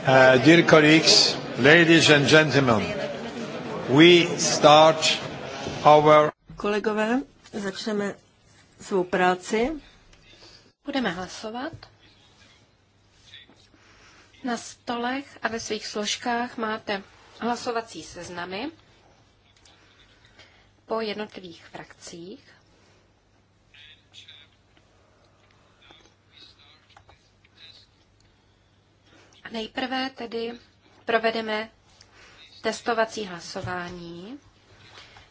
Uh, dear colleagues, ladies and gentlemen, we start our... Kolegové, začneme svou práci. Budeme hlasovat. Na stolech a ve svých složkách máte hlasovací seznamy po jednotlivých frakcích. Nejprve tedy provedeme testovací hlasování.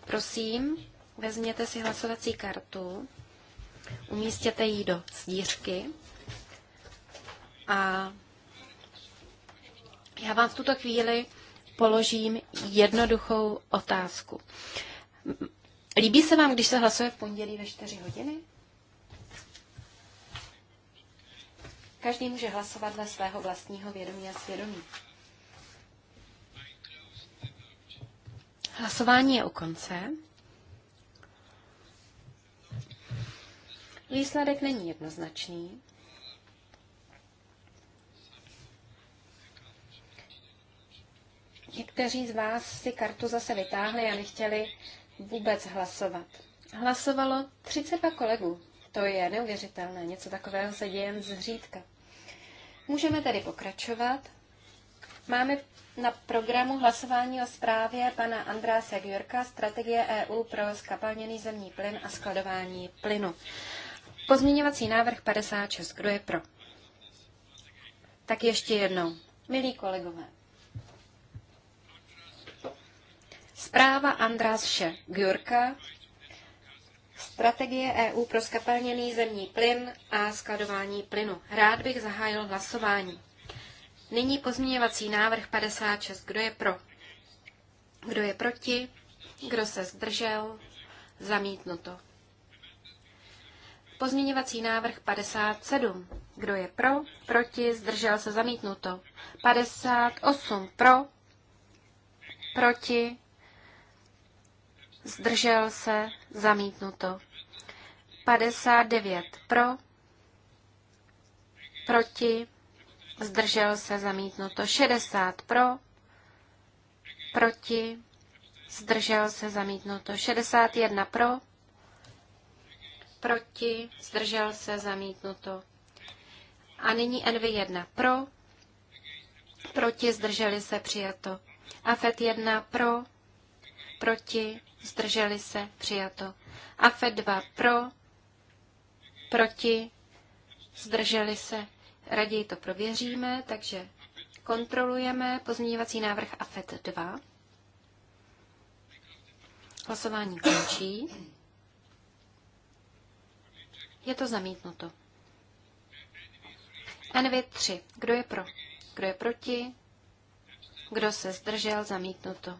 Prosím, vezměte si hlasovací kartu, umístěte ji do stířky a já vám v tuto chvíli položím jednoduchou otázku. Líbí se vám, když se hlasuje v pondělí ve 4 hodiny? Každý může hlasovat dle svého vlastního vědomí a svědomí. Hlasování je u konce. Výsledek není jednoznačný. Někteří z vás si kartu zase vytáhli a nechtěli vůbec hlasovat. Hlasovalo 32 kolegů. To je neuvěřitelné, něco takového se děje jen zřídka. Můžeme tedy pokračovat. Máme na programu hlasování o zprávě pana Andráse Gjurka Strategie EU pro skapalněný zemní plyn a skladování plynu. Pozměňovací návrh 56. Kdo je pro? Tak ještě jednou. Milí kolegové. Zpráva András Še Gjurka Strategie EU pro skapalněný zemní plyn a skladování plynu. Rád bych zahájil hlasování. Nyní pozměňovací návrh 56. Kdo je pro? Kdo je proti? Kdo se zdržel? Zamítnuto. Pozměňovací návrh 57. Kdo je pro? Proti? Zdržel se? Zamítnuto. 58. Pro? Proti? zdržel se, zamítnuto. 59 pro, proti, zdržel se, zamítnuto. 60 pro, proti, zdržel se, zamítnuto. 61 pro, proti, zdržel se, zamítnuto. A nyní NV1 pro, proti, zdrželi se, přijato. AFET 1 pro, proti, zdrželi se, přijato. AFE 2 pro, proti, zdrželi se, raději to prověříme, takže kontrolujeme pozměňovací návrh AFET 2. Hlasování končí. Je to zamítnuto. NV 3. Kdo je pro? Kdo je proti? Kdo se zdržel? Zamítnuto.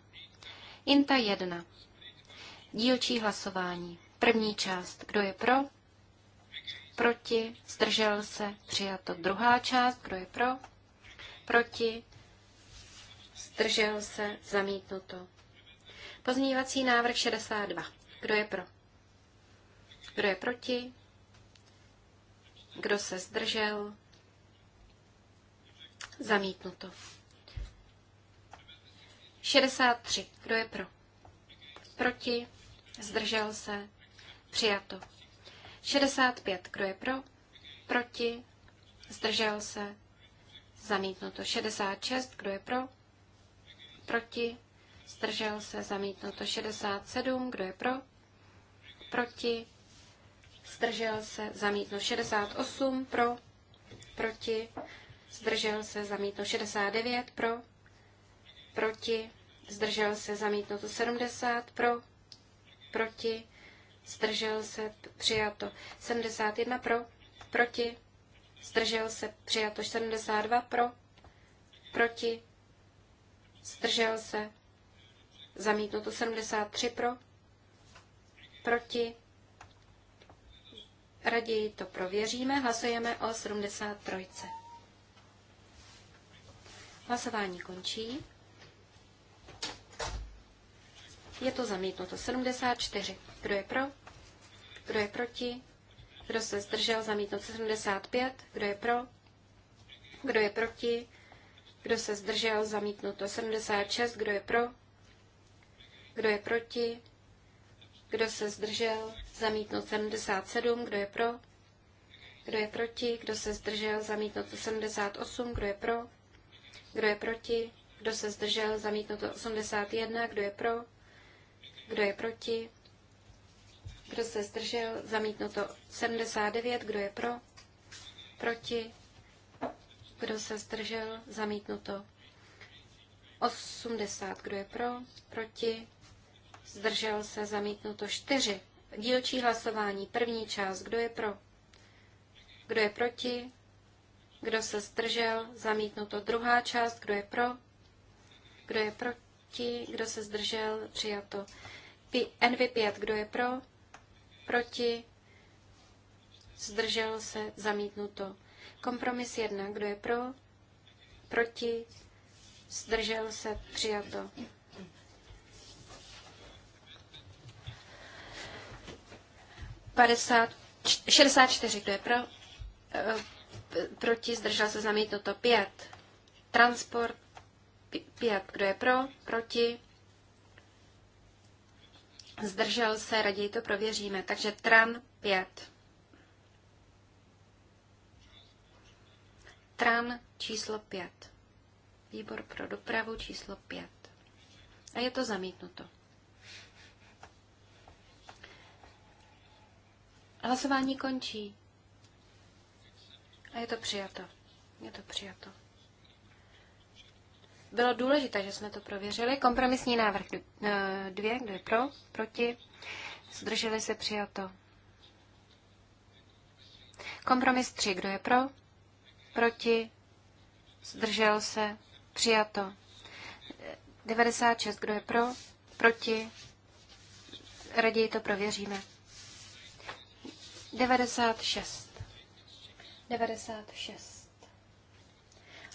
INTA 1. Dílčí hlasování. První část. Kdo je pro? Proti? Zdržel se? Přijato. Druhá část. Kdo je pro? Proti? Zdržel se? Zamítnuto. Pozměňovací návrh 62. Kdo je pro? Kdo je proti? Kdo se zdržel? Zamítnuto. 63. Kdo je pro? Proti? Zdržel se? Přijato. 65. Kdo je pro? Proti? Zdržel se? Zamítnuto. 66. Kdo je pro? Proti? Zdržel se? Zamítnuto. 67. Kdo je pro? Proti? Zdržel se? Zamítnuto. 68. Pro? Proti? Zdržel se? Zamítnuto. 69. Pro? Proti? Zdržel se? Zamítnuto. 70. Pro? proti, zdržel se, přijato. 71 pro, proti, zdržel se, přijato. 72 pro, proti, zdržel se, zamítnuto. 73 pro, proti, raději to prověříme, hlasujeme o 73. Hlasování končí. Je to zamítnuto. 74. Kdo je pro? Kdo je proti? Kdo se zdržel? Zamítnuto. 75. Kdo je pro? Kdo je proti? Kdo se zdržel? Zamítnuto. 76. Kdo je pro? Kdo je proti? Kdo se zdržel? Zamítnuto. 77. Kdo je pro? Kdo je proti? Kdo se zdržel? Zamítnuto. 78. Kdo je pro? Kdo je proti? Kdo se zdržel? Zamítnuto 81. Kdo je pro? Kdo je proti? Kdo se zdržel? Zamítnuto 79. Kdo je pro? Proti? Kdo se zdržel? Zamítnuto 80. Kdo je pro? Proti? Zdržel se? Zamítnuto 4. Dílčí hlasování. První část. Kdo je pro? Kdo je proti? Kdo se zdržel? Zamítnuto druhá část. Kdo je pro? Kdo je proti? Kdo se zdržel? Přijato. NV5, kdo je pro, proti, zdržel se, zamítnuto. Kompromis 1, kdo je pro, proti, zdržel se, přijato. Padesát čtyři, kdo je pro, eh, proti, zdržel se, zamítnuto. pět. transport, pět, kdo je pro, proti, zdržel se, raději to prověříme. Takže tran 5. Tran číslo 5. Výbor pro dopravu číslo 5. A je to zamítnuto. Hlasování končí. A je to přijato. Je to přijato bylo důležité, že jsme to prověřili. Kompromisní návrh eh, dvě, kdo je pro, proti, zdrželi se přijato. Kompromis tři, kdo je pro, proti, zdržel se, přijato. 96, kdo je pro, proti, raději to prověříme. 96. 96.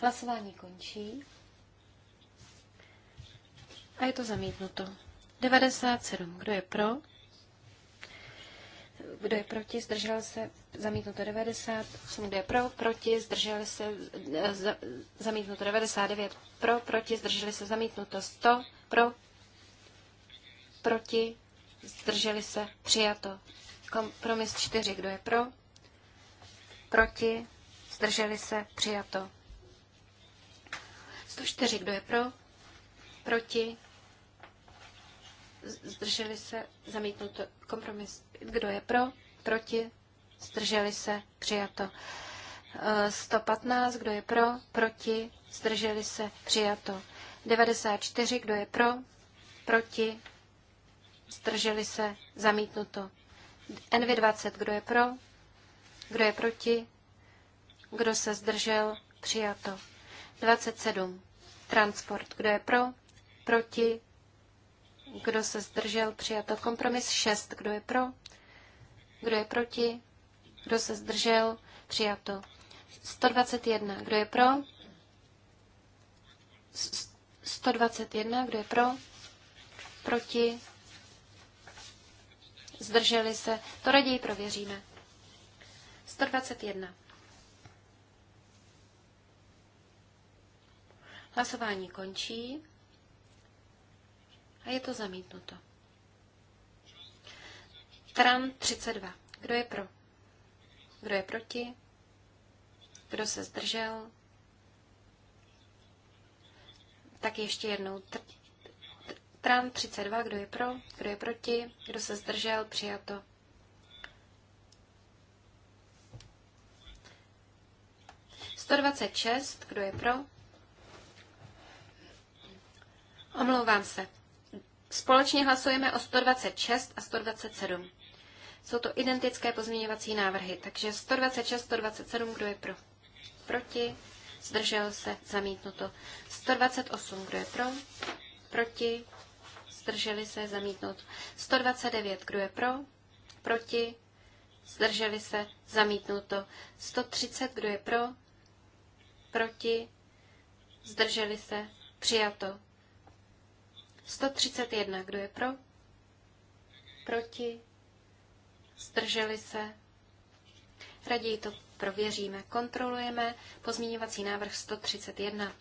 Hlasování končí. A je to zamítnuto. 97. Kdo je pro? Kdo je proti? Zdržel se? Zamítnuto 90. Kdo je pro? Proti? Zdržel se? Z, zamítnuto 99. Pro? Proti? Zdrželi se? Zamítnuto 100. Pro? Proti? Zdrželi se? Přijato. Kompromis 4. Kdo je pro? Proti? Zdrželi se? Přijato. 104. Kdo je pro? Proti? Zdrželi se? Zamítnuto. Kompromis. Kdo je pro? Proti? Zdrželi se? Přijato. 115. Eh, Kdo je pro? Proti? Zdrželi se? Přijato. 94. Kdo je pro? Proti? Zdrželi se? Zamítnuto. NV20. Kdo je pro? Kdo je proti? Kdo se zdržel? Přijato. 27. Transport. Kdo je pro? Proti? Kdo se zdržel? Přijato. Kompromis 6. Kdo je pro? Kdo je proti? Kdo se zdržel? Přijato. 121. Kdo je pro? 121. Kdo je pro? Proti? Zdrželi se. To raději prověříme. 121. Hlasování končí. A je to zamítnuto. Tran 32. Kdo je pro? Kdo je proti? Kdo se zdržel? Tak ještě jednou. Tran 32. Kdo je pro? Kdo je proti? Kdo se zdržel? Přijato. Sto dvacet šest. Kdo je pro? Omlouvám se. Společně hlasujeme o 126 a 127. Jsou to identické pozměňovací návrhy, takže 126, 127, kdo je pro? Proti? Zdržel se? Zamítnuto. 128, kdo je pro? Proti? Zdrželi se? Zamítnuto. 129, kdo je pro? Proti? Zdrželi se? Zamítnuto. 130, kdo je pro? Proti? Zdrželi se? Přijato. 131. Kdo je pro? Proti? Zdrželi se? Raději to prověříme. Kontrolujeme pozměňovací návrh 131.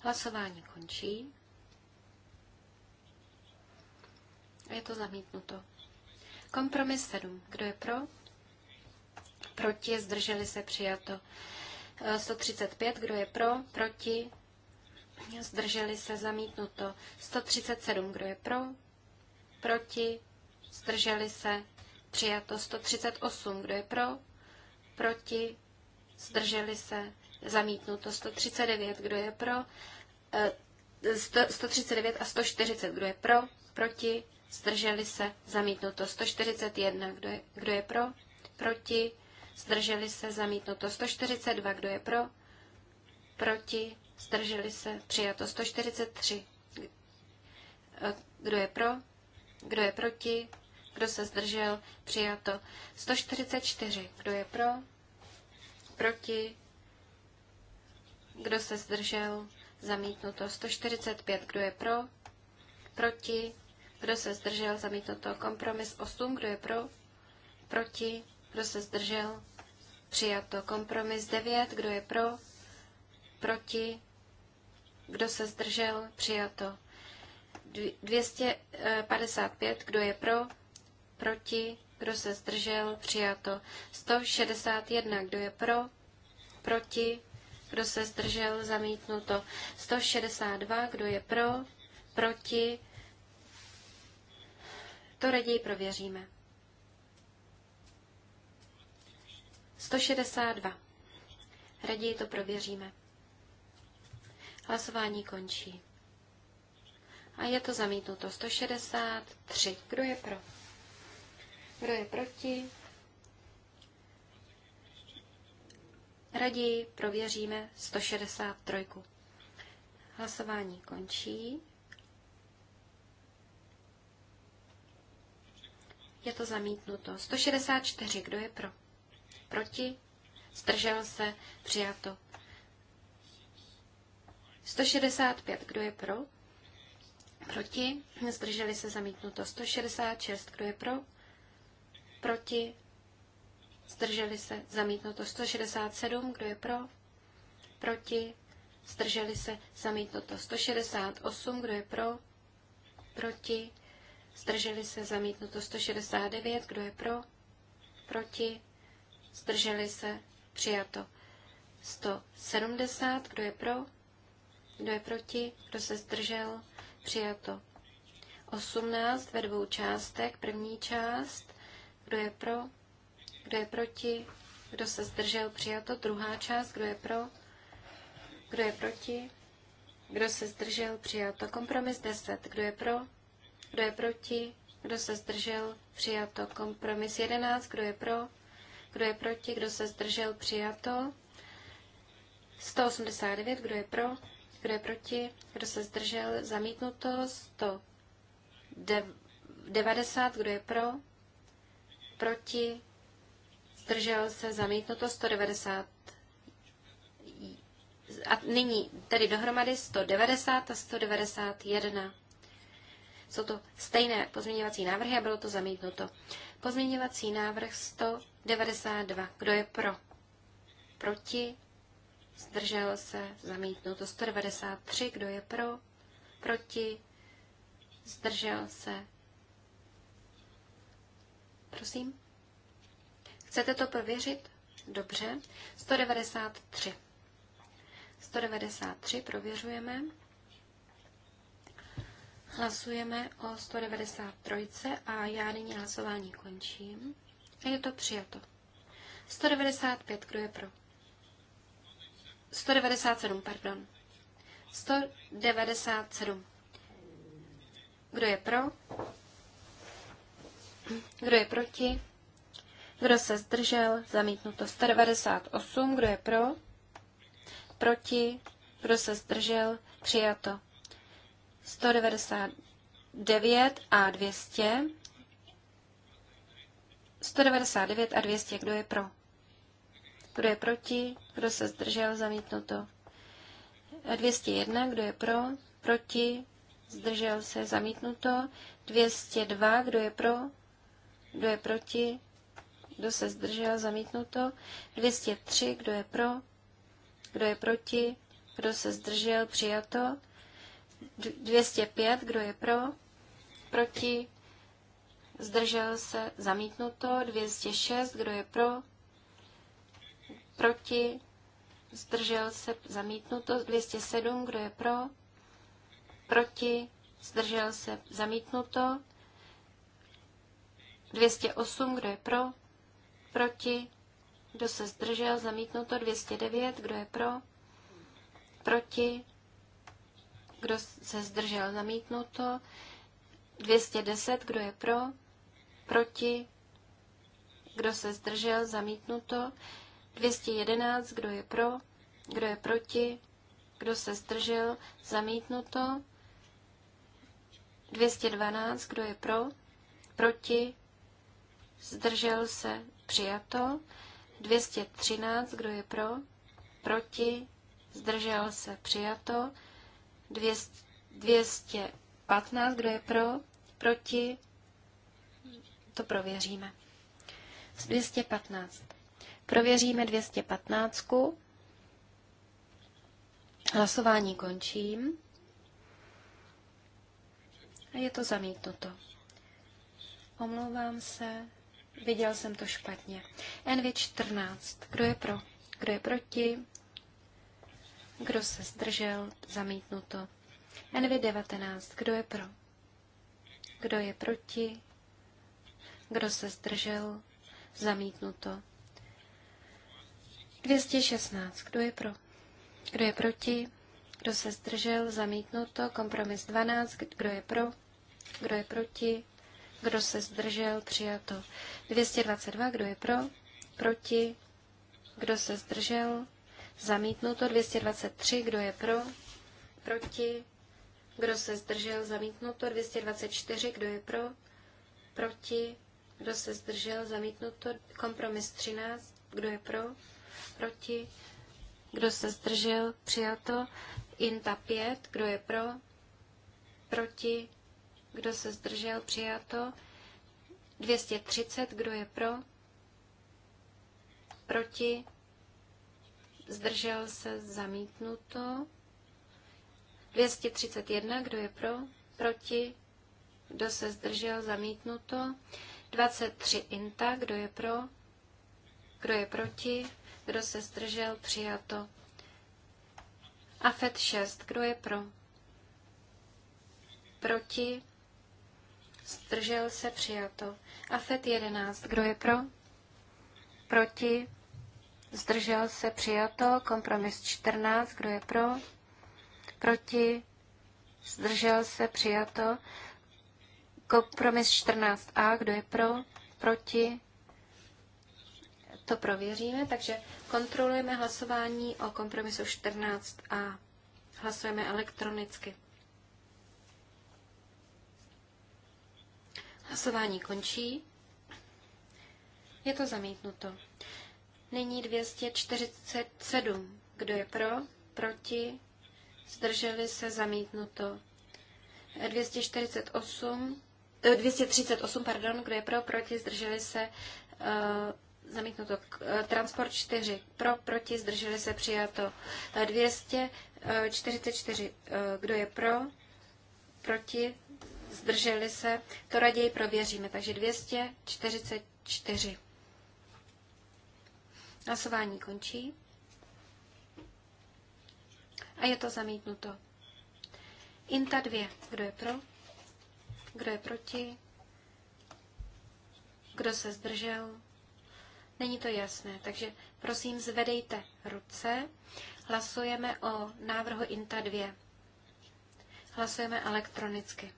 Hlasování končí. Je to zamítnuto. Kompromis 7. Kdo je pro? Proti, zdrželi se, přijato. 135. Kdo je pro? Proti, zdrželi se zamítnuto. 137, kdo je pro, proti, zdrželi se přijato. 138, kdo je pro, proti, zdrželi se zamítnuto. 139, kdo je pro, 139 eh, a 140, kdo je pro, proti, zdrželi se, zamítnuto 141, kdo je, kdo je pro, proti, zdrželi se, zamítnuto 142, kdo je pro, proti, Zdrželi se? Přijato 143. Kdo je pro? Kdo je proti? Kdo se zdržel? Přijato 144. Kdo je pro? Proti? Kdo se zdržel? Zamítnuto 145. Kdo je pro? Proti? Kdo se zdržel? Zamítnuto kompromis 8. Kdo je pro? Proti? Kdo se zdržel? Přijato kompromis 9. Kdo je pro? Proti? kdo se zdržel, přijato. 255, eh, kdo je pro, proti, kdo se zdržel, přijato. 161, kdo je pro, proti, kdo se zdržel, zamítnuto. 162, kdo je pro, proti, to raději prověříme. 162. Raději to prověříme. Hlasování končí. A je to zamítnuto 163. Kdo je pro? Kdo je proti? Raději prověříme 163. Hlasování končí. Je to zamítnuto. 164. Kdo je pro? Proti? Zdržel se? Přijato. 165, kdo je pro? Proti? Zdrželi se zamítnuto. 166, kdo je pro? Proti? Zdrželi se zamítnuto. 167, kdo je pro? Proti? Zdrželi se zamítnuto. 168, kdo je pro? Proti? Zdrželi se zamítnuto. 169, kdo je pro? Proti? Zdrželi se přijato. 170, kdo je pro? Kdo je proti? Kdo se zdržel? Přijato. 18 ve dvou částek. První část. Kdo je pro? Kdo je proti? Kdo se zdržel? Přijato. Druhá část. Kdo je pro? Kdo je proti? Kdo se zdržel? Přijato. Kompromis 10. Kdo je pro? Kdo je proti? Kdo se zdržel? Přijato. Kompromis 11. Kdo je pro? Kdo je proti? Kdo se zdržel? Přijato. 189. Kdo je pro? kdo je proti, kdo se zdržel, zamítnuto 190, kdo je pro, proti, zdržel se, zamítnuto 190. A nyní tedy dohromady 190 a 191. Jsou to stejné pozměňovací návrhy a bylo to zamítnuto. Pozměňovací návrh 192. Kdo je pro? Proti? zdržel se, zamítnuto 193, kdo je pro, proti, zdržel se. Prosím? Chcete to prověřit? Dobře. 193. 193 prověřujeme. Hlasujeme o 193 a já nyní hlasování končím. je to přijato. 195, kdo je pro? 197, pardon. 197. Kdo je pro? Kdo je proti? Kdo se zdržel? Zamítnuto 198. Kdo je pro? Proti? Kdo se zdržel? Přijato 199 a 200. 199 a 200. Kdo je pro? Kdo je proti? Kdo se zdržel? Zamítnuto. 201. Kdo je pro? Proti? Zdržel se? Zamítnuto. 202. Kdo je pro? Kdo je proti? Kdo se zdržel? Zamítnuto. 203. Kdo je pro? Kdo je proti? Kdo se zdržel? Přijato. 205. Kdo je pro? Proti? Zdržel se? Zamítnuto. 206. Kdo je pro? proti, zdržel se, zamítnuto. 207, kdo je pro, proti, zdržel se, zamítnuto. 208, kdo je pro, proti, kdo se zdržel, zamítnuto. 209, kdo je pro, proti, kdo se zdržel, zamítnuto. 210, kdo je pro, proti, kdo se zdržel, zamítnuto. 211, kdo je pro, kdo je proti, kdo se zdržel, zamítnuto. 212, kdo je pro, proti, zdržel se, přijato. 213, kdo je pro, proti, zdržel se, přijato. 215, kdo je pro, proti, to prověříme. 215. Prověříme 215. Hlasování končím. A je to zamítnuto. Omlouvám se, viděl jsem to špatně. NV14. Kdo je pro? Kdo je proti? Kdo se zdržel? Zamítnuto. NV19. Kdo je pro? Kdo je proti? Kdo se zdržel? Zamítnuto. 216. Kdo je pro? Kdo je proti? Kdo se zdržel? Zamítnuto. Kompromis 12. Kdo je pro? Kdo je proti? Kdo se zdržel? Přijato. 222. Kdo je pro? Proti? Kdo se zdržel? Zamítnuto. 223. Kdo je pro? Proti? Kdo se zdržel? Zamítnuto. 224. Kdo je pro? Proti? Kdo se zdržel? Zamítnuto. Kompromis 13. Kdo je pro? proti, kdo se zdržel, přijato. Inta 5, kdo je pro, proti, kdo se zdržel, přijato. 230, kdo je pro, proti, zdržel se, zamítnuto. 231, kdo je pro, proti, kdo se zdržel, zamítnuto. 23 INTA, kdo je pro, kdo je proti, kdo se zdržel? Přijato. AFET 6. Kdo je pro? Proti? Zdržel se? Přijato. AFET 11. Kdo je pro? Proti? Zdržel se? Přijato. Kompromis 14. Kdo je pro? Proti? Zdržel se? Přijato. Kompromis 14a. Kdo je pro? Proti? to prověříme, takže kontrolujeme hlasování o kompromisu 14a. Hlasujeme elektronicky. Hlasování končí. Je to zamítnuto. Nyní 247. Kdo je pro? Proti? Zdrželi se zamítnuto. 248. 238, eh, pardon, kdo je pro, proti, zdrželi se, eh, zamítnuto. Eh, transport 4 pro, proti, zdrželi se přijato. 244, eh, eh, kdo je pro, proti, zdrželi se. To raději prověříme, takže 244. Hlasování končí. A je to zamítnuto. Inta 2. Kdo je pro? Kdo je proti? Kdo se zdržel? Není to jasné, takže prosím zvedejte ruce. Hlasujeme o návrhu INTA 2. Hlasujeme elektronicky.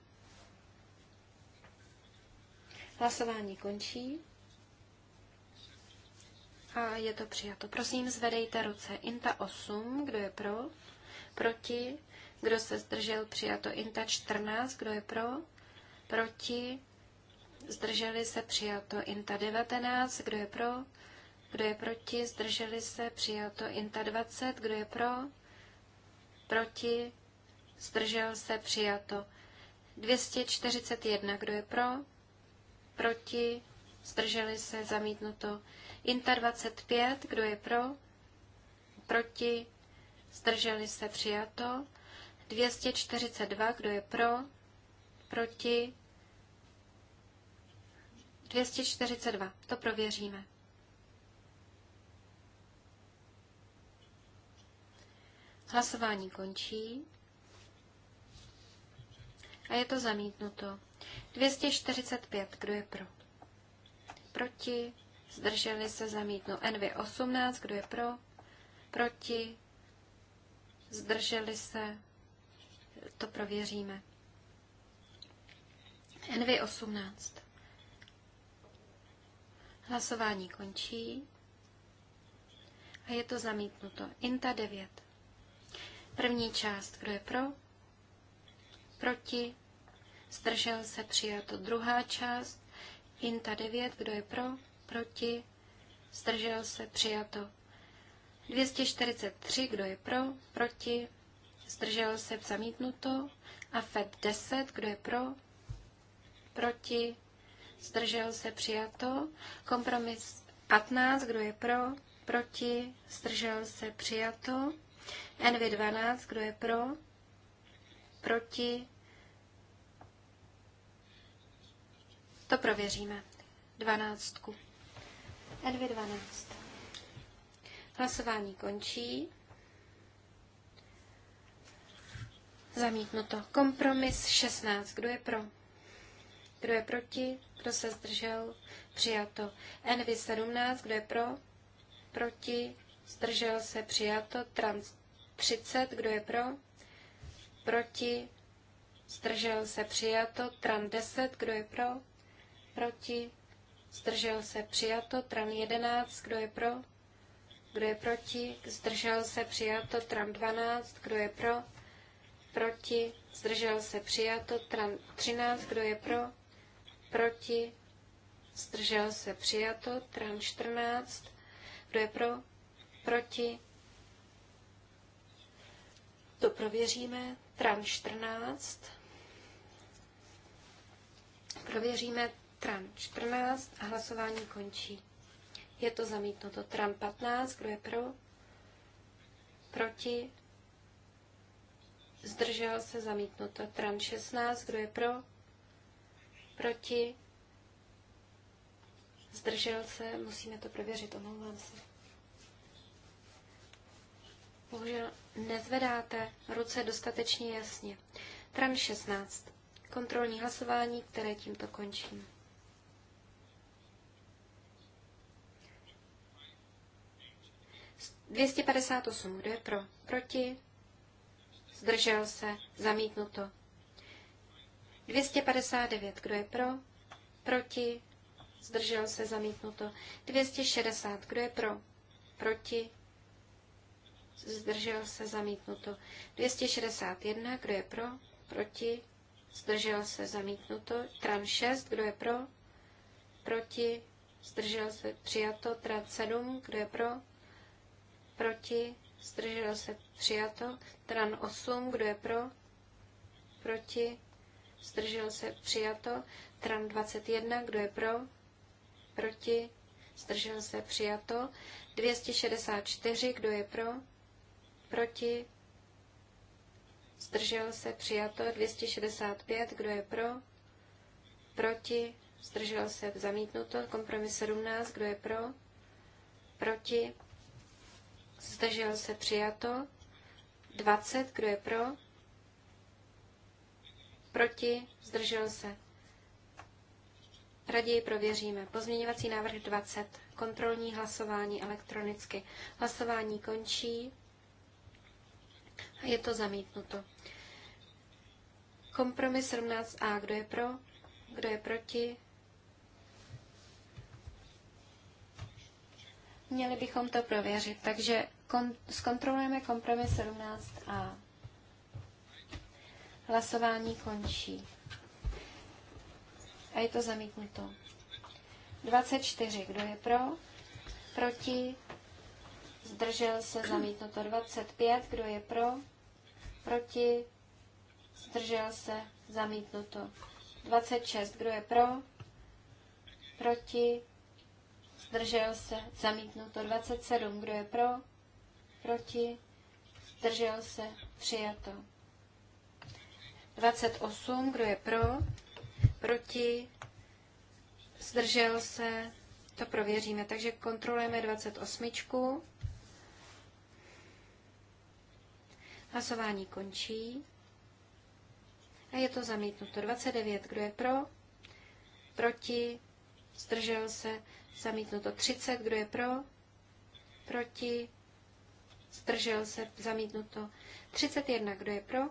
Hlasování končí. A je to přijato. Prosím, zvedejte ruce. INTA 8, kdo je pro? Proti? Kdo se zdržel? Přijato. INTA 14, kdo je pro? Proti? zdrželi se, přijato. Inta 19, kdo je pro, kdo je proti, zdrželi se, přijato. Inta 20, kdo je pro, proti, zdržel se, přijato. 241, kdo je pro, proti, zdrželi se, zamítnuto. Inta 25, kdo je pro, proti, zdrželi se, přijato. 242, kdo je pro, proti, 242. To prověříme. Hlasování končí. A je to zamítnuto. 245. Kdo je pro? Proti. Zdrželi se zamítnu. NV18. Kdo je pro? Proti. Zdrželi se. To prověříme. NV18. Hlasování končí. A je to zamítnuto. Inta 9. První část, kdo je pro? Proti? Zdržel se přijato. Druhá část, Inta 9, kdo je pro? Proti? Zdržel se přijato. 243, kdo je pro? Proti? Zdržel se zamítnuto. A FED 10, kdo je pro? Proti? zdržel se přijato. Kompromis 15, kdo je pro, proti, zdržel se přijato. NV 12, kdo je pro, proti, to prověříme. 12. NV 12. Hlasování končí. Zamítnuto. Kompromis 16. Kdo je pro? Kdo je proti? Kdo se zdržel? Přijato. nv 17. Kdo je pro? Proti? Zdržel se? Přijato. Trans 30. Kdo je pro? Proti? Zdržel se? Přijato. Tran 10. Kdo je pro? Proti? Zdržel se? Přijato. Tran 11. Kdo je pro? Kdo je proti? Zdržel se? Přijato. Tran 12. Kdo je pro? Proti? Zdržel se? Přijato. Tran 13. Kdo je pro? proti, zdržel se přijato, tran 14, kdo je pro, proti, to prověříme, tran 14, prověříme tran 14 a hlasování končí. Je to zamítnuto. Tran 15, kdo je pro, proti, zdržel se zamítnuto. Tran 16, kdo je pro, proti, zdržel se, musíme to prověřit, omlouvám se. Bohužel nezvedáte ruce dostatečně jasně. Tran 16. Kontrolní hlasování, které tímto končím. S 258. Kdo je pro? Proti? Zdržel se? Zamítnuto. 259, kdo je pro? Proti? Zdržel se zamítnuto. 260, kdo je pro? Proti? Zdržel se zamítnuto. 261, kdo je pro? Proti? Zdržel se zamítnuto. Tran 6, kdo je pro? Proti? Zdržel se přijato. Tran 7, kdo je pro? Proti? Zdržel se přijato. Tran 8, kdo je pro? Proti? zdržel se, přijato. Tran 21, kdo je pro, proti, zdržel se, přijato. 264, kdo je pro, proti, zdržel se, přijato. 265, kdo je pro, proti, zdržel se, zamítnuto. Kompromis 17, kdo je pro, proti, zdržel se, přijato. 20, kdo je pro, proti, zdržel se. Raději prověříme. Pozměňovací návrh 20. Kontrolní hlasování elektronicky. Hlasování končí a je to zamítnuto. Kompromis 17a. Kdo je pro? Kdo je proti? Měli bychom to prověřit, takže kon- zkontrolujeme kompromis 17a. Hlasování končí. A je to zamítnuto. 24. Kdo je pro? Proti? Zdržel se zamítnuto 25. Kdo je pro? Proti? Zdržel se zamítnuto 26. Kdo je pro? Proti? Zdržel se zamítnuto 27. Kdo je pro? Proti? Zdržel se přijato. 28, kdo je pro, proti, zdržel se, to prověříme. Takže kontrolujeme 28. Hlasování končí. A je to zamítnuto. 29, kdo je pro, proti, zdržel se, zamítnuto. 30, kdo je pro, proti, zdržel se, zamítnuto. 31, kdo je pro,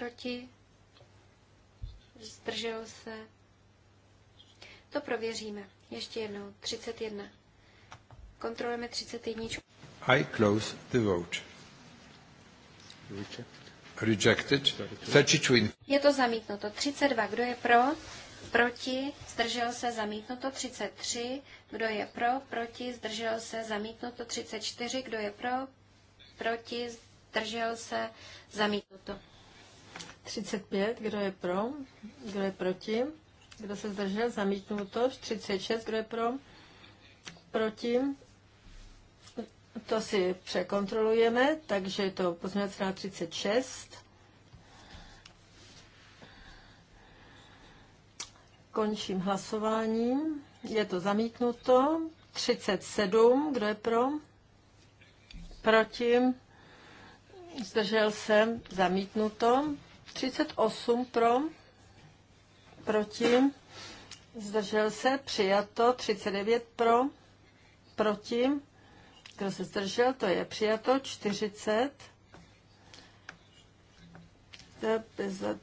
Proti? Zdržel se? To prověříme. Ještě jednou. 31. Kontrolujeme 31. I close the vote. Rejected. 32. Je to zamítnuto. 32. Kdo je pro? Proti? Zdržel se? Zamítnuto. 33. Kdo je pro? Proti? Zdržel se? Zamítnuto. 34. Kdo je pro? Proti? Zdržel se? Zamítnuto. 35, kdo je pro, kdo je proti, kdo se zdržel, zamítnuto. 36, kdo je pro, proti, to si překontrolujeme, takže je to pozměňovací na 36. Končím hlasováním. Je to zamítnuto. 37, kdo je pro? Proti? zdržel se, zamítnuto. 38 pro, proti, zdržel se, přijato. 39 pro, proti, kdo se zdržel, to je přijato. 40 to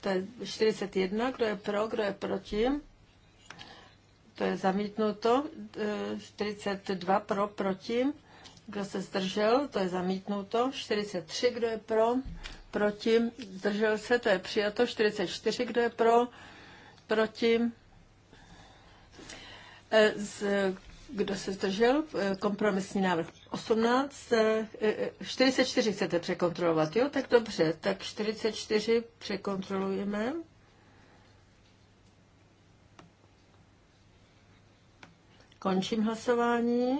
je, 41, kdo je pro, kdo je proti. To je zamítnuto. 42 e, pro, proti. Kdo se zdržel, to je zamítnuto. 43, kdo je pro, proti, zdržel se, to je přijato. 44, kdo je pro, proti, e, z, kdo se zdržel, e, kompromisní návrh 18, 44 e, chcete překontrolovat, jo, tak dobře, tak 44 překontrolujeme. Končím hlasování.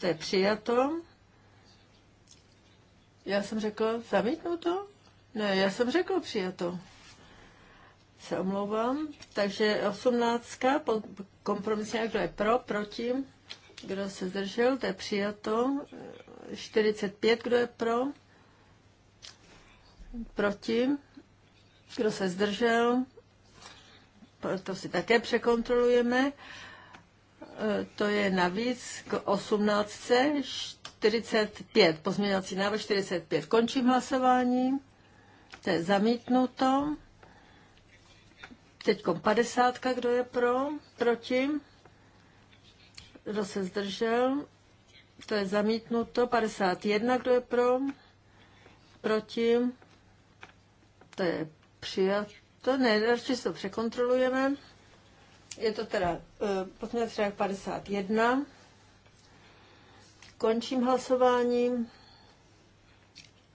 To je přijato. Já jsem řekl zamítnuto? Ne, já jsem řekl přijato. Se omlouvám. Takže osmnáctka, kompromisně, kdo je pro, proti, kdo se zdržel, to je přijato. 45, kdo je pro, proti, kdo se zdržel, to si také překontrolujeme to je navíc k 18. 45, pozměňovací návrh 45. Končím hlasování, to je zamítnuto. Teď 50, kdo je pro, proti, kdo se zdržel, to je zamítnuto. 51, kdo je pro, proti, to je přijato, ne, radši to překontrolujeme. Je to teda e, pozměňovací 51. Končím hlasováním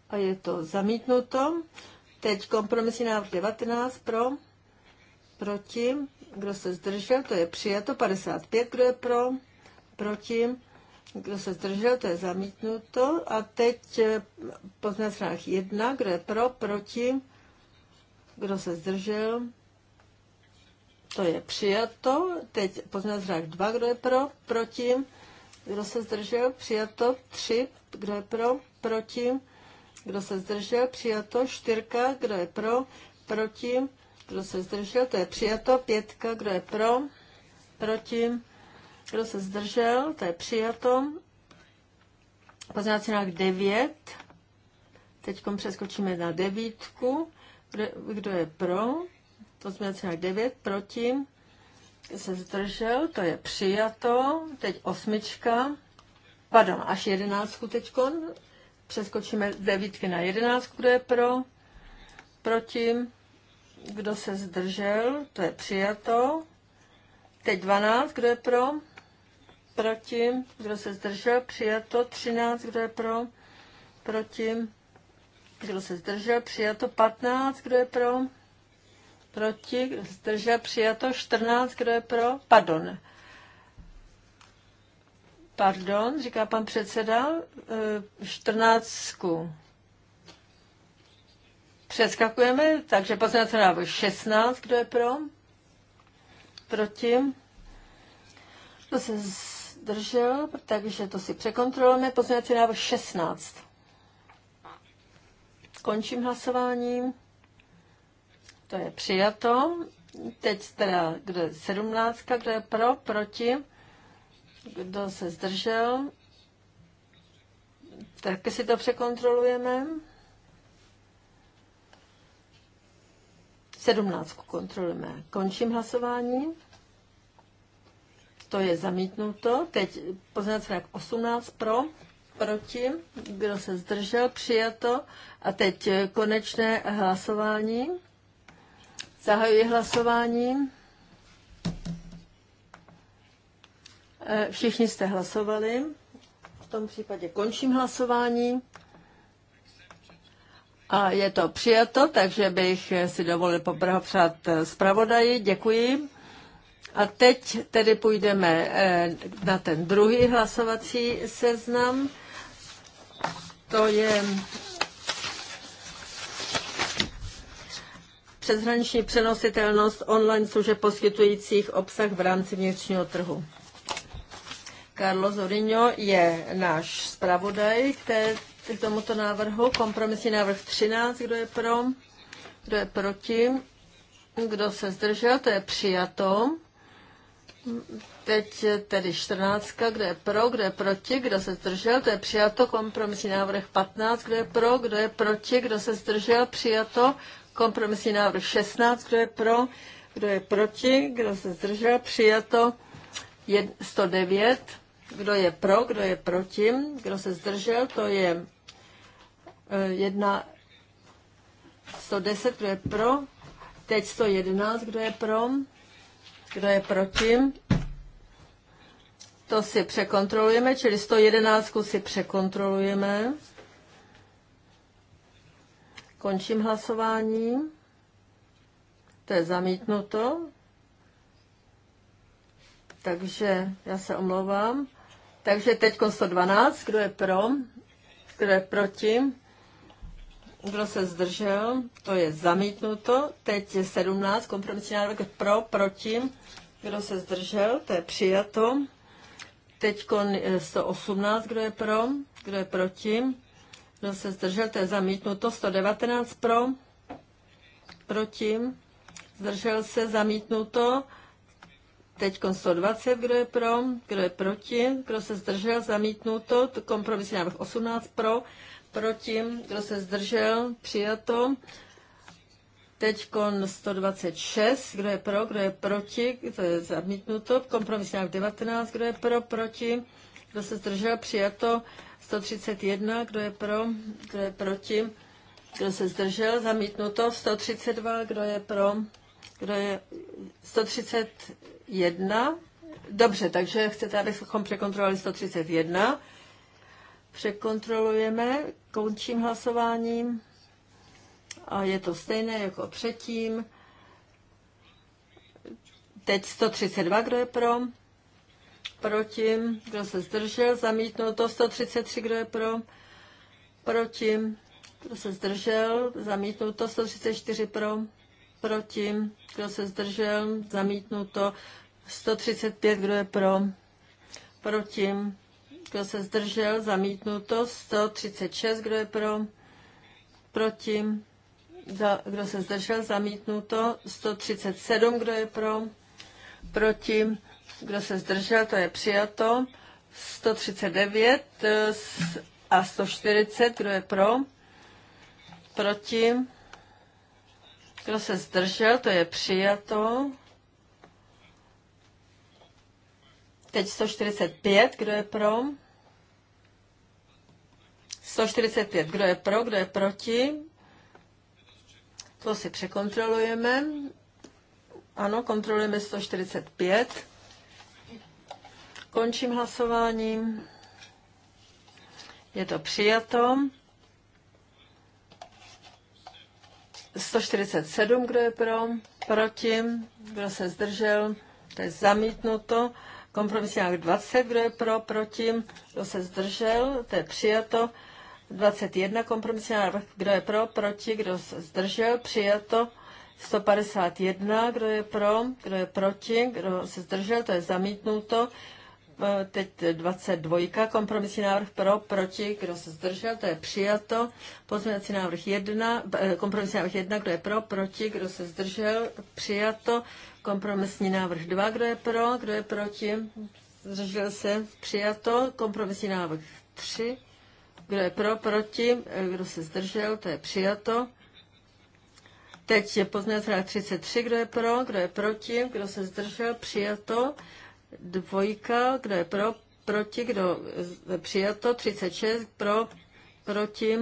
a je to zamítnuto. Teď kompromisní návrh 19 pro, proti, kdo se zdržel, to je přijato, 55, kdo je pro, proti, kdo se zdržel, to je zamítnuto. A teď e, pozměňovací 1, kdo je pro, proti, kdo se zdržel, to je přijato. Teď pozná zrák dva, kdo je pro, proti, kdo se zdržel, přijato. tři kdo je pro, proti, kdo se zdržel, přijato. Čtyřka, kdo je pro, proti, kdo se zdržel, to je přijato. pětka kdo je pro, proti, kdo se zdržel, to je přijato. poznáte návrh 9. Teď přeskočíme na devítku. kdo je pro? Pozměňovací návrh 9 proti se zdržel, to je přijato. Teď osmička, pardon, až jedenáctku teď, Přeskočíme devítky na jedenáctku, kdo je pro, proti, kdo se zdržel, to je přijato. Teď dvanáct, kdo je pro, proti, kdo se zdržel, přijato. třináct, kdo je pro, proti, kdo se zdržel, přijato. patnáct, kdo je pro, proti, zdržel přijato 14, kdo je pro, pardon. Pardon, říká pan předseda, 14. E, Přeskakujeme, takže poznáte návrh 16, kdo je pro, proti, to se zdržel, takže to si překontrolujeme, poznáte návrh 16. Končím hlasováním to je přijato. Teď teda, kdo je 17, kdo je pro, proti, kdo se zdržel. Taky si to překontrolujeme. 17 kontrolujeme. Končím hlasování. To je zamítnuto. Teď poznací jak 18 pro, proti, kdo se zdržel, přijato. A teď konečné hlasování. Zahajuji hlasování. E, všichni jste hlasovali. V tom případě končím hlasování. A je to přijato, takže bych si dovolil poblahopřát zpravodaji. Děkuji. A teď tedy půjdeme e, na ten druhý hlasovací seznam. To je přeshraniční přenositelnost online služeb poskytujících obsah v rámci vnitřního trhu. Carlos Zorino je náš zpravodaj k, k tomuto návrhu. Kompromisní návrh 13, kdo je pro, kdo je proti, kdo se zdržel, to je přijato. Teď tedy 14, kdo je pro, kdo je proti, kdo se zdržel, to je přijato. Kompromisní návrh 15, kdo je pro, kdo je proti, kdo se zdržel, přijato. Kompromisní návrh 16, kdo je pro, kdo je proti, kdo se zdržel, přijato 109, kdo je pro, kdo je proti, kdo se zdržel, to je 1, e, 110, kdo je pro, teď 111, kdo je pro, kdo je proti, to si překontrolujeme, čili 111 si překontrolujeme. Končím hlasování. To je zamítnuto. Takže já se omlouvám. Takže teď 112, kdo je pro, kdo je proti, kdo se zdržel, to je zamítnuto. Teď je 17, kompromisní návrh je pro, proti, kdo se zdržel, to je přijato. Teď 118, kdo je pro, kdo je proti, kdo se zdržel, to je zamítnuto. 119 pro, proti, zdržel se, zamítnuto. Teď 120, kdo je pro, kdo je proti, kdo se zdržel, zamítnuto. Kompromisní návrh 18 pro, proti, kdo se zdržel, přijato. Teď 126, kdo je pro, kdo je proti, to je zamítnuto. Kompromisní návrh 19, kdo je pro, proti, kdo se zdržel, přijato. 131, kdo je pro, kdo je proti, kdo se zdržel, zamítnuto. 132, kdo je pro, kdo je 131. Dobře, takže chcete, abychom překontrolovali 131. Překontrolujeme, končím hlasováním. A je to stejné jako předtím. Teď 132, kdo je pro, proti, kdo se zdržel, zamítnuto 133, kdo je pro, proti, kdo se zdržel, zamítnuto 134 pro, proti, kdo se zdržel, zamítnuto 135, kdo je pro, proti, kdo se zdržel, zamítnuto 136, kdo je pro, proti, kdo se zdržel, zamítnuto 137, kdo je pro, proti, kdo se zdržel, to je přijato. 139 eh, a 140, kdo je pro? Proti? Kdo se zdržel, to je přijato. Teď 145, kdo je pro? 145, kdo je pro, kdo je proti? To si překontrolujeme. Ano, kontrolujeme 145. Končím hlasováním. Je to přijato. 147, kdo je pro, proti, kdo se zdržel, to je zamítnuto. Kompromisní návrh 20, kdo je pro, proti, kdo se zdržel, to je přijato. 21, kompromisní návrh, kdo je pro, proti, kdo se zdržel, přijato. 151, kdo je pro, kdo je proti, kdo se zdržel, to je zamítnuto. Eh, teď 22. Kompromisní návrh pro, proti, kdo se zdržel, to je přijato. Pozměňovací návrh 1, eh, kompromisní návrh 1, kdo je pro, proti, kdo se zdržel, přijato. Kompromisní návrh 2, kdo je pro, kdo je proti, zdržel se, přijato. Kompromisní návrh 3, kdo je pro, proti, eh, kdo se zdržel, to je přijato. Teď je pozměňovací návrh 33, kdo je pro, kdo je proti, kdo se zdržel, přijato. Dvojka, kdo je pro, proti, kdo přijato, 36 pro, proti,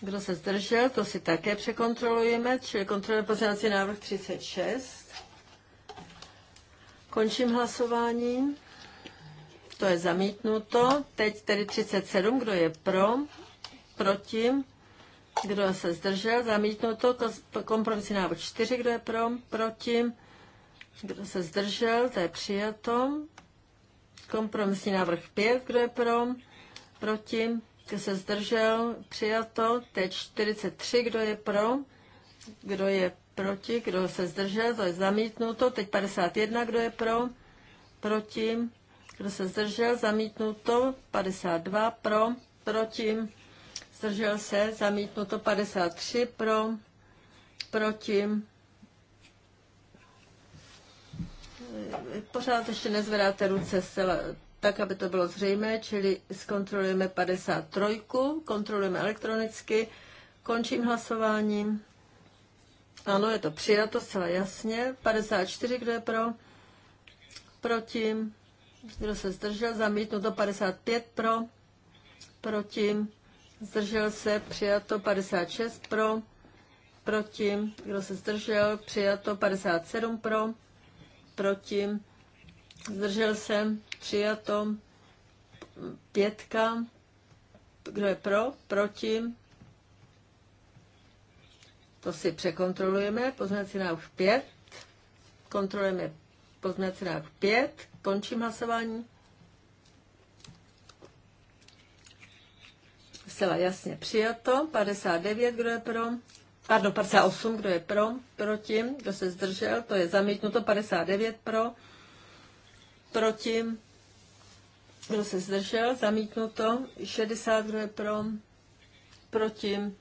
kdo se zdržel, to si také překontrolujeme, čili kontrolujeme pozornací návrh 36. Končím hlasování. To je zamítnuto. Teď tedy 37, kdo je pro, proti, kdo se zdržel, zamítnuto. Kompromisní návrh 4, kdo je pro, proti, kdo se zdržel, to je přijato. Kompromisní návrh 5, kdo je pro, proti, kdo se zdržel, přijato. To je 43, kdo je pro, kdo je proti, kdo se zdržel, to je zamítnuto. Teď 51, kdo je pro, proti, kdo se zdržel, zamítnuto. 52 pro, proti, zdržel se, zamítnuto. 53 pro, proti, pořád ještě nezvedáte ruce zcela eh, tak, aby to bylo zřejmé, čili zkontrolujeme 53, kontrolujeme elektronicky, končím hlasování. Ano, je to přijato zcela jasně. 54, kdo je pro? Proti? Kdo se zdržel? zamítnu to 55 pro? Proti? Zdržel se? Přijato 56 pro? Proti? Kdo se zdržel? Přijato 57 pro? proti, zdržel se, přijato, pětka, kdo je pro, proti, to si překontrolujeme, poznací návrh pět, kontrolujeme poznací návrh pět, končím hlasování. Zcela jasně přijato, 59, kdo je pro, pardon, 58, kdo je pro, proti, kdo se zdržel, to je zamítnuto, 59 pro, proti, kdo se zdržel, zamítnuto, 60, kdo je pro, proti,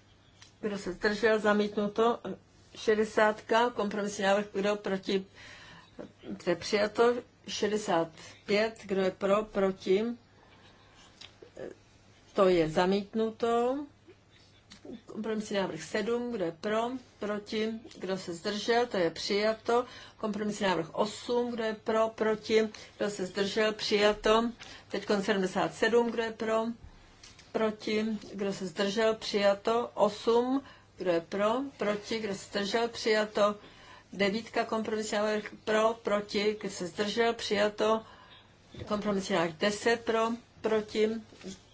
kdo se zdržel, zamítnuto, 60, kompromisní návrh, kdo proti, to je přijato, 65, kdo je pro, proti, to je zamítnuto, Kompromisní návrh 7, kdo je pro, proti, kdo se zdržel, to je přijato. Kompromisní návrh 8, kdo je pro, proti, kdo se zdržel, přijato. Teď 77, kdo je pro, proti, kdo se zdržel, přijato. 8, kdo je pro, proti, kdo se zdržel, přijato. Devítka kompromisní návrh pro, proti, kdo se zdržel, přijato. Kompromisní návrh 10 pro, proti,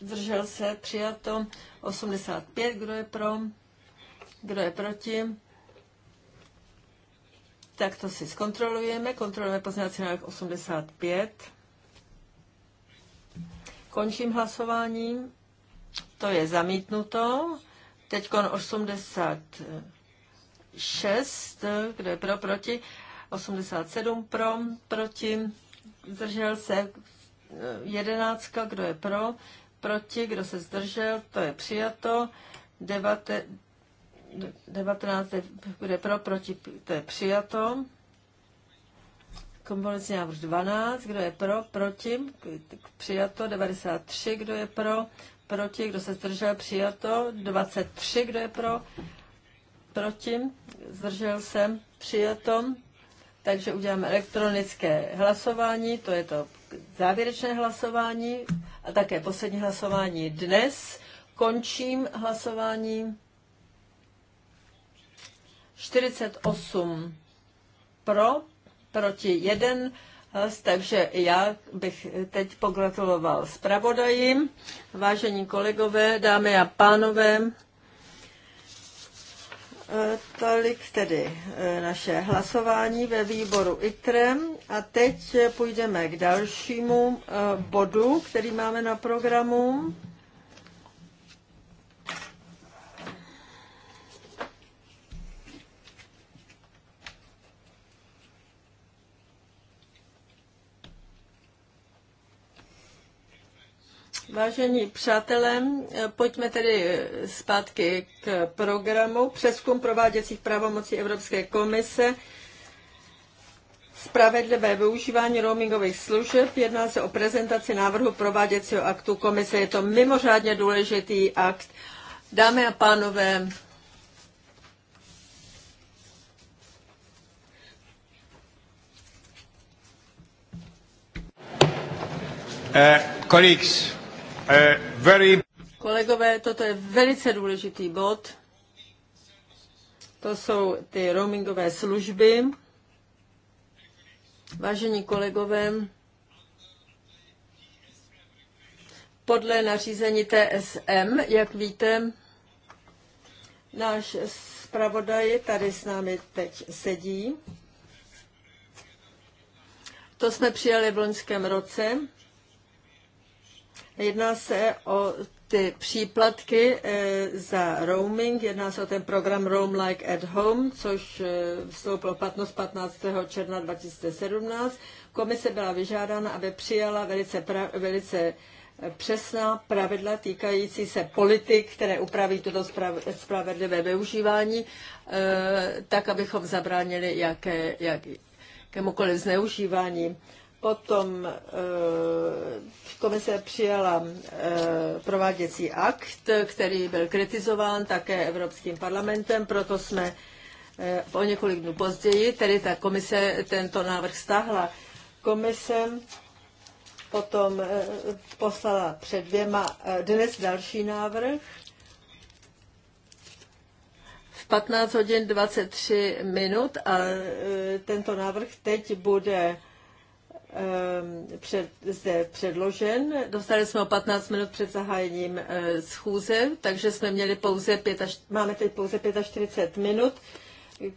zdržel se, přijato 85, kdo je pro, kdo je proti. Tak to si zkontrolujeme, kontrolujeme poznávací návrh 85. Končím hlasováním, to je zamítnuto. Teď 86, kdo je pro, proti, 87 pro, proti, zdržel se, 11, kdo je pro, proti, kdo se zdržel, to je přijato. 19 bude pro, proti, to je přijato. Kompromisní návrh 12, kdo je pro, proti, přijato. 93, kdo je pro, proti, kdo se zdržel, přijato. 23, kdo je pro, proti, zdržel se, přijato. Takže uděláme elektronické hlasování, to je to závěrečné hlasování a také poslední hlasování dnes. Končím hlasování. 48 pro, proti 1. Takže já bych teď pogratuloval zpravodajím. Vážení kolegové, dámy a pánové, Eh, tolik tedy eh, naše hlasování ve výboru ITREM a teď půjdeme k dalšímu eh, bodu, který máme na programu. Vážení přátelé, pojďme tedy zpátky k programu. Přeskum prováděcích pravomocí Evropské komise spravedlivé využívání roamingových služeb. Jedná se o prezentaci návrhu prováděcího aktu komise. Je to mimořádně důležitý akt. Dámy a pánové, Uh, colleagues, Eh, very... Kolegové, toto je velice důležitý bod. To jsou ty roamingové služby. Vážení kolegové, podle nařízení TSM, jak víte, náš zpravodaj tady s námi teď sedí. To jsme přijali v loňském roce Jedná se o ty příplatky eh, za roaming, jedná se o ten program Roam Like at Home, což eh, vstoupilo platnost 15. června 2017. Komise byla vyžádána, aby přijala velice, pra, velice eh, přesná pravidla týkající se politik, které upraví toto spravedlivé využívání, tak abychom zabránili jaké, jak, jakémukoliv zneužívání. Potom eh, komise přijala eh, prováděcí akt, který byl kritizován také Evropským parlamentem, proto jsme eh, o několik dnů později, tedy ta komise tento návrh stáhla. Komise potom poslala před dvěma dnes další návrh. V 15 hodin 23 minut a tento návrh teď bude Ehm, před, zde předložen. Dostali jsme o 15 minut před zahájením eh, schůze, takže jsme měli pouze pět až máme teď pouze 45 minut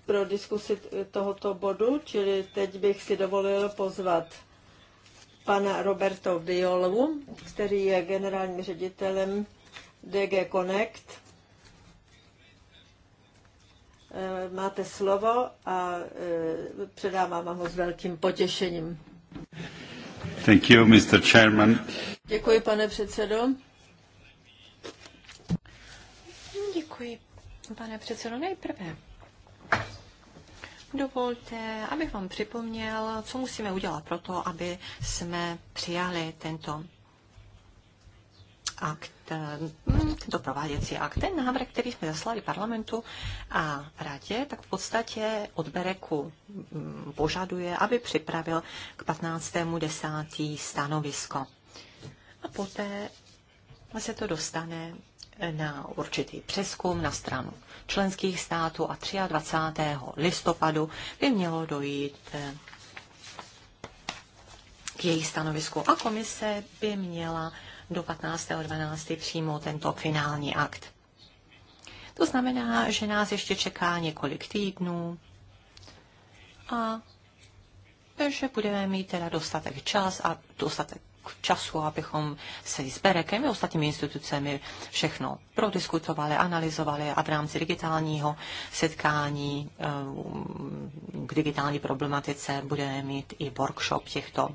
pro diskusi tohoto bodu, čili teď bych si dovolil pozvat pana Roberto Violovu, který je generálním ředitelem DG Connect. Eh, máte slovo a eh, předávám vám ho s velkým potěšením. Thank you, Mr. Chairman. Děkuji, pane předsedo. Děkuji, pane předsedo. Nejprve dovolte, abych vám připomněl, co musíme udělat pro to, aby jsme přijali tento akt tento ehm, prováděcí akt. Ten návrh, který jsme zaslali parlamentu a radě, tak v podstatě od Bereku mm, požaduje, aby připravil k 15.10. stanovisko. A poté se to dostane na určitý přeskum na stranu členských států a 23. listopadu by mělo dojít ehm, k jejich stanovisku a komise by měla do 15.12. přímo tento finální akt. To znamená, že nás ještě čeká několik týdnů a že budeme mít teda dostatek čas a dostatek času, abychom se s Berekem i ostatními institucemi všechno prodiskutovali, analyzovali a v rámci digitálního setkání eh, k digitální problematice budeme mít i workshop těchto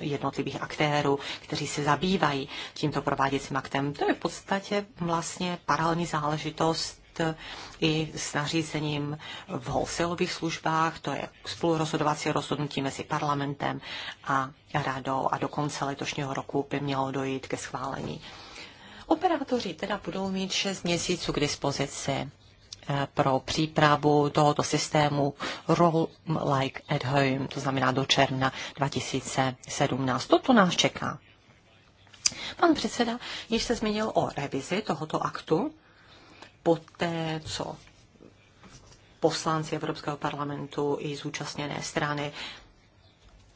jednotlivých aktérů, kteří se zabývají tímto prováděcím aktem. To je v podstatě vlastně paralelní záležitost eh, i s nařízením v wholesaleových službách, to je spolurozhodovací rozhodnutí mezi parlamentem a radou a do konce letošního roku by mělo dojít ke schválení. Operátoři teda budou mít 6 měsíců k dispozici pro přípravu tohoto systému Roll Like at Home, to znamená do června 2017. Toto nás čeká. Pan předseda již se zmínil o revizi tohoto aktu, poté co poslanci Evropského parlamentu i zúčastněné strany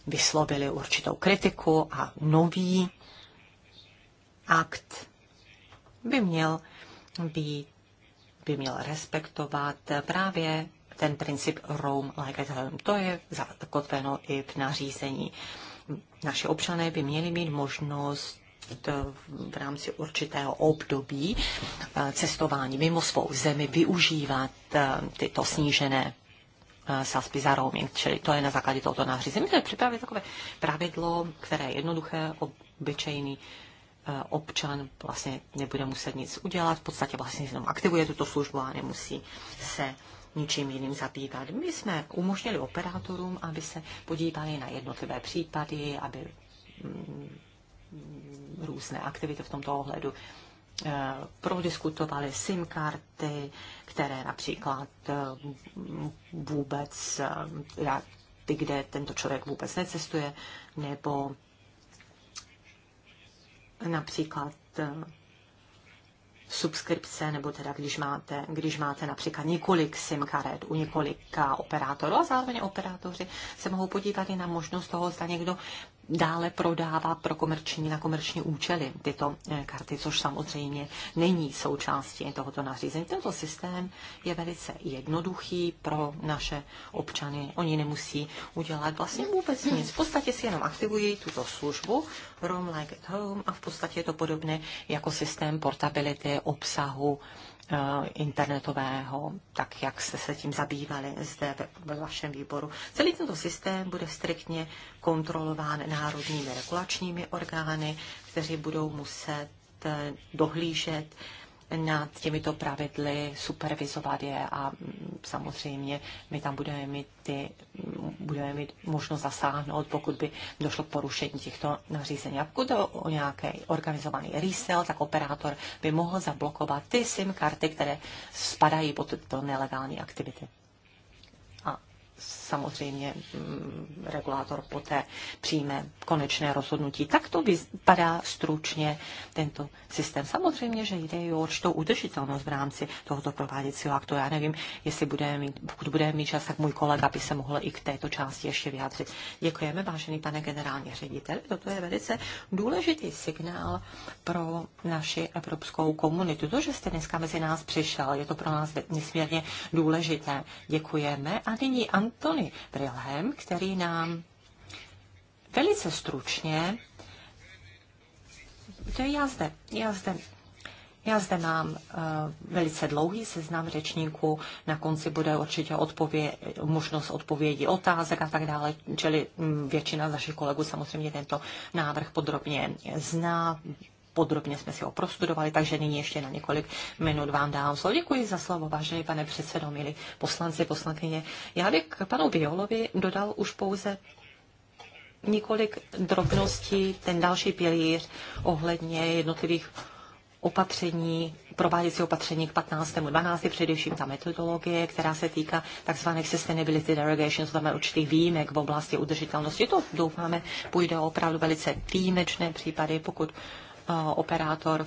vyslovili určitou kritiku a nový akt by měl být by měl respektovat právě ten princip Rome like at home. To je zakotveno i v nařízení. Naše občané by měli mít možnost v rámci určitého období eh, cestování mimo svou zemi využívat eh, tyto snížené eh, sazby za roaming, čili to je na základě tohoto nařízení. je připravit takové pravidlo, které je jednoduché, obyčejný Eh, občan vlastně nebude muset nic udělat, v podstatě vlastně jenom aktivuje tuto službu a nemusí se ničím jiným zabývat. My jsme umožnili operátorům, aby se podívali na jednotlivé případy, aby mm, různé aktivity v tomto ohledu eh, prodiskutovali SIM karty, které například eh, vůbec, ty, kde tento člověk vůbec necestuje, nebo například eh, subskripce, nebo teda když máte, když máte například několik SIM karet u několika operátorů a zároveň operátoři se mohou podívat i na možnost toho, zda někdo dále prodává pro komerční, na komerční účely tyto eh, karty, což samozřejmě není součástí tohoto nařízení. Tento systém je velice jednoduchý pro naše občany. Oni nemusí udělat vlastně vůbec nic. V podstatě si jenom aktivují tuto službu Roam Like at Home a v podstatě je to podobné jako systém portability obsahu Eh, internetového, tak jak jste se tím zabývali zde ve vašem výboru. Celý tento systém bude striktně kontrolován národními regulačními orgány, kteří budou muset eh, dohlížet nad těmito pravidly supervizovat je a samozřejmě my tam budeme mít, ty, budeme mít možnost zasáhnout, pokud by došlo k porušení těchto nařízení. A pokud to o nějaký organizovaný resell, tak operátor by mohl zablokovat ty SIM karty, které spadají pod tyto nelegální aktivity samozřejmě mm, regulátor poté přijme konečné rozhodnutí. Tak to vypadá stručně tento systém. Samozřejmě, že jde i o určitou udržitelnost v rámci tohoto prováděcího aktu. Já nevím, jestli budeme mít, pokud budeme mít čas, tak můj kolega by se mohl i k této části ještě vyjádřit. Děkujeme, vážený pane generální ředitel. Toto je velice důležitý signál pro naši evropskou komunitu. To, že jste dneska mezi nás přišel, je to pro nás nesmírně důležité. Děkujeme. A nyní Ant Tony Brilhem, který nám velice stručně, to je já zde, já zde, já zde mám uh, velice dlouhý seznam řečníků, na konci bude určitě odpověd, možnost odpovědi otázek a tak dále, čili m, mm, většina z našich kolegů samozřejmě tento návrh podrobně zná, podrobně jsme si ho prostudovali, takže nyní ještě na několik minut vám dám slovo. Děkuji za slovo, vážený pane předsedo, milí poslanci, poslankyně. Já bych k panu Biolovi dodal už pouze několik drobností, ten další pilíř ohledně jednotlivých opatření, prováděcí opatření k 12. především ta metodologie, která se týká tzv. sustainability derogation, to znamená určitých výjimek v oblasti udržitelnosti. To doufáme, půjde o opravdu velice výjimečné případy, pokud operátor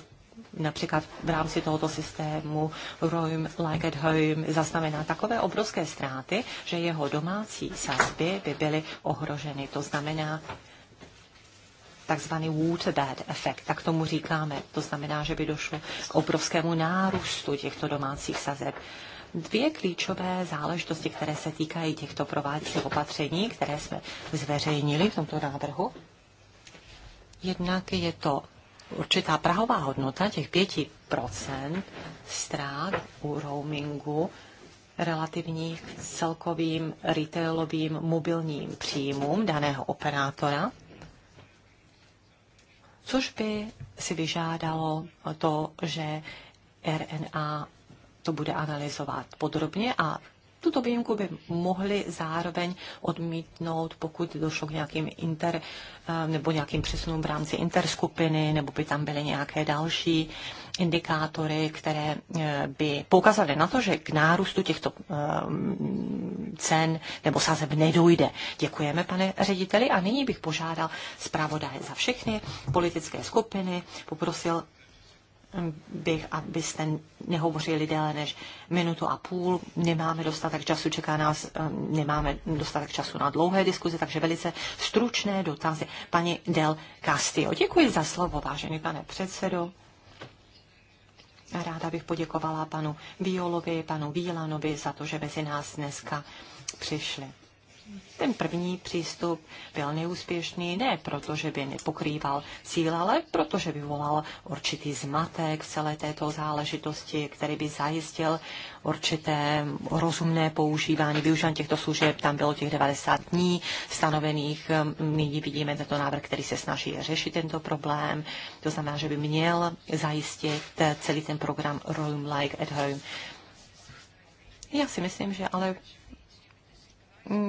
například v rámci tohoto systému Roam Like at Home zaznamená takové obrovské ztráty, že jeho domácí sázby by byly ohroženy. To znamená takzvaný waterbed efekt, tak tomu říkáme. To znamená, že by došlo k obrovskému nárůstu těchto domácích sazeb. Dvě klíčové záležitosti, které se týkají těchto prováděcích opatření, které jsme zveřejnili v tomto návrhu. Jednak je to určitá prahová hodnota těch 5% strát u roamingu relativních celkovým retailovým mobilním příjmům daného operátora, což by si vyžádalo to, že RNA to bude analyzovat podrobně a tuto výjimku by mohli zároveň odmítnout, pokud došlo k nějakým inter eh, nebo nějakým přesunům v rámci interskupiny, nebo by tam byly nějaké další indikátory, které eh, by poukazaly na to, že k nárůstu těchto eh, cen nebo sazeb nedojde. Děkujeme, pane řediteli, a nyní bych požádal zpravodaje za všechny politické skupiny, poprosil bych, abyste nehovořili déle než minutu a půl. Nemáme dostatek času, čeká nás, eh, nemáme dostatek času na dlouhé diskuze, takže velice stručné dotazy. Pani Del Castillo, děkuji za slovo, vážený pane předsedo. Ráda bych poděkovala panu Violovi, panu Vílanovi za to, že mezi nás dneska přišli ten první přístup byl neúspěšný ne proto, že by nepokrýval cíl, ale proto, že vyvolal určitý zmatek v celé této záležitosti, který by zajistil určité rozumné používání, využívání těchto služeb. Tam bylo těch 90 dní stanovených. Nyní vidíme tento návrh, který se snaží řešit tento problém. To znamená, že by měl zajistit celý ten program Room Like at Home. Já si myslím, že ale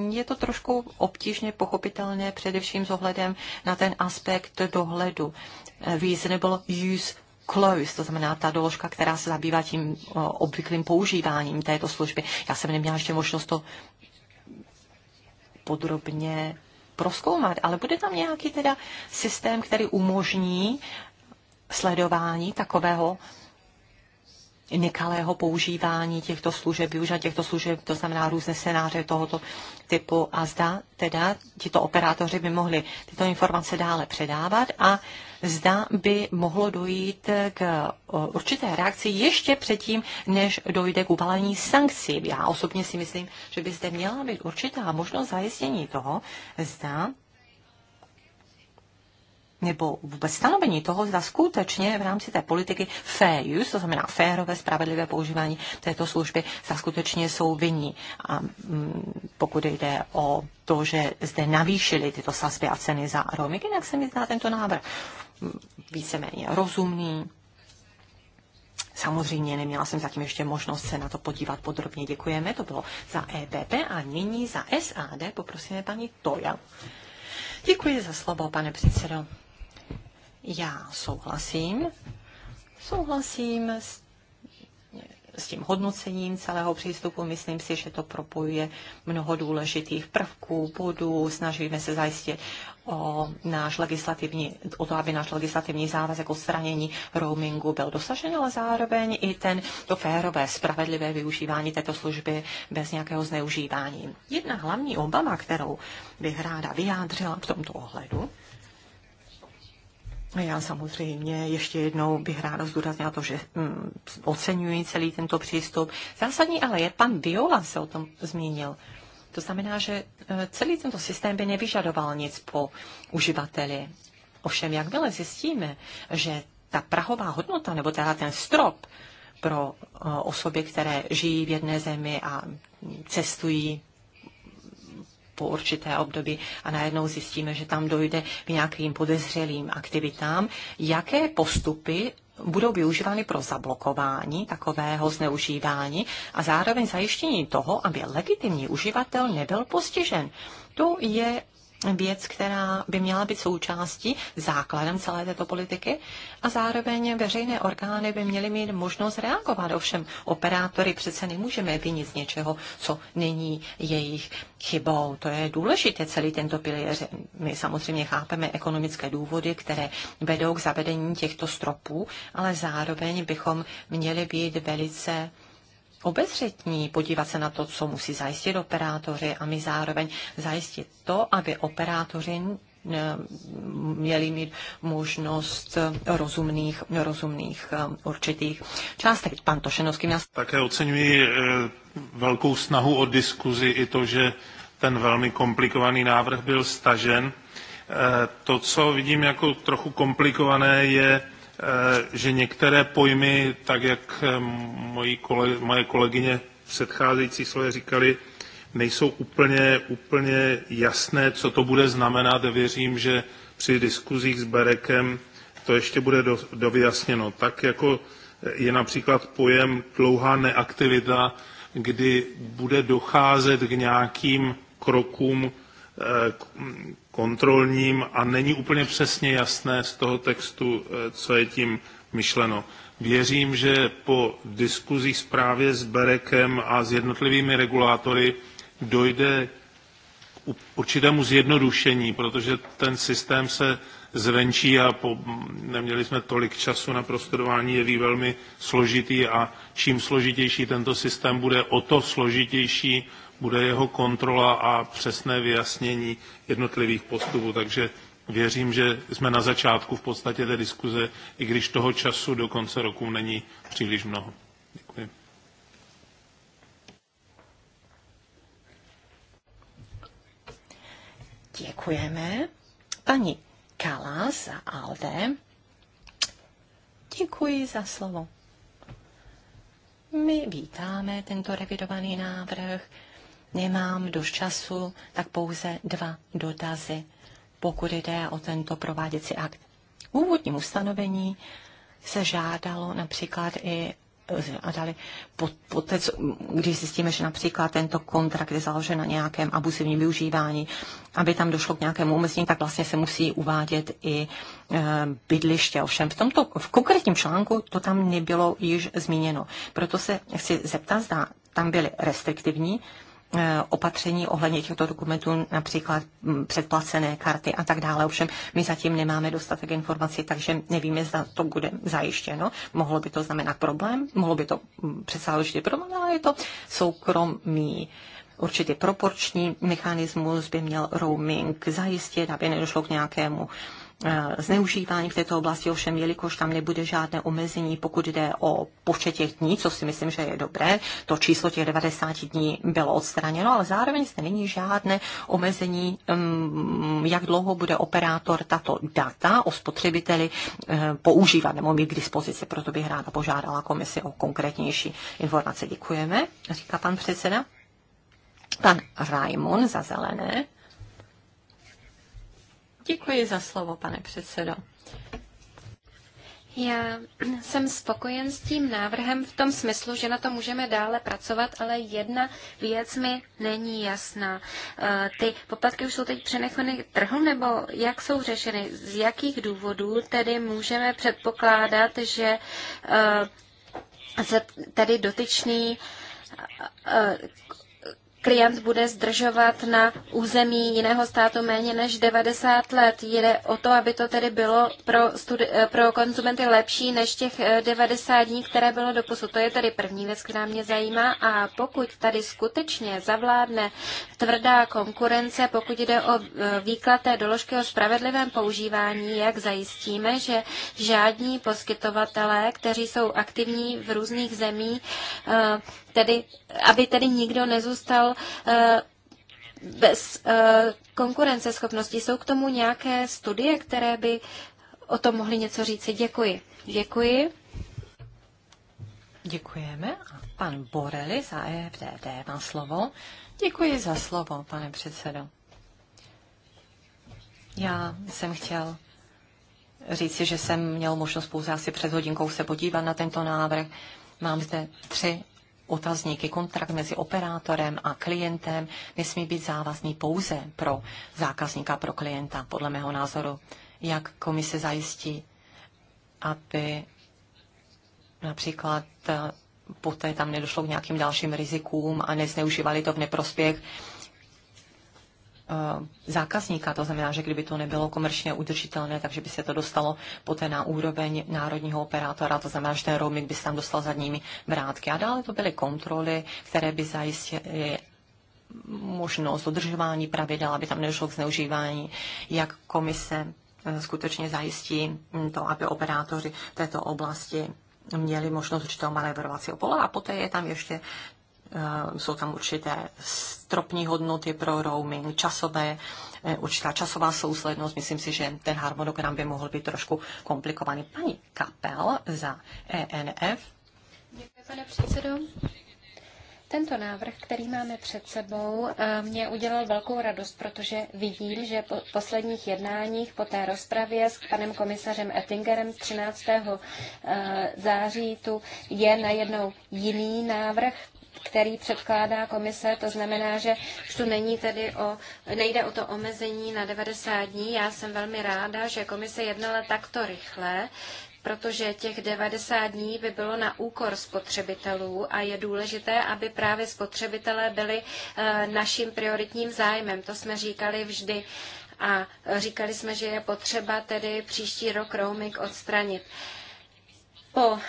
je to trošku obtížně pochopitelné, především s ohledem na ten aspekt dohledu. Reasonable use close, to znamená ta doložka, která se zabývá tím obvyklým používáním této služby. Já jsem neměla ještě možnost to podrobně proskoumat, ale bude tam nějaký teda systém, který umožní sledování takového nekalého používání těchto služeb, využívání těchto služeb, to znamená různé scénáře tohoto typu a zda teda tito operátoři by mohli tyto informace dále předávat a zda by mohlo dojít k eh, určité reakci ještě předtím, než dojde k uvalení sankcí. Já osobně si myslím, že by zde měla být určitá možnost zajistění toho, zda nebo vůbec stanovení toho, zda skutečně v rámci té politiky fair use, to znamená férové, spravedlivé používání této služby, zda skutečně jsou vinní. A mm, pokud jde o to, že zde navýšili tyto sazby a ceny za roaming, jinak se mi zdá tento návrh mm, víceméně rozumný. Samozřejmě neměla jsem zatím ještě možnost se na to podívat podrobně. Děkujeme, to bylo za EPP a nyní za SAD poprosíme paní Toja. Děkuji za slovo, pane předsedo. Já souhlasím. Souhlasím s s tím hodnocením celého přístupu. Myslím si, že to propojuje mnoho důležitých prvků, bodů. Snažíme se zajistit o, náš legislativní, o to, aby náš legislativní závazek jako odstranění roamingu byl dosažen, ale zároveň i ten, to férové, spravedlivé využívání této služby bez nějakého zneužívání. Jedna hlavní obava, kterou bych ráda vyjádřila v tomto ohledu, já samozřejmě ještě jednou bych ráda zdůraznila to, že mm, oceňuji celý tento přístup. Zásadní ale je, pan Viola se o tom zmínil. To znamená, že e, celý tento systém by nevyžadoval nic po uživateli. Ovšem, jakmile zjistíme, že ta prahová hodnota, nebo teda ten strop pro e, osoby, které žijí v jedné zemi a cestují po určité období a najednou zjistíme, že tam dojde k nějakým podezřelým aktivitám. Jaké postupy budou využívány pro zablokování takového zneužívání a zároveň zajištění toho, aby legitimní uživatel nebyl postižen. To je věc, která by měla být součástí, základem celé této politiky a zároveň veřejné orgány by měly mít možnost reagovat. Ovšem operátory přece nemůžeme vinit z něčeho, co není jejich chybou. To je důležité, celý tento pilíř. My samozřejmě chápeme ekonomické důvody, které vedou k zavedení těchto stropů, ale zároveň bychom měli být velice obezřetní, podívat se na to, co musí zajistit operátoři a my zároveň zajistit to, aby operátoři měli mít možnost rozumných, rozumných um, určitých částek. Pan Tošenovský měl... Také oceňuji eh, velkou snahu o diskuzi i to, že ten velmi komplikovaný návrh byl stažen. Eh, to, co vidím jako trochu komplikované, je Eh, že některé pojmy, tak jak eh, moji kole, moje kolegyně předcházející slově říkali, nejsou úplně, úplně jasné, co to bude znamenat. Věřím, že při diskuzích s Berekem to ještě bude do, dovyjasněno. Tak jako je například pojem dlouhá neaktivita, kdy bude docházet k nějakým krokům, eh, kontrolním a není úplně přesně jasné z toho textu, eh, co je tím myšleno. Věřím, že po diskuzích právě s Berekem a s jednotlivými regulátory dojde k určitému zjednodušení, protože ten systém se zvenčí a po, neměli jsme tolik času na prostudování, je velmi složitý a čím složitější tento systém bude, o to složitější bude jeho kontrola a přesné vyjasnění jednotlivých postupů. Takže věřím, že jsme na začátku v podstatě té diskuze, i když toho času do konce roku není příliš mnoho. Děkuji. Děkujeme. pani Kala za Alde. Děkuji za slovo. My vítáme tento revidovaný návrh nemám dost času, tak pouze dva dotazy, pokud jde o tento prováděcí akt. V úvodním ustanovení se žádalo například i eh, a dali, po, po té, když zjistíme, že například tento kontrakt je založen na nějakém abuzivním využívání, aby tam došlo k nějakému omezení, tak vlastně se musí uvádět i e, bydliště. Ovšem v tomto v konkrétním článku to tam nebylo již zmíněno. Proto se chci zeptat, zda tam byly restriktivní Eh, opatření ohledně těchto dokumentů, například mm, předplacené karty a tak dále. Ovšem my zatím nemáme dostatek informací, takže nevíme, zda to bude zajištěno. Mohlo by to znamenat problém, mohlo by to mm, přesáhlo, určitě problém, ale je to soukromý určitý proporční mechanismus by měl roaming zajistit, aby nedošlo k nějakému Eh, zneužívání v této oblasti, ovšem jelikož tam nebude žádné omezení, pokud jde o počet těch dní, co si myslím, že je dobré, to číslo těch 90 dní bylo odstraněno, ale zároveň zde není žádné omezení, mm, jak dlouho bude operátor tato data o spotřebiteli eh, používat nebo mít k dispozici. Proto bych ráda požádala komisi o konkrétnější informace. Děkujeme, říká pan předseda. Pan Raimon za zelené. Děkuji za slovo, pane předsedo. Já jsem spokojen s tím návrhem v tom smyslu, že na to můžeme dále pracovat, ale jedna věc mi není jasná. E, ty poplatky už jsou teď přenechány trhu, nebo jak jsou řešeny? Z jakých důvodů tedy můžeme předpokládat, že e, tady dotyčný e, klient bude zdržovat na území jiného státu méně než 90 let. Jde o to, aby to tedy bylo pro, studi- eh, pro konzumenty lepší než těch 90 eh, dní, které bylo doposud. To je tedy první věc, která mě zajímá. A pokud tady skutečně zavládne tvrdá konkurence, pokud jde o eh, výklad té doložky o spravedlivém používání, jak zajistíme, že žádní poskytovatelé, kteří jsou aktivní v různých zemích, tedy, aby tedy nikdo nezůstal eh, bez eh, konkurenceschopnosti. Jsou k tomu nějaké studie, které by o tom mohly něco říci? Děkuji. Děkuji. Děkujeme. pan Borely za EFDD má slovo. Děkuji za slovo, pane předsedo. Já jsem chtěl říci, že jsem měl možnost pouze asi před hodinkou se podívat na tento návrh. Mám zde tři otazníky. Kontrakt mezi operátorem a klientem nesmí být závazný pouze pro zákazníka, pro klienta, podle mého názoru. Jak komise zajistí, aby například eh, poté tam nedošlo k nějakým dalším rizikům a nezneužívali to v neprospěch Eh, zákazníka. To znamená, že kdyby to nebylo komerčně udržitelné, takže by se to dostalo poté na úroveň národního operátora. To znamená, že ten roaming by se tam dostal zadními vrátky. A dále to byly kontroly, které by zajistily možnost dodržování pravidel, aby tam nešlo k zneužívání, jak komise eh, skutečně zajistí hm, to, aby operátoři této oblasti měli možnost určitého manévrovacího pole. A poté je tam ještě Eh, jsou tam určité stropní hodnoty pro roaming, časové, eh, určitá časová souslednost. Myslím si, že ten harmonogram by mohl být trošku komplikovaný. Paní Kapel za ENF. Děkuji, pane předsedo. Tento návrh, který máme před sebou, eh, mě udělal velkou radost, protože vidím, že po posledních jednáních po té rozpravě s panem komisařem Ettingerem z 13. září tu je najednou jiný návrh, který předkládá komise. To znamená, že už není tedy o, nejde o to omezení na 90 dní. Já jsem velmi ráda, že komise jednala takto rychle protože těch 90 dní by bylo na úkor spotřebitelů a je důležité, aby právě spotřebitelé byli eh, naším prioritním zájmem. To jsme říkali vždy a říkali jsme, že je potřeba tedy příští rok roaming odstranit. Po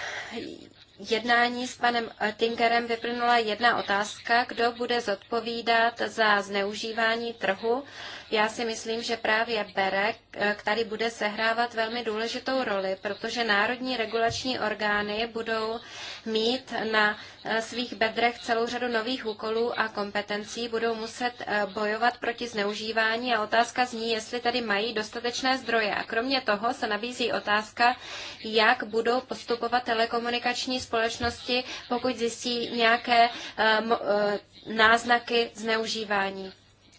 jednání s panem Tinkerem vyplynula jedna otázka, kdo bude zodpovídat za zneužívání trhu já si myslím, že právě BEREK eh, tady bude sehrávat velmi důležitou roli, protože národní regulační orgány budou mít na eh, svých bedrech celou řadu nových úkolů a kompetencí, budou muset eh, bojovat proti zneužívání a otázka zní, jestli tady mají dostatečné zdroje. A kromě toho se nabízí otázka, jak budou postupovat telekomunikační společnosti, pokud zjistí nějaké náznaky zneužívání.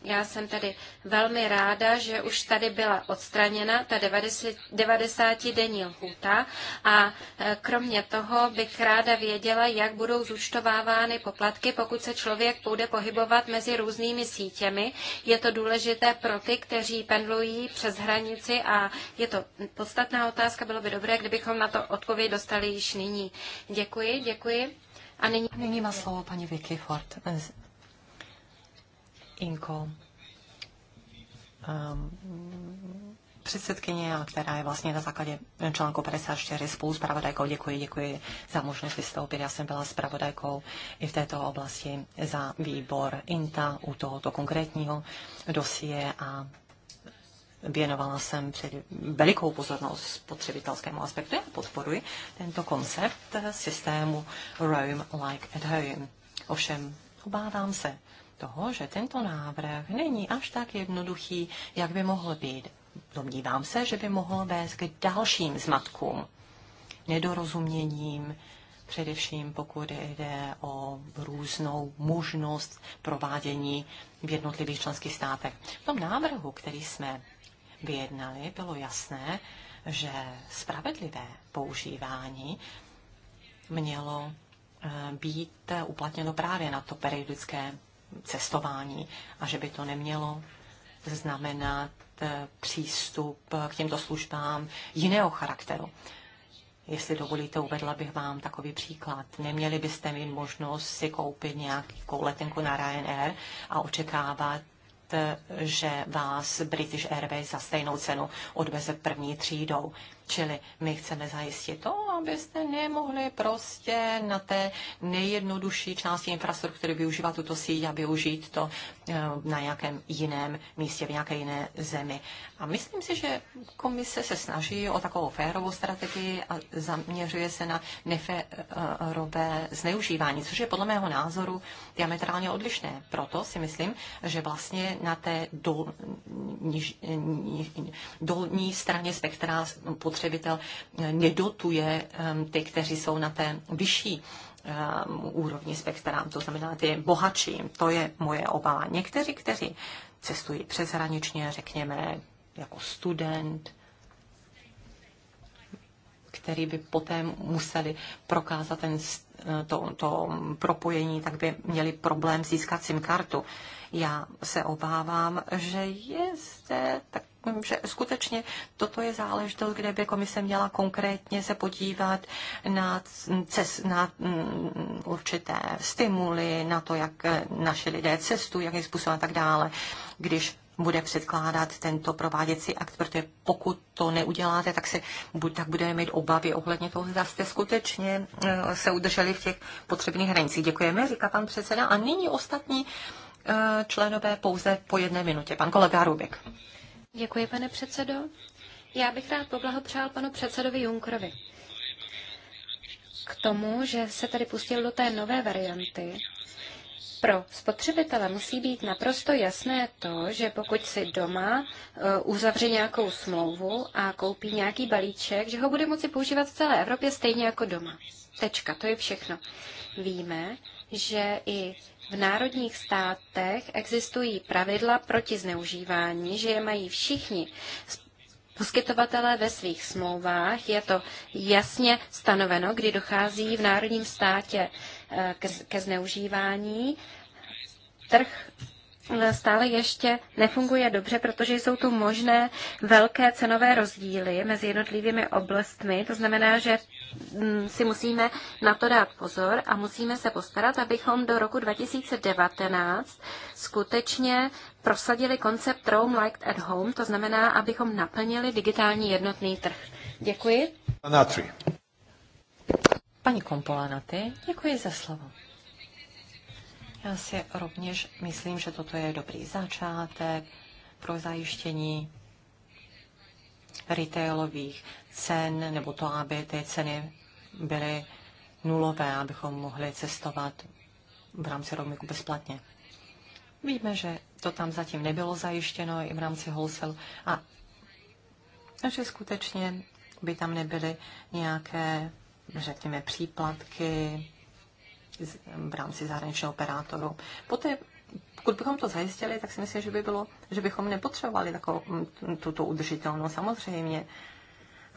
Já jsem tady velmi ráda, že už tady byla odstraněna ta 90-denní lhůta a e, kromě toho bych ráda věděla, jak budou zúčtovávány poplatky, pokud se člověk bude pohybovat mezi různými sítěmi. Je to důležité pro ty, kteří pendlují přes hranici a je to podstatná otázka. Bylo by dobré, kdybychom na to odpověď dostali již nyní. Děkuji, děkuji. A nyní, nyní má slovo paní Vicky Ford Inko, um, předsedkyně, která je vlastně na základě článku 54 spolu s pravodajkou. Děkuji, děkuji za možnost vystoupit. Já jsem byla zpravodajkou i v této oblasti za výbor INTA u tohoto konkrétního dosie a věnovala jsem před velikou pozornost spotřebitelskému aspektu. Já podporuji tento koncept systému Roam Like at Home. Ovšem, obávám se, toho, že tento návrh není až tak jednoduchý, jak by mohl být. Domnívám se, že by mohl vést k dalším zmatkům, nedorozuměním, především pokud jde o různou možnost provádění v jednotlivých členských státech. V tom návrhu, který jsme vyjednali, bylo jasné, že spravedlivé používání mělo eh, být uplatněno právě na to periodické cestování a že by to nemělo znamenat eh, přístup k těmto službám jiného charakteru. Jestli dovolíte, uvedla bych vám takový příklad. Neměli byste mít možnost si koupit nějakou letenku na Ryanair a očekávat, eh, že vás British Airways za stejnou cenu odveze první třídou. Čili my chceme zajistit to, abyste nemohli prostě na té nejjednodušší části infrastruktury využívat tuto síť a využít to eh, na nějakém jiném místě, v nějaké jiné zemi. A myslím si, že komise se snaží o takovou férovou strategii a zaměřuje se na neférové zneužívání, což je podle mého názoru diametrálně odlišné. Proto si myslím, že vlastně na té dol, niž, niž, dolní straně spektra potřebitel nedotuje Um, ty, kteří jsou na té vyšší um, úrovni spektra, to znamená ty bohatší. To je moje obava. Někteří, kteří cestují přeshraničně, řekněme, jako student, který by poté museli prokázat ten, to, to propojení, tak by měli problém získat SIM kartu. Já se obávám, že je zde tak že skutečně toto je záležitost, kde by komise měla konkrétně se podívat na, cest, na mm, určité stimuly, na to, jak naši lidé cestují, jakým způsobem a tak dále, když bude předkládat tento prováděcí akt, protože pokud to neuděláte, tak, se, tak budeme mít obavy ohledně toho, zda jste skutečně eh, se udrželi v těch potřebných hranicích. Děkujeme, říká pan předseda. A nyní ostatní eh, členové pouze po jedné minutě. Pan kolega Rubik. Děkuji, pane předsedo. Já bych rád poblahopřál panu předsedovi Junkrovi k tomu, že se tady pustil do té nové varianty. Pro spotřebitele musí být naprosto jasné to, že pokud si doma eh, uzavře nějakou smlouvu a koupí nějaký balíček, že ho bude moci používat v celé Evropě stejně jako doma. Tečka, to je všechno. Víme, že i v národních státech existují pravidla proti zneužívání, že je mají všichni poskytovatelé ve svých smlouvách. Je to jasně stanoveno, kdy dochází v národním státě eh, ke zneužívání. Trh stále ještě nefunguje dobře, protože jsou tu možné velké cenové rozdíly mezi jednotlivými oblastmi. To znamená, že mm, si musíme na to dát pozor a musíme se postarat, abychom do roku 2019 skutečně prosadili koncept Roam Liked at Home, to znamená, abychom naplnili digitální jednotný trh. Děkuji. Panatri. Paní Kompolanaty, děkuji za slovo. Já si rovněž myslím, že toto je dobrý začátek pro zajištění retailových cen, nebo to, aby ty ceny byly nulové, abychom mohli cestovat v rámci roamingu bezplatně. Víme, že to tam zatím nebylo zajištěno i v rámci wholesale a že skutečně by tam nebyly nějaké, řekněme, příplatky, v rámci zahraničního operátoru. Poté, pokud bychom to zajistili, tak si myslím, že, by bylo, že bychom nepotřebovali takovou, mm, tuto udržitelnost. Samozřejmě,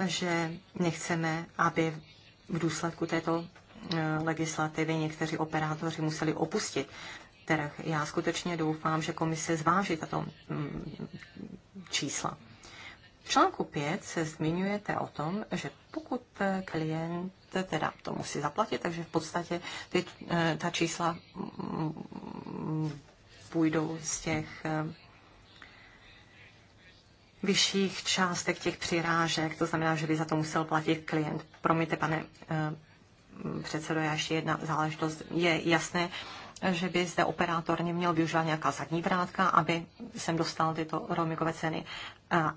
že nechceme, aby v důsledku této e, legislativy někteří operátoři museli opustit trh. Já skutečně doufám, že komise zváží tato mm, čísla. V článku 5 se zmiňujete o tom, že pokud eh, klient eh, teda to musí zaplatit, takže v podstatě ty, eh, ta čísla mm, mm, půjdou z těch vyšších částek těch přirážek, to znamená, že by za to musel platit klient. Promiňte, pane předsedo, je ještě jedna záležitost. Je jasné, že by zde operátor neměl využívat nějaká zadní vrátka, aby jsem dostal tyto roamingové ceny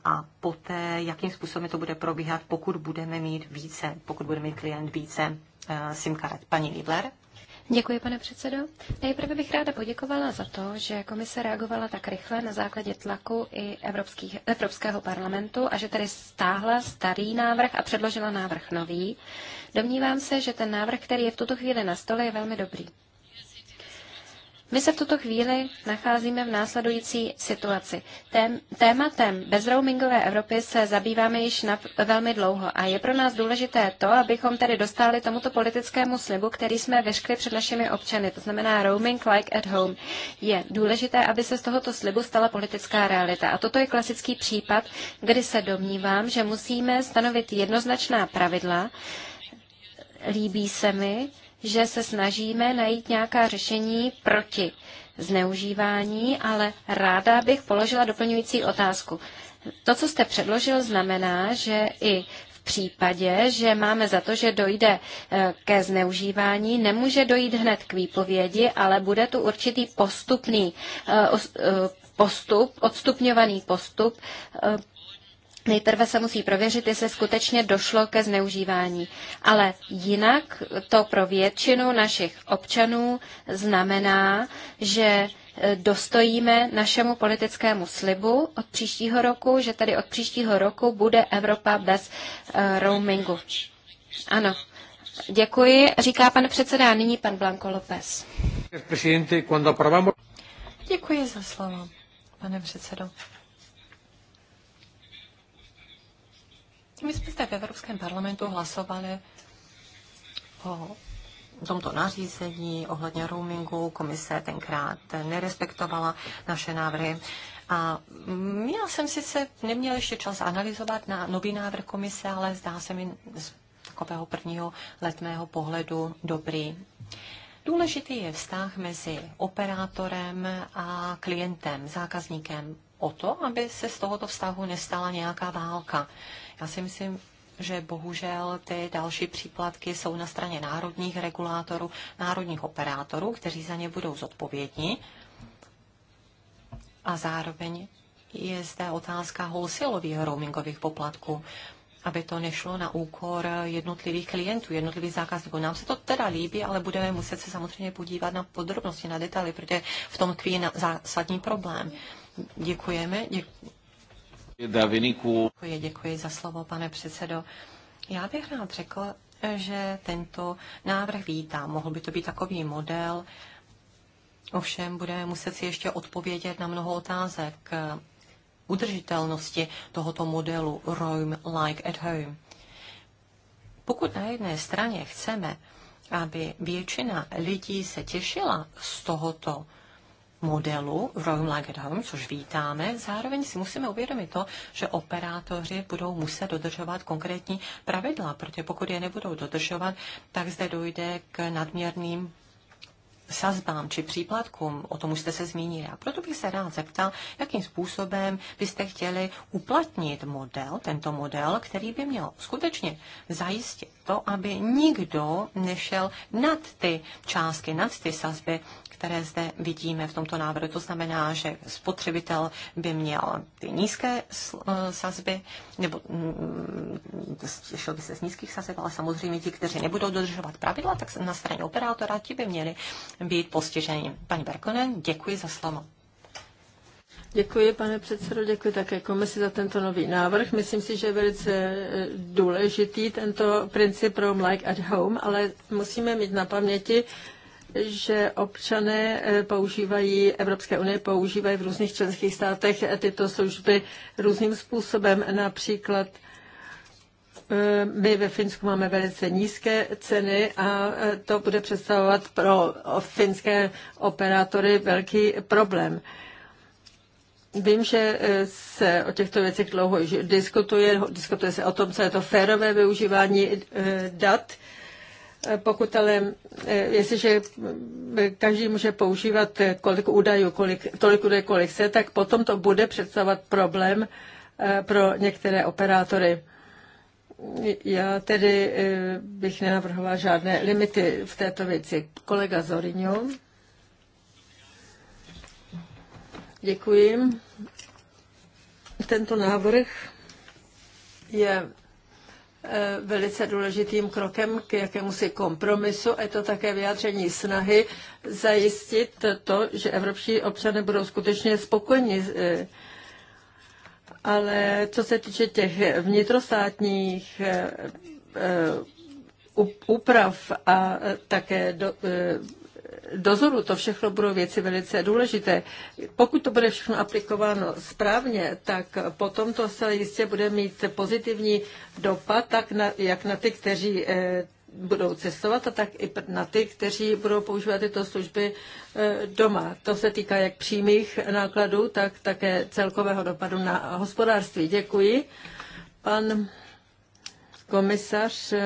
a poté, jakým způsobem to bude probíhat, pokud budeme mít více, pokud bude mít klient více eh, SIM karet. Paní Lidler. Děkuji, pane předsedo. Nejprve bych ráda poděkovala za to, že komise reagovala tak rychle na základě tlaku i Evropských, Evropského parlamentu a že tedy stáhla starý návrh a předložila návrh nový. Domnívám se, že ten návrh, který je v tuto chvíli na stole, je velmi dobrý. My se v tuto chvíli nacházíme v následující situaci. Tém, tématem bezroamingové Evropy se zabýváme již na, velmi dlouho a je pro nás důležité to, abychom tedy dostali tomuto politickému slibu, který jsme vyškli před našimi občany, to znamená roaming like at home. Je důležité, aby se z tohoto slibu stala politická realita. A toto je klasický případ, kdy se domnívám, že musíme stanovit jednoznačná pravidla, líbí se mi, že se snažíme najít nějaká řešení proti zneužívání, ale ráda bych položila doplňující otázku. To, co jste předložil, znamená, že i v případě, že máme za to, že dojde eh, ke zneužívání, nemůže dojít hned k výpovědi, ale bude tu určitý postupný eh, eh, postup, odstupňovaný postup Nejprve se musí prověřit, jestli skutečně došlo ke zneužívání. Ale jinak to pro většinu našich občanů znamená, že e, dostojíme našemu politickému slibu od příštího roku, že tady od příštího roku bude Evropa bez uh, roamingu. Ano. Děkuji, říká pan předseda a nyní pan Blanco López. Děkuji za slovo, pane předsedo. My jsme zde v Evropském parlamentu hlasovali o tomto nařízení ohledně roamingu. Komise tenkrát nerespektovala naše návrhy. A já jsem sice neměl ještě čas analyzovat na nový návrh komise, ale zdá se mi z takového prvního letmého pohledu dobrý. Důležitý je vztah mezi operátorem a klientem, zákazníkem, o to, aby se z tohoto vztahu nestala nějaká válka. Já si myslím, že bohužel ty další příplatky jsou na straně národních regulátorů, národních operátorů, kteří za ně budou zodpovědní. A zároveň je zde otázka wholesaleových roamingových poplatků, aby to nešlo na úkor jednotlivých klientů, jednotlivých zákazníků. Nám se to teda líbí, ale budeme muset se samozřejmě podívat na podrobnosti, na detaily, protože v tom tkví zásadní problém. Děkujeme, Děku- Děkuji, děkuji za slovo, pane předsedo. Já bych rád řekl, že tento návrh vítám. Mohl by to být takový model, ovšem bude muset si ještě odpovědět na mnoho otázek udržitelnosti tohoto modelu Roam Like at Home. Pokud na jedné straně chceme, aby většina lidí se těšila z tohoto modelu Royal Like at Home, což vítáme. Zároveň si musíme uvědomit to, že operátoři budou muset dodržovat konkrétní pravidla, protože pokud je nebudou dodržovat, tak zde dojde k nadměrným sazbám či příplatkům, o tom už jste se zmínili. A proto bych se rád zeptal, jakým způsobem byste chtěli uplatnit model, tento model, který by měl skutečně zajistit to, aby nikdo nešel nad ty částky, nad ty sazby, které zde vidíme v tomto návrhu. To znamená, že spotřebitel by měl ty nízké eh, sazby, nebo těšil mm, mm, by se z nízkých sazeb, ale samozřejmě ti, kteří nebudou dodržovat pravidla, tak na straně operátora ti by měli být postiženi. Paní Berkonen, děkuji za slovo. Děkuji, pane předsedo, děkuji také komisi za tento nový návrh. Myslím si, že je velice eh, důležitý tento princip Roam Like at Home, ale musíme mít na paměti, že občané eh, používají, Evropské unie používají v různých členských státech eh, tyto služby různým způsobem. Například eh, my ve Finsku máme velice nízké ceny a to bude představovat pro finské operátory velký problém. Vím, že se o těchto věcech dlouho diskutuje. Diskutuje se o tom, co je to férové využívání dat. Eh, pokud ale, eh, jestliže každý může používat eh, kolik údajů, kolik, tolik údajů, kolik se, tak potom to bude představovat problém pro některé operátory. Já tedy bych nenavrhovala žádné limity v této věci. Kolega Zorinho. Děkuji. Tento návrh je E, velice důležitým krokem k jakémusi kompromisu. Je to také vyjádření snahy zajistit to, že evropští občany budou skutečně spokojeni. E, ale co se týče těch vnitrostátních e, úprav a také do, dozoru, to všechno budou věci velice důležité. Pokud to bude všechno aplikováno správně, tak potom to se jistě bude mít pozitivní dopad, tak na, jak na ty, kteří eh, budou cestovat a tak i na ty, kteří budou používat tyto služby eh, doma. To se týká jak přímých nákladů, tak také celkového dopadu na hospodářství. Děkuji. Pan Komisař eh,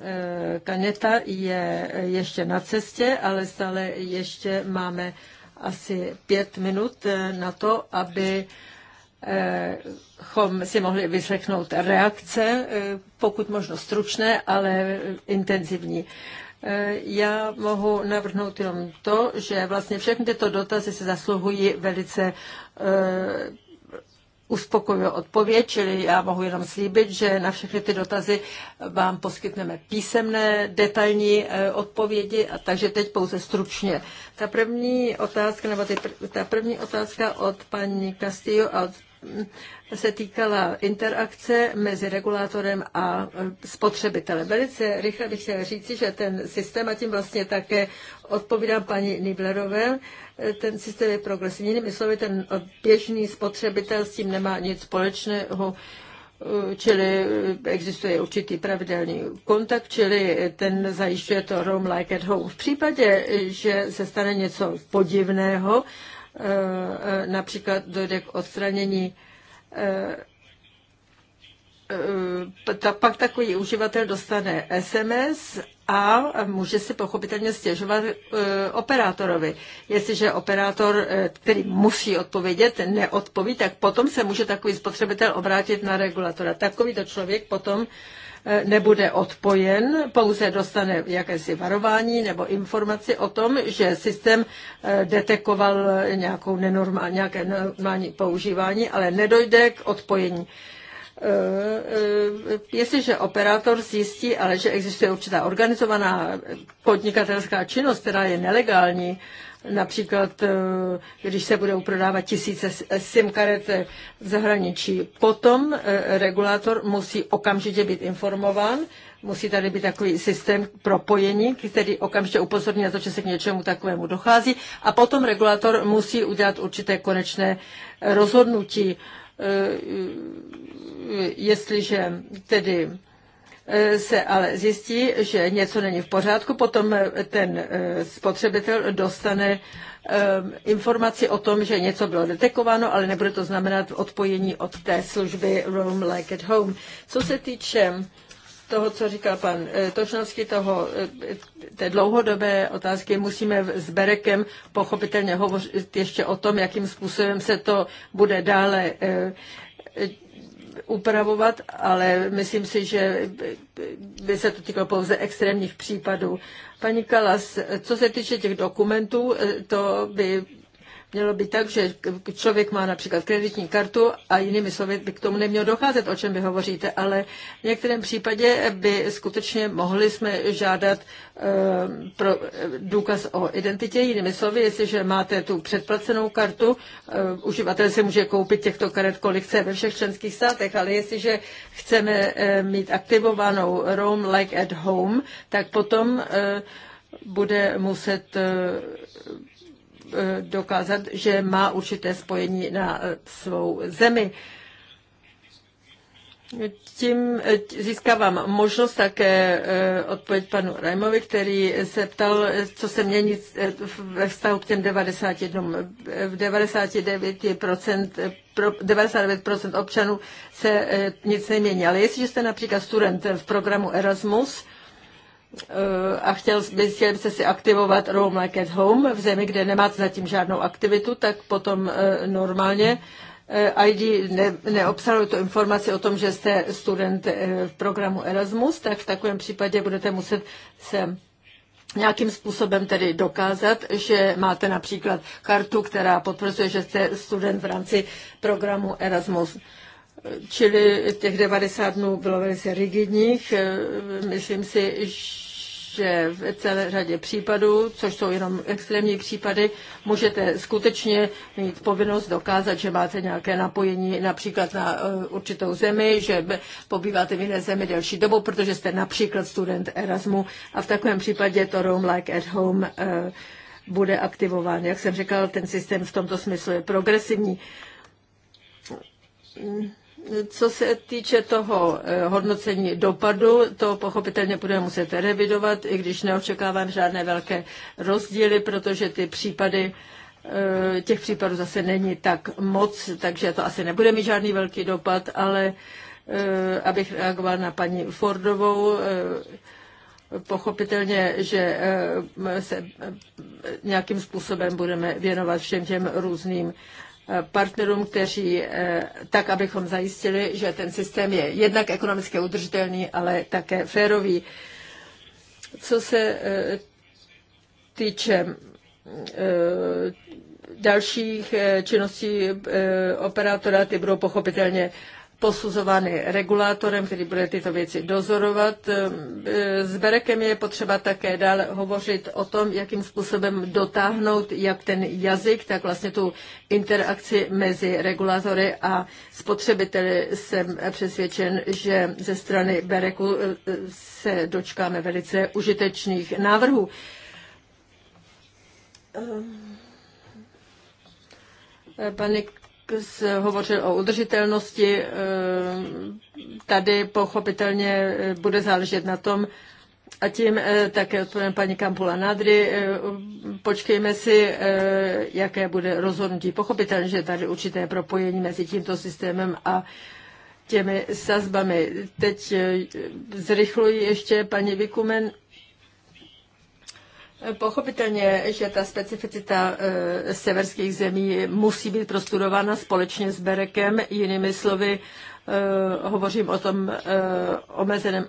eh, Kaneta je ještě na cestě, ale stále ještě máme asi pět minut eh, na to, aby chom si mohli vyslechnout reakce, pokud možno stručné, ale intenzivní. Já mohu navrhnout jenom to, že vlastně všechny tyto dotazy se zasluhují velice uspokojivou odpověď, čili já mohu jenom slíbit, že na všechny ty dotazy vám poskytneme písemné detailní eh, odpovědi, a takže teď pouze stručně. Ta první otázka, nebo ty, ta první otázka od paní Castillo a od se týkala interakce mezi regulátorem a spotřebitelem. Velice rychle bych chtěla říci, že ten systém, a tím vlastně také odpovídám paní Niblerové, ten systém je progresivní. Jinými slovy, ten běžný spotřebitel s tím nemá nic společného čili existuje určitý pravidelný kontakt, čili ten zajišťuje to Rome Like at Home. V případě, že se stane něco podivného, Eh, eh, například dojde k odstranění eh, pak takový uživatel dostane SMS a může si pochopitelně stěžovat operátorovi. Jestliže operátor, který musí odpovědět, neodpoví, tak potom se může takový spotřebitel obrátit na regulatora. Takovýto člověk potom nebude odpojen, pouze dostane jakési varování nebo informaci o tom, že systém eh, detekoval nějakou nenormál, nějaké normální používání, ale nedojde k odpojení eh, eh, jestliže operátor zjistí, ale že existuje určitá organizovaná podnikatelská činnost, která je nelegální Například, eh, když se budou prodávat tisíce eh, SIM karet eh, v zahraničí, potom regulátor musí okamžitě být informován, musí tady být takový systém propojení, který okamžitě upozorní na to, že se k něčemu takovému dochází a potom regulátor musí udělat určité konečné rozhodnutí, jestliže tedy Eh, se ale zjistí, že něco není v pořádku, potom eh, ten eh, spotřebitel dostane informaci o tom, že něco bylo detekováno, ale nebude to znamenat odpojení od té služby Roam Like at Home. Co se týče toho, co říkal pan Točnovský, toho, té dlouhodobé otázky, musíme s Berekem pochopitelně hovořit ještě o tom, jakým způsobem se to bude dále upravovat, ale myslím si, že by se to týkalo pouze extrémních případů. Paní Kalas, co se týče těch dokumentů, to by mělo být tak, že člověk má například kreditní kartu a jinými slovy by k tomu nemělo docházet, o čem vy hovoříte, ale v některém případě by skutečně mohli jsme žádat eh, pro eh, důkaz o identitě, jinými slovy, jestliže máte tu předplacenou kartu, eh, uživatel si může koupit těchto karet, kolik chce ve všech členských státech, ale jestliže chceme mít aktivovanou Roam like at home, tak potom bude muset Eh, dokázat, že má určité spojení na eh, svou zemi. Tím eh, získávám možnost také odpověď panu Rajmovi, který se ptal, co se mění ve vztahu k těm 91. V 99%, 99% občanů se nic nemění. Ale jestliže jste například student v programu Erasmus, Eh, a chtěl, chtěl byste si aktivovat Roam Like at Home v zemi, kde nemáte zatím žádnou aktivitu, tak potom eh, normálně eh, ID ne, neobsahuje tu informaci o tom, že jste student v programu Erasmus, tak v takovém případě budete muset se nějakým způsobem tedy dokázat, že máte například kartu, která potvrzuje, že jste student v rámci programu Erasmus. Čili těch 90 dnů bylo velice rigidních. Myslím si, že že v celé řadě případů, což jsou jenom extrémní případy, můžete skutečně mít povinnost dokázat, že máte nějaké napojení například na eh, určitou zemi, že pobýváte v jiné zemi delší dobu, protože jste například student Erasmu a v takovém případě to Roam Like at Home eh, bude aktivován. Jak jsem říkal, ten systém v tomto smyslu je progresivní. Co se týče toho eh, hodnocení dopadu, to pochopitelně budeme muset revidovat, i když neočekávám žádné velké rozdíly, protože ty případy, eh, těch případů zase není tak moc, takže to asi nebude mít žádný velký dopad, ale eh, abych reagoval na paní Fordovou, pochopitelně, že se nějakým způsobem budeme věnovat všem těm různým partnerům, kteří eh, tak, abychom zajistili, že ten systém je jednak ekonomicky udržitelný, ale také férový. Co se eh, týče eh, dalších činností operátora, ty budou pochopitelně posuzovány regulátorem, který bude tyto věci dozorovat. Eh, s Berekem je potřeba také dále hovořit o tom, jakým způsobem dotáhnout jak ten jazyk, tak vlastně tu interakci mezi regulátory a spotřebiteli. Jsem přesvědčen, že ze strany Bereku eh, se dočkáme velice užitečných návrhů. Eh, pane hovořil o udržitelnosti. Eh, tady pochopitelně eh, bude záležet na tom, a tím eh, také odpovím paní Kampula Nadry. Počkejme si, jaké bude rozhodnutí. Pochopitelně, že tady určité propojení mezi tímto systémem a těmi sazbami. Teď zrychluji ještě paní Vikumen. Pochopitelně, že ta specificita e, severských zemí musí být prostudována společně s Berekem. Jinými slovy, e, hovořím o tom e, omezeném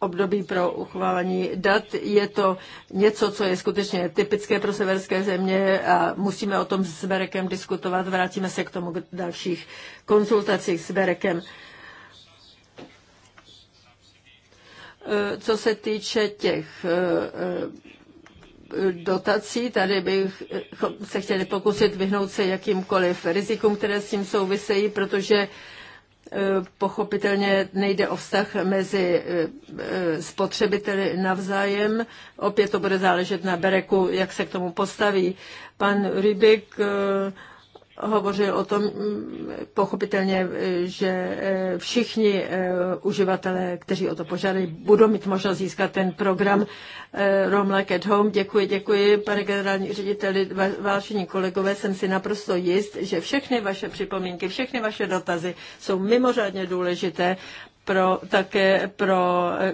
období pro uchválení dat. Je to něco, co je skutečně typické pro severské země a musíme o tom s Berekem diskutovat. Vrátíme se k tomu k dalších konzultacích s Berekem. Co se týče těch dotací. Tady bych se chtěli pokusit vyhnout se jakýmkoliv rizikům, které s tím souvisejí, protože e, pochopitelně nejde o vztah mezi e, e, spotřebiteli navzájem. Opět to bude záležet na Bereku, jak se k tomu postaví. Pan Rybik hovořil o tom mm, pochopitelně, eh, že eh, všichni eh, uživatelé, kteří o to požádají, budou mít možnost získat ten program Rome Like at Home. Děkuji, děkuji, pane generální řediteli, vážení kolegové, jsem si naprosto jist, že všechny vaše připomínky, všechny vaše dotazy jsou mimořádně důležité pro, také pro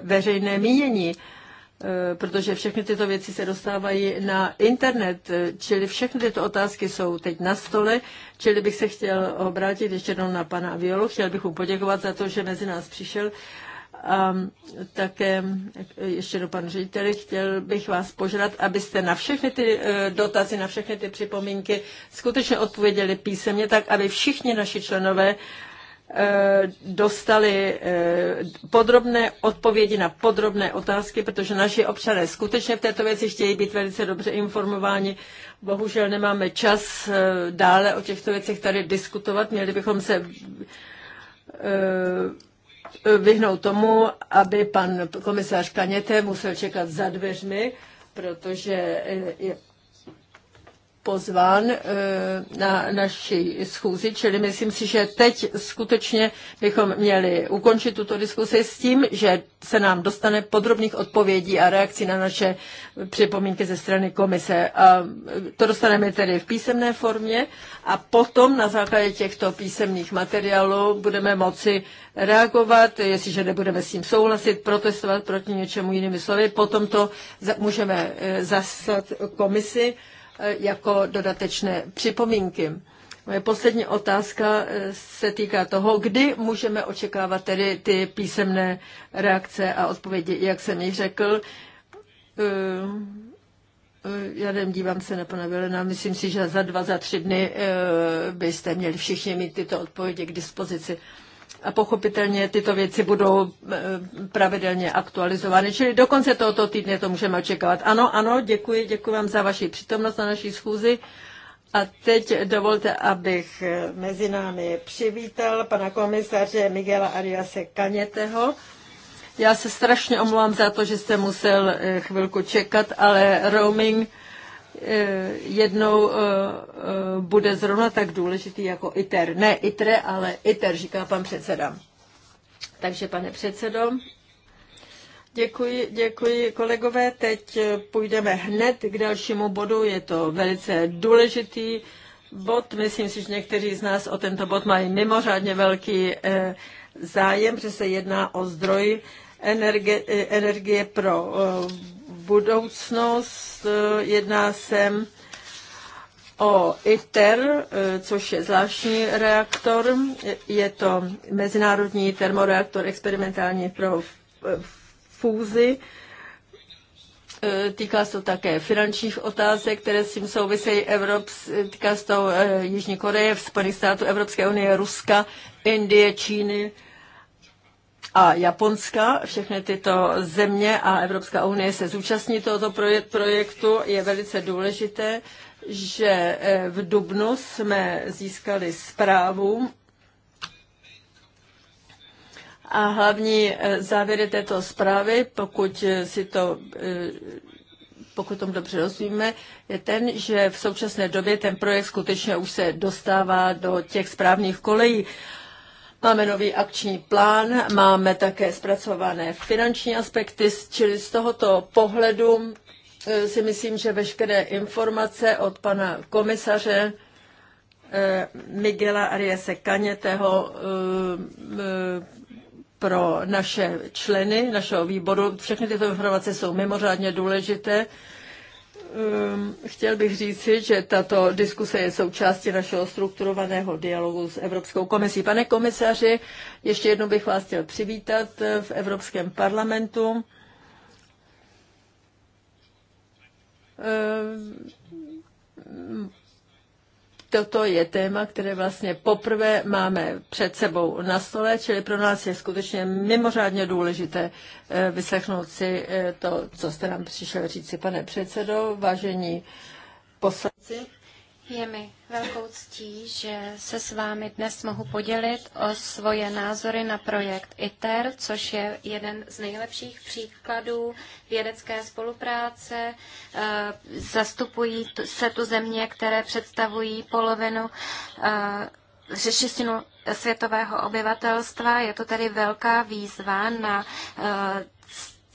veřejné mínění Eh, protože všechny tyto věci se dostávají na internet, eh, čili všechny tyto otázky jsou teď na stole, čili bych se chtěl obrátit ještě jednou na pana Violu, chtěl bych mu poděkovat za to, že mezi nás přišel a také eh, ještě do pan řediteli, chtěl bych vás požádat, abyste na všechny ty dotazy, na všechny ty připomínky skutečně odpověděli písemně, tak aby všichni naši členové Eh, dostali eh, podrobné odpovědi na podrobné otázky, protože naši občané skutečně v této věci chtějí být velice dobře informováni. Bohužel nemáme čas eh, dále o těchto věcech tady diskutovat. Měli bychom se vyhnout tomu, aby pan komisař Kaněte musel čekat za dveřmi, protože je pozván eh, na naší schůzi, čili myslím si, že teď skutečně bychom měli ukončit tuto diskusi s tím, že se nám dostane podrobných odpovědí a reakcí na naše připomínky ze strany komise. A eh, to dostaneme tedy v písemné formě a potom na základě těchto písemných materiálů budeme moci reagovat, jestliže nebudeme s tím souhlasit, protestovat proti něčemu jinými slovy, potom to můžeme eh, zaslat komisi Eh, jako dodatečné připomínky. Moje poslední otázka eh, se týká toho, kdy můžeme očekávat tedy ty písemné reakce a odpovědi, jak jsem již řekl. Eh, já nevím, dívám se na pana Vilena, myslím si, že za dva, za tři dny byste měli všichni mít tyto odpovědi k dispozici a pochopitelně tyto věci budou eh, pravidelně aktualizovány. Čili do konce tohoto týdne to můžeme očekávat. Ano, ano, děkuji, děkuji vám za vaši přítomnost na naší schůzi. A teď dovolte, abych eh, mezi námi přivítal pana komisaře Miguela Ariase Kaněteho. Já se strašně omlouvám za to, že jste musel eh, chvilku čekat, ale roaming Eh, jednou eh, eh, bude zrovna tak důležitý jako ITER. Ne ITRE, ale ITER, říká pan předseda. Takže pane předsedo, Děkuji, děkuji kolegové. Teď půjdeme hned k dalšímu bodu. Je to velice důležitý bod. Myslím si, že někteří z nás o tento bod mají mimořádně velký zájem, protože se jedná o zdroj energie, energie pro budoucnost. Eh, jedná se o ITER, eh, což je zvláštní reaktor. Je to mezinárodní termoreaktor experimentální pro eh, fúzi. Týká se to také finančních otázek, které s tím souvisejí. Evrops, týká se to Jižní Koreje, Spojených států, Evropské unie, Ruska, Indie, Číny, a Japonska, všechny tyto země a Evropská unie se zúčastní tohoto projektu, je velice důležité, že eh, v Dubnu jsme získali zprávu a hlavní eh, závěry této zprávy, pokud eh, si to pokud tomu dobře rozumíme, je ten, že v současné době ten projekt skutečně už se dostává do těch správných kolejí. Máme nový akční plán, máme také zpracované finanční aspekty, čili z tohoto pohledu eh, si myslím, že veškeré informace od pana komisaře eh, Miguela Ariese Kaněteho eh, pro naše členy našeho výboru. Všechny tyto informace jsou mimořádně důležité. Ehm, chtěl bych říci, že tato diskuse je součástí našeho strukturovaného dialogu s Evropskou komisí. Pane komisaři, ještě jednou bych vás chtěl přivítat eh, v Evropském parlamentu. Ehm, toto je téma, které vlastně poprvé máme před sebou na stole, čili pro nás je skutečně mimořádně důležité eh, vyslechnout si eh, to, co jste nám přišel říci, pane předsedo, vážení poslanci. Je mi velkou ctí, že se s vámi dnes mohu podělit o svoje názory na projekt ITER, což je jeden z nejlepších příkladů vědecké spolupráce. Eh, zastupují se tu země, které představují polovinu eh, řešistinu světového obyvatelstva. Je to tedy velká výzva na eh,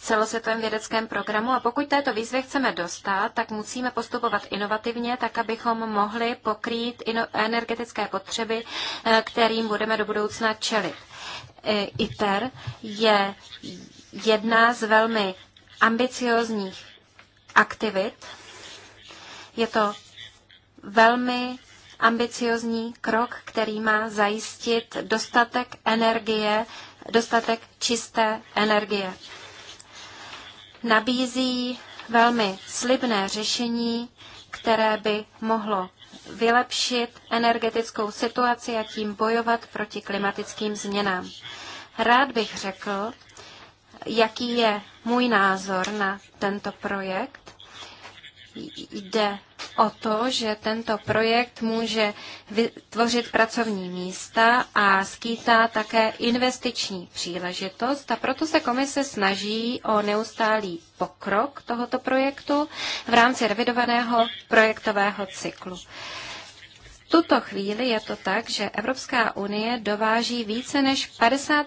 celosvětovém vědeckém programu a pokud této výzvy chceme dostat, tak musíme postupovat inovativně, tak abychom mohli pokrýt energetické potřeby, eh, kterým budeme do budoucna čelit. Eh, ITER je jedna z velmi ambiciozních aktivit. Je to velmi ambiciozní krok, který má zajistit dostatek energie, dostatek čisté energie nabízí velmi slibné řešení, které by mohlo vylepšit energetickou situaci a tím bojovat proti klimatickým změnám. Rád bych řekl, jaký je můj názor na tento projekt jde o to, že tento projekt může vytvořit pracovní místa a skýtá také investiční příležitost a proto se komise snaží o neustálý pokrok tohoto projektu v rámci revidovaného projektového cyklu. V tuto chvíli je to tak, že Evropská unie dováží více než 50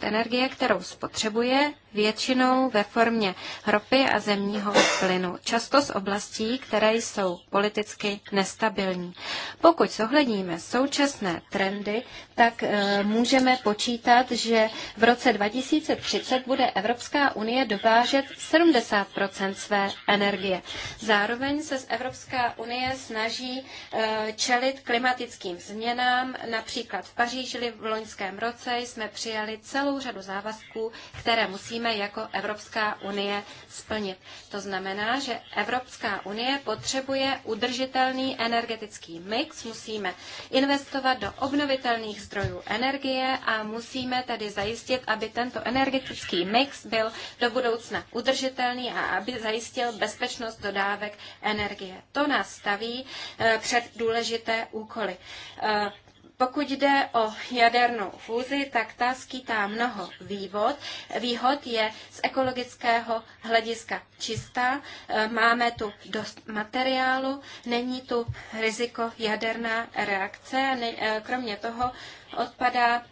energie, kterou spotřebuje většinou ve formě ropy a zemního plynu, často z oblastí, které jsou politicky nestabilní. Pokud zohledníme současné trendy, tak e, můžeme počítat, že v roce 2030 bude Evropská unie dovážet 70 své energie. Zároveň se z Evropská unie snaží e, čelit klimatickým změnám. Například v Paříži v loňském roce jsme přijali celou řadu závazků, které musí musíme jako Evropská unie splnit. To znamená, že Evropská unie potřebuje udržitelný energetický mix, musíme investovat do obnovitelných zdrojů energie a musíme tedy zajistit, aby tento energetický mix byl do budoucna udržitelný a aby zajistil bezpečnost dodávek energie. To nás staví eh, před důležité úkoly. Eh, pokud jde o jadernou fúzi, tak ta skýtá mnoho vývod. Výhod je z ekologického hlediska čistá, eh, máme tu dost materiálu, není tu riziko jaderná reakce, eh, kromě toho odpadá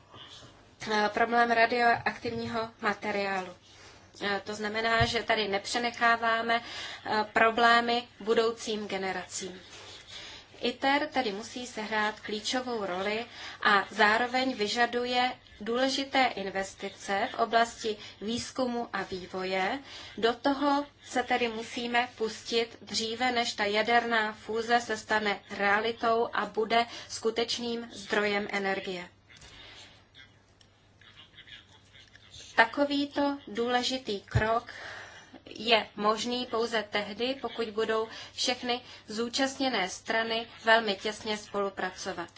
eh, problém radioaktivního materiálu. To znamená, že tady nepřenecháváme problémy budoucím generacím. ITER tedy musí sehrát klíčovou roli a zároveň vyžaduje důležité investice v oblasti výzkumu a vývoje. Do toho se tedy musíme pustit dříve, než ta jaderná fúze se stane realitou a bude skutečným zdrojem energie. Takovýto důležitý krok je možný pouze tehdy, pokud budou všechny zúčastněné strany velmi těsně spolupracovat.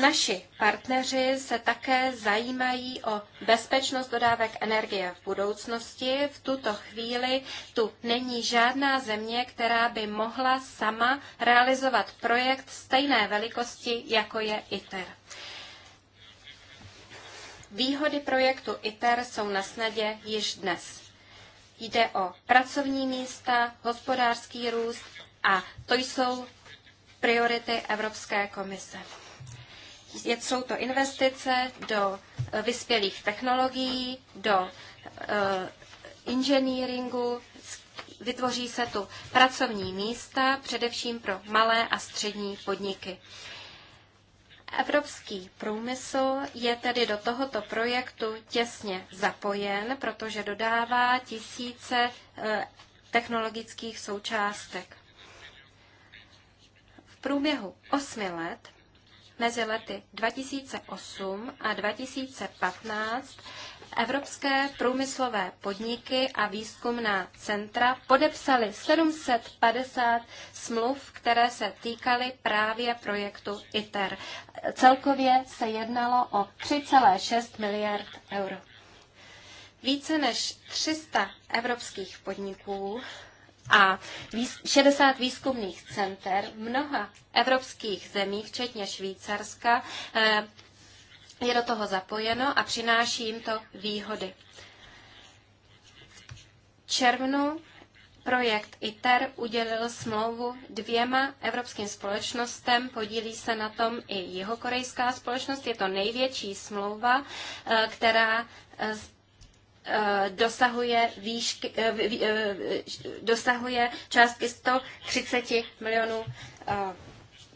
Naši partneři se také zajímají o bezpečnost dodávek energie v budoucnosti. V tuto chvíli tu není žádná země, která by mohla sama realizovat projekt stejné velikosti, jako je ITER. Výhody projektu ITER jsou na snadě již dnes. Jde o pracovní místa, hospodářský růst a to jsou priority Evropské komise. Jsou to investice do eh, vyspělých technologií, do eh, inženýringu, vytvoří se tu pracovní místa, především pro malé a střední podniky. Evropský průmysl je tedy do tohoto projektu těsně zapojen, protože dodává tisíce eh, technologických součástek. V průběhu osmi let mezi lety 2008 a 2015 Evropské průmyslové podniky a výzkumná centra podepsali 750 smluv, které se týkaly právě projektu ITER. Celkově se jednalo o 3,6 miliard euro. Více než 300 evropských podniků a 60 výzkumných center v mnoha evropských zemích, včetně Švýcarska, eh, je do toho zapojeno a přináší jim to výhody. V červnu projekt ITER udělil smlouvu dvěma evropským společnostem, podílí se na tom i jihokorejská společnost. Je to největší smlouva, eh, která eh, eh, dosahuje, výšky, dosahuje částky 130 milionů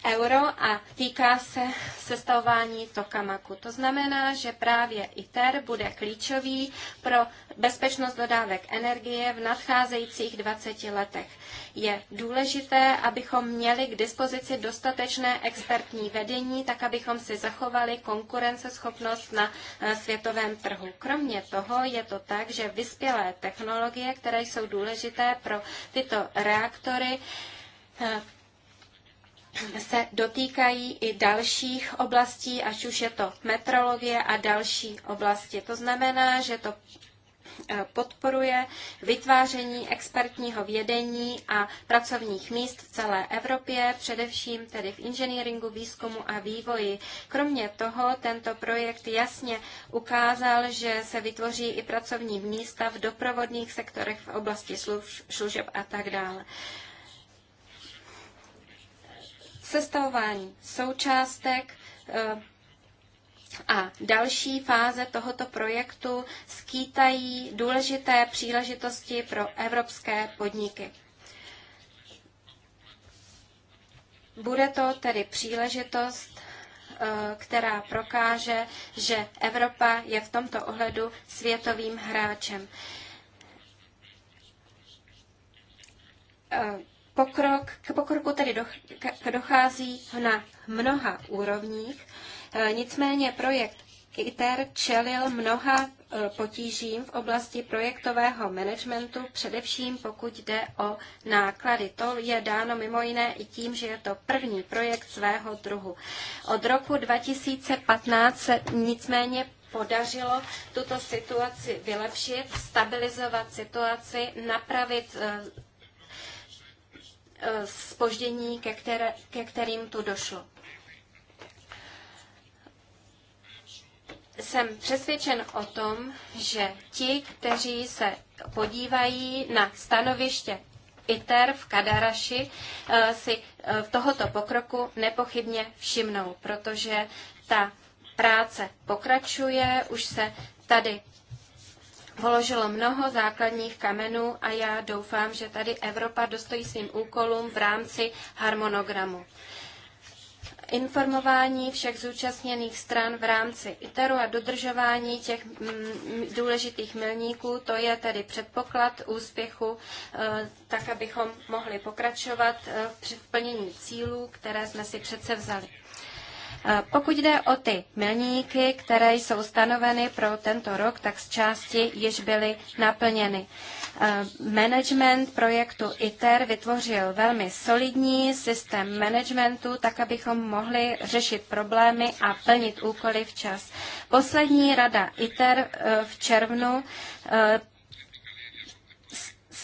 euro a týká se sestavování tokamaku. To znamená, že právě ITER bude klíčový pro bezpečnost dodávek energie v nadcházejících 20 letech. Je důležité, abychom měli k dispozici dostatečné expertní vedení, tak abychom si zachovali konkurenceschopnost na eh, světovém trhu. Kromě toho je to tak, že vyspělé technologie, které jsou důležité pro tyto reaktory, eh, se dotýkají i dalších oblastí, ať už je to metrologie a další oblasti. To znamená, že to e, podporuje vytváření expertního vědení a pracovních míst v celé Evropě, především tedy v inženýringu, výzkumu a vývoji. Kromě toho tento projekt jasně ukázal, že se vytvoří i pracovní místa v doprovodných sektorech v oblasti služeb a tak dále sestavování součástek eh, a další fáze tohoto projektu skýtají důležité příležitosti pro evropské podniky. Bude to tedy příležitost, eh, která prokáže, že Evropa je v tomto ohledu světovým hráčem eh, Pokrok, k pokroku tedy doch, k, dochází na mnoha úrovních, e, nicméně projekt ITER čelil mnoha e, potížím v oblasti projektového managementu, především pokud jde o náklady. To je dáno mimo jiné i tím, že je to první projekt svého druhu. Od roku 2015 se nicméně podařilo tuto situaci vylepšit, stabilizovat situaci, napravit e, spoždění, ke, které, ke kterým tu došlo. Jsem přesvědčen o tom, že ti, kteří se podívají na stanoviště ITER v Kadaraši, eh, si eh, tohoto pokroku nepochybně všimnou, protože ta práce pokračuje, už se tady položilo mnoho základních kamenů a já doufám, že tady Evropa dostojí svým úkolům v rámci harmonogramu. Informování všech zúčastněných stran v rámci ITERu a dodržování těch mm, důležitých milníků, to je tedy předpoklad úspěchu, eh, tak abychom mohli pokračovat v eh, plnění cílů, které jsme si přece vzali. Eh, pokud jde o ty milníky, které jsou stanoveny pro tento rok, tak z části již byly naplněny. Eh, management projektu ITER vytvořil velmi solidní systém managementu, tak abychom mohli řešit problémy a plnit úkoly včas. Poslední rada ITER eh, v červnu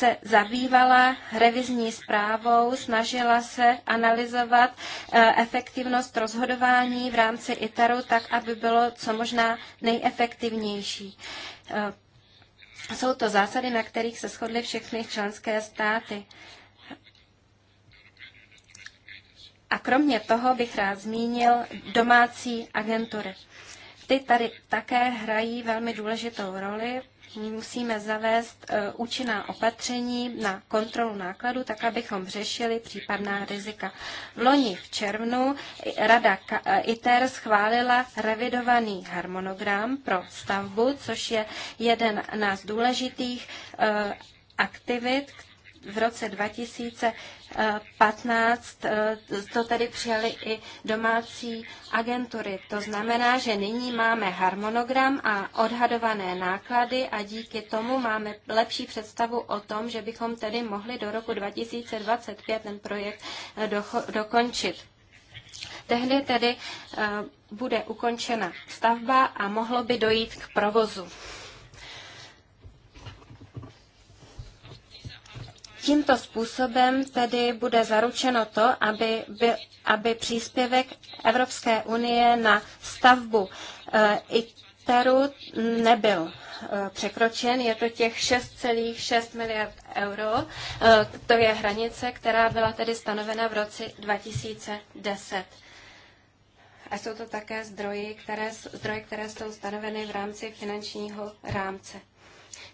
se zabývala revizní zprávou, snažila se analyzovat eh, efektivnost rozhodování v rámci ITARu tak, aby bylo co možná nejefektivnější. Eh, jsou to zásady, na kterých se shodly všechny členské státy. A kromě toho bych rád zmínil domácí agentury. Ty tady také hrají velmi důležitou roli musíme zavést e, účinná opatření na kontrolu nákladu, tak abychom řešili případná rizika. V loni v červnu Rada e, ITER schválila revidovaný harmonogram pro stavbu, což je jeden z důležitých e, aktivit, v roce 2015 eh, to tedy přijali i domácí agentury. To znamená, že nyní máme harmonogram a odhadované náklady a díky tomu máme lepší představu o tom, že bychom tedy mohli do roku 2025 ten projekt eh, dokončit. Tehdy tedy eh, bude ukončena stavba a mohlo by dojít k provozu. Tímto způsobem tedy bude zaručeno to, aby, by, aby příspěvek Evropské unie na stavbu eh, ITERu nebyl eh, překročen. Je to těch 6,6 miliard euro. Eh, to je hranice, která byla tedy stanovena v roce 2010 a jsou to také zdroje, které, zdroje, které jsou stanoveny v rámci finančního rámce.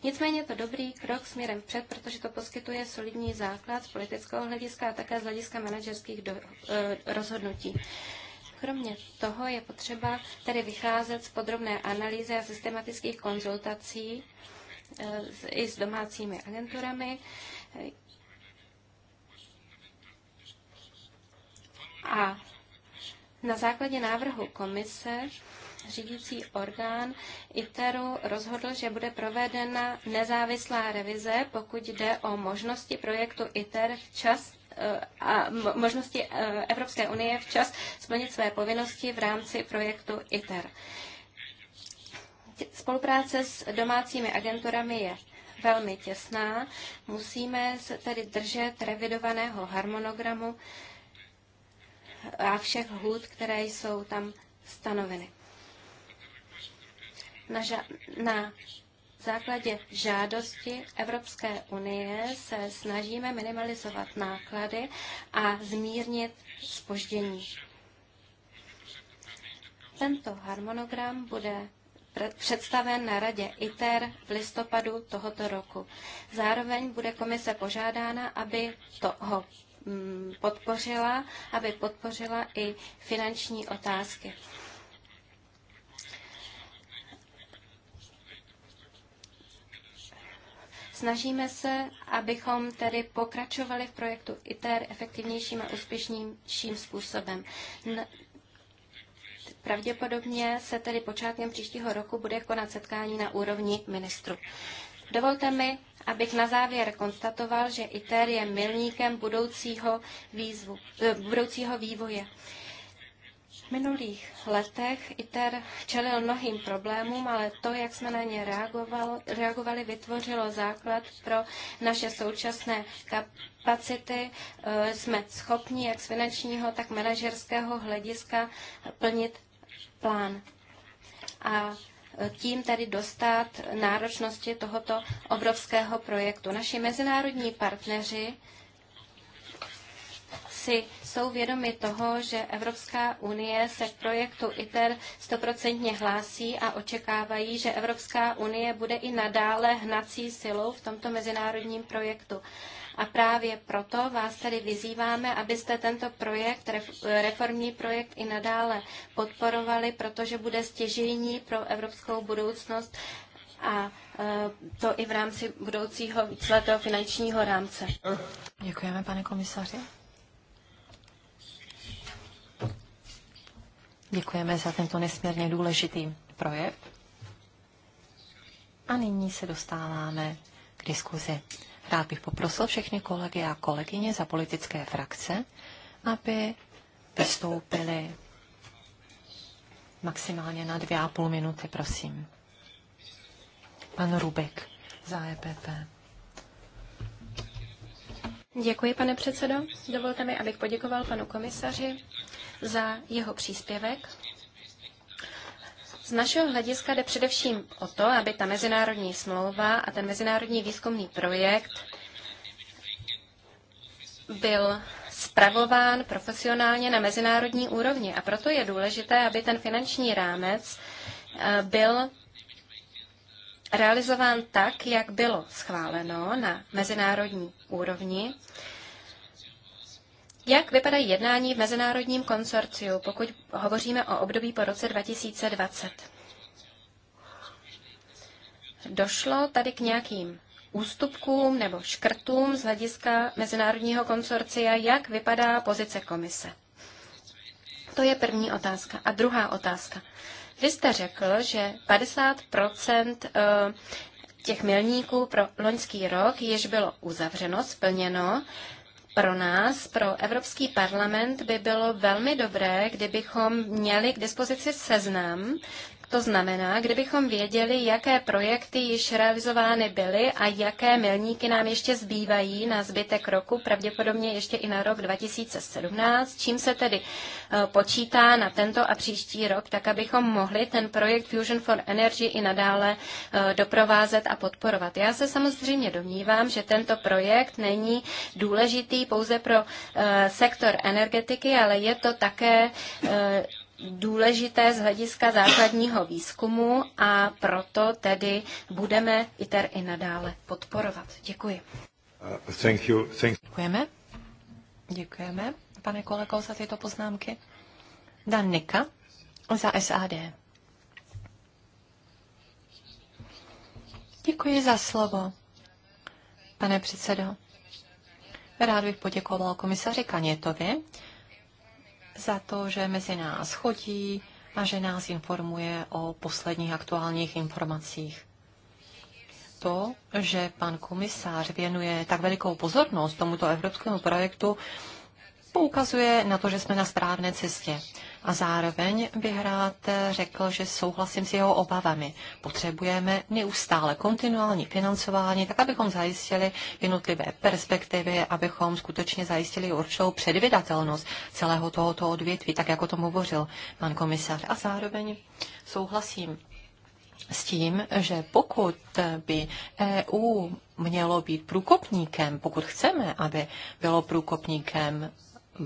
Nicméně je to dobrý krok směrem vpřed, protože to poskytuje solidní základ z politického hlediska a také z hlediska manažerských do, eh, rozhodnutí. Kromě toho je potřeba tedy vycházet z podrobné analýzy a systematických konzultací eh, i s domácími agenturami. A na základě návrhu komise řídící orgán ITERu rozhodl, že bude provedena nezávislá revize, pokud jde o možnosti projektu ITER včas eh, a možnosti eh, Evropské unie včas splnit své povinnosti v rámci projektu ITER. Spolupráce s domácími agenturami je velmi těsná. Musíme se tedy držet revidovaného harmonogramu a všech hůd, které jsou tam stanoveny. Na, ža- na základě žádosti Evropské unie se snažíme minimalizovat náklady a zmírnit spoždění. Tento harmonogram bude představen na radě ITER v listopadu tohoto roku. Zároveň bude komise požádána, aby to ho mm, podpořila, aby podpořila i finanční otázky. Snažíme se, abychom tedy pokračovali v projektu ITER efektivnějším a úspěšnějším způsobem. Pravděpodobně se tedy počátkem příštího roku bude konat setkání na úrovni ministru. Dovolte mi, abych na závěr konstatoval, že ITER je milníkem budoucího, výzvu, eh, budoucího vývoje minulých letech ITER čelil mnohým problémům, ale to, jak jsme na ně reagovali, reagovali, vytvořilo základ pro naše současné kapacity. E, jsme schopni jak z finančního, tak manažerského hlediska plnit plán. A e, tím tedy dostat náročnosti tohoto obrovského projektu. Naši mezinárodní partneři si jsou vědomi toho, že Evropská unie se k projektu ITER stoprocentně hlásí a očekávají, že Evropská unie bude i nadále hnací silou v tomto mezinárodním projektu. A právě proto vás tady vyzýváme, abyste tento projekt, reformní projekt i nadále podporovali, protože bude stěžení pro evropskou budoucnost a e, to i v rámci budoucího víceletého finančního rámce. Děkujeme, pane komisaři. Děkujeme za tento nesmírně důležitý projev. A nyní se dostáváme k diskuzi. Rád bych poprosil všechny kolegy a kolegyně za politické frakce, aby vystoupili maximálně na dvě a půl minuty, prosím. Pan Rubik za EPP. Děkuji, pane předsedo. Dovolte mi, abych poděkoval panu komisaři za jeho příspěvek. Z našeho hlediska jde především o to, aby ta mezinárodní smlouva a ten mezinárodní výzkumný projekt byl spravován profesionálně na mezinárodní úrovni. A proto je důležité, aby ten finanční rámec eh, byl realizován tak, jak bylo schváleno na mezinárodní úrovni. Jak vypadají jednání v mezinárodním konsorciu, pokud hovoříme o období po roce 2020? Došlo tady k nějakým ústupkům nebo škrtům z hlediska mezinárodního konsorcia, jak vypadá pozice komise? To je první otázka. A druhá otázka. Vy jste řekl, že 50 eh, těch milníků pro loňský rok již bylo uzavřeno, splněno pro nás, pro Evropský parlament, by bylo velmi dobré, kdybychom měli k dispozici seznam to znamená, kdybychom věděli, jaké projekty již realizovány byly a jaké milníky nám ještě zbývají na zbytek roku, pravděpodobně ještě i na rok 2017, čím se tedy e, počítá na tento a příští rok, tak abychom mohli ten projekt Fusion for Energy i nadále e, doprovázet a podporovat. Já se samozřejmě domnívám, že tento projekt není důležitý pouze pro e, sektor energetiky, ale je to také důležité z hlediska základního výzkumu a proto tedy budeme ITER i nadále podporovat. Děkuji. Uh, thank you, thank... Děkujeme. Děkujeme, pane kolego, za tyto poznámky. Dan Nika za SAD. Děkuji za slovo, pane předsedo. Rád bych poděkoval komisaři Kanětovi za to, že mezi nás chodí a že nás informuje o posledních aktuálních informacích. To, že pan komisář věnuje tak velikou pozornost tomuto evropskému projektu, poukazuje na to, že jsme na správné cestě. A zároveň bych rád řekl, že souhlasím s jeho obavami. Potřebujeme neustále kontinuální financování, tak abychom zajistili jednotlivé perspektivy, abychom skutečně zajistili určitou předvydatelnost celého tohoto odvětví, tak jako to hovořil pan komisař. A zároveň souhlasím s tím, že pokud by EU mělo být průkopníkem, pokud chceme, aby bylo průkopníkem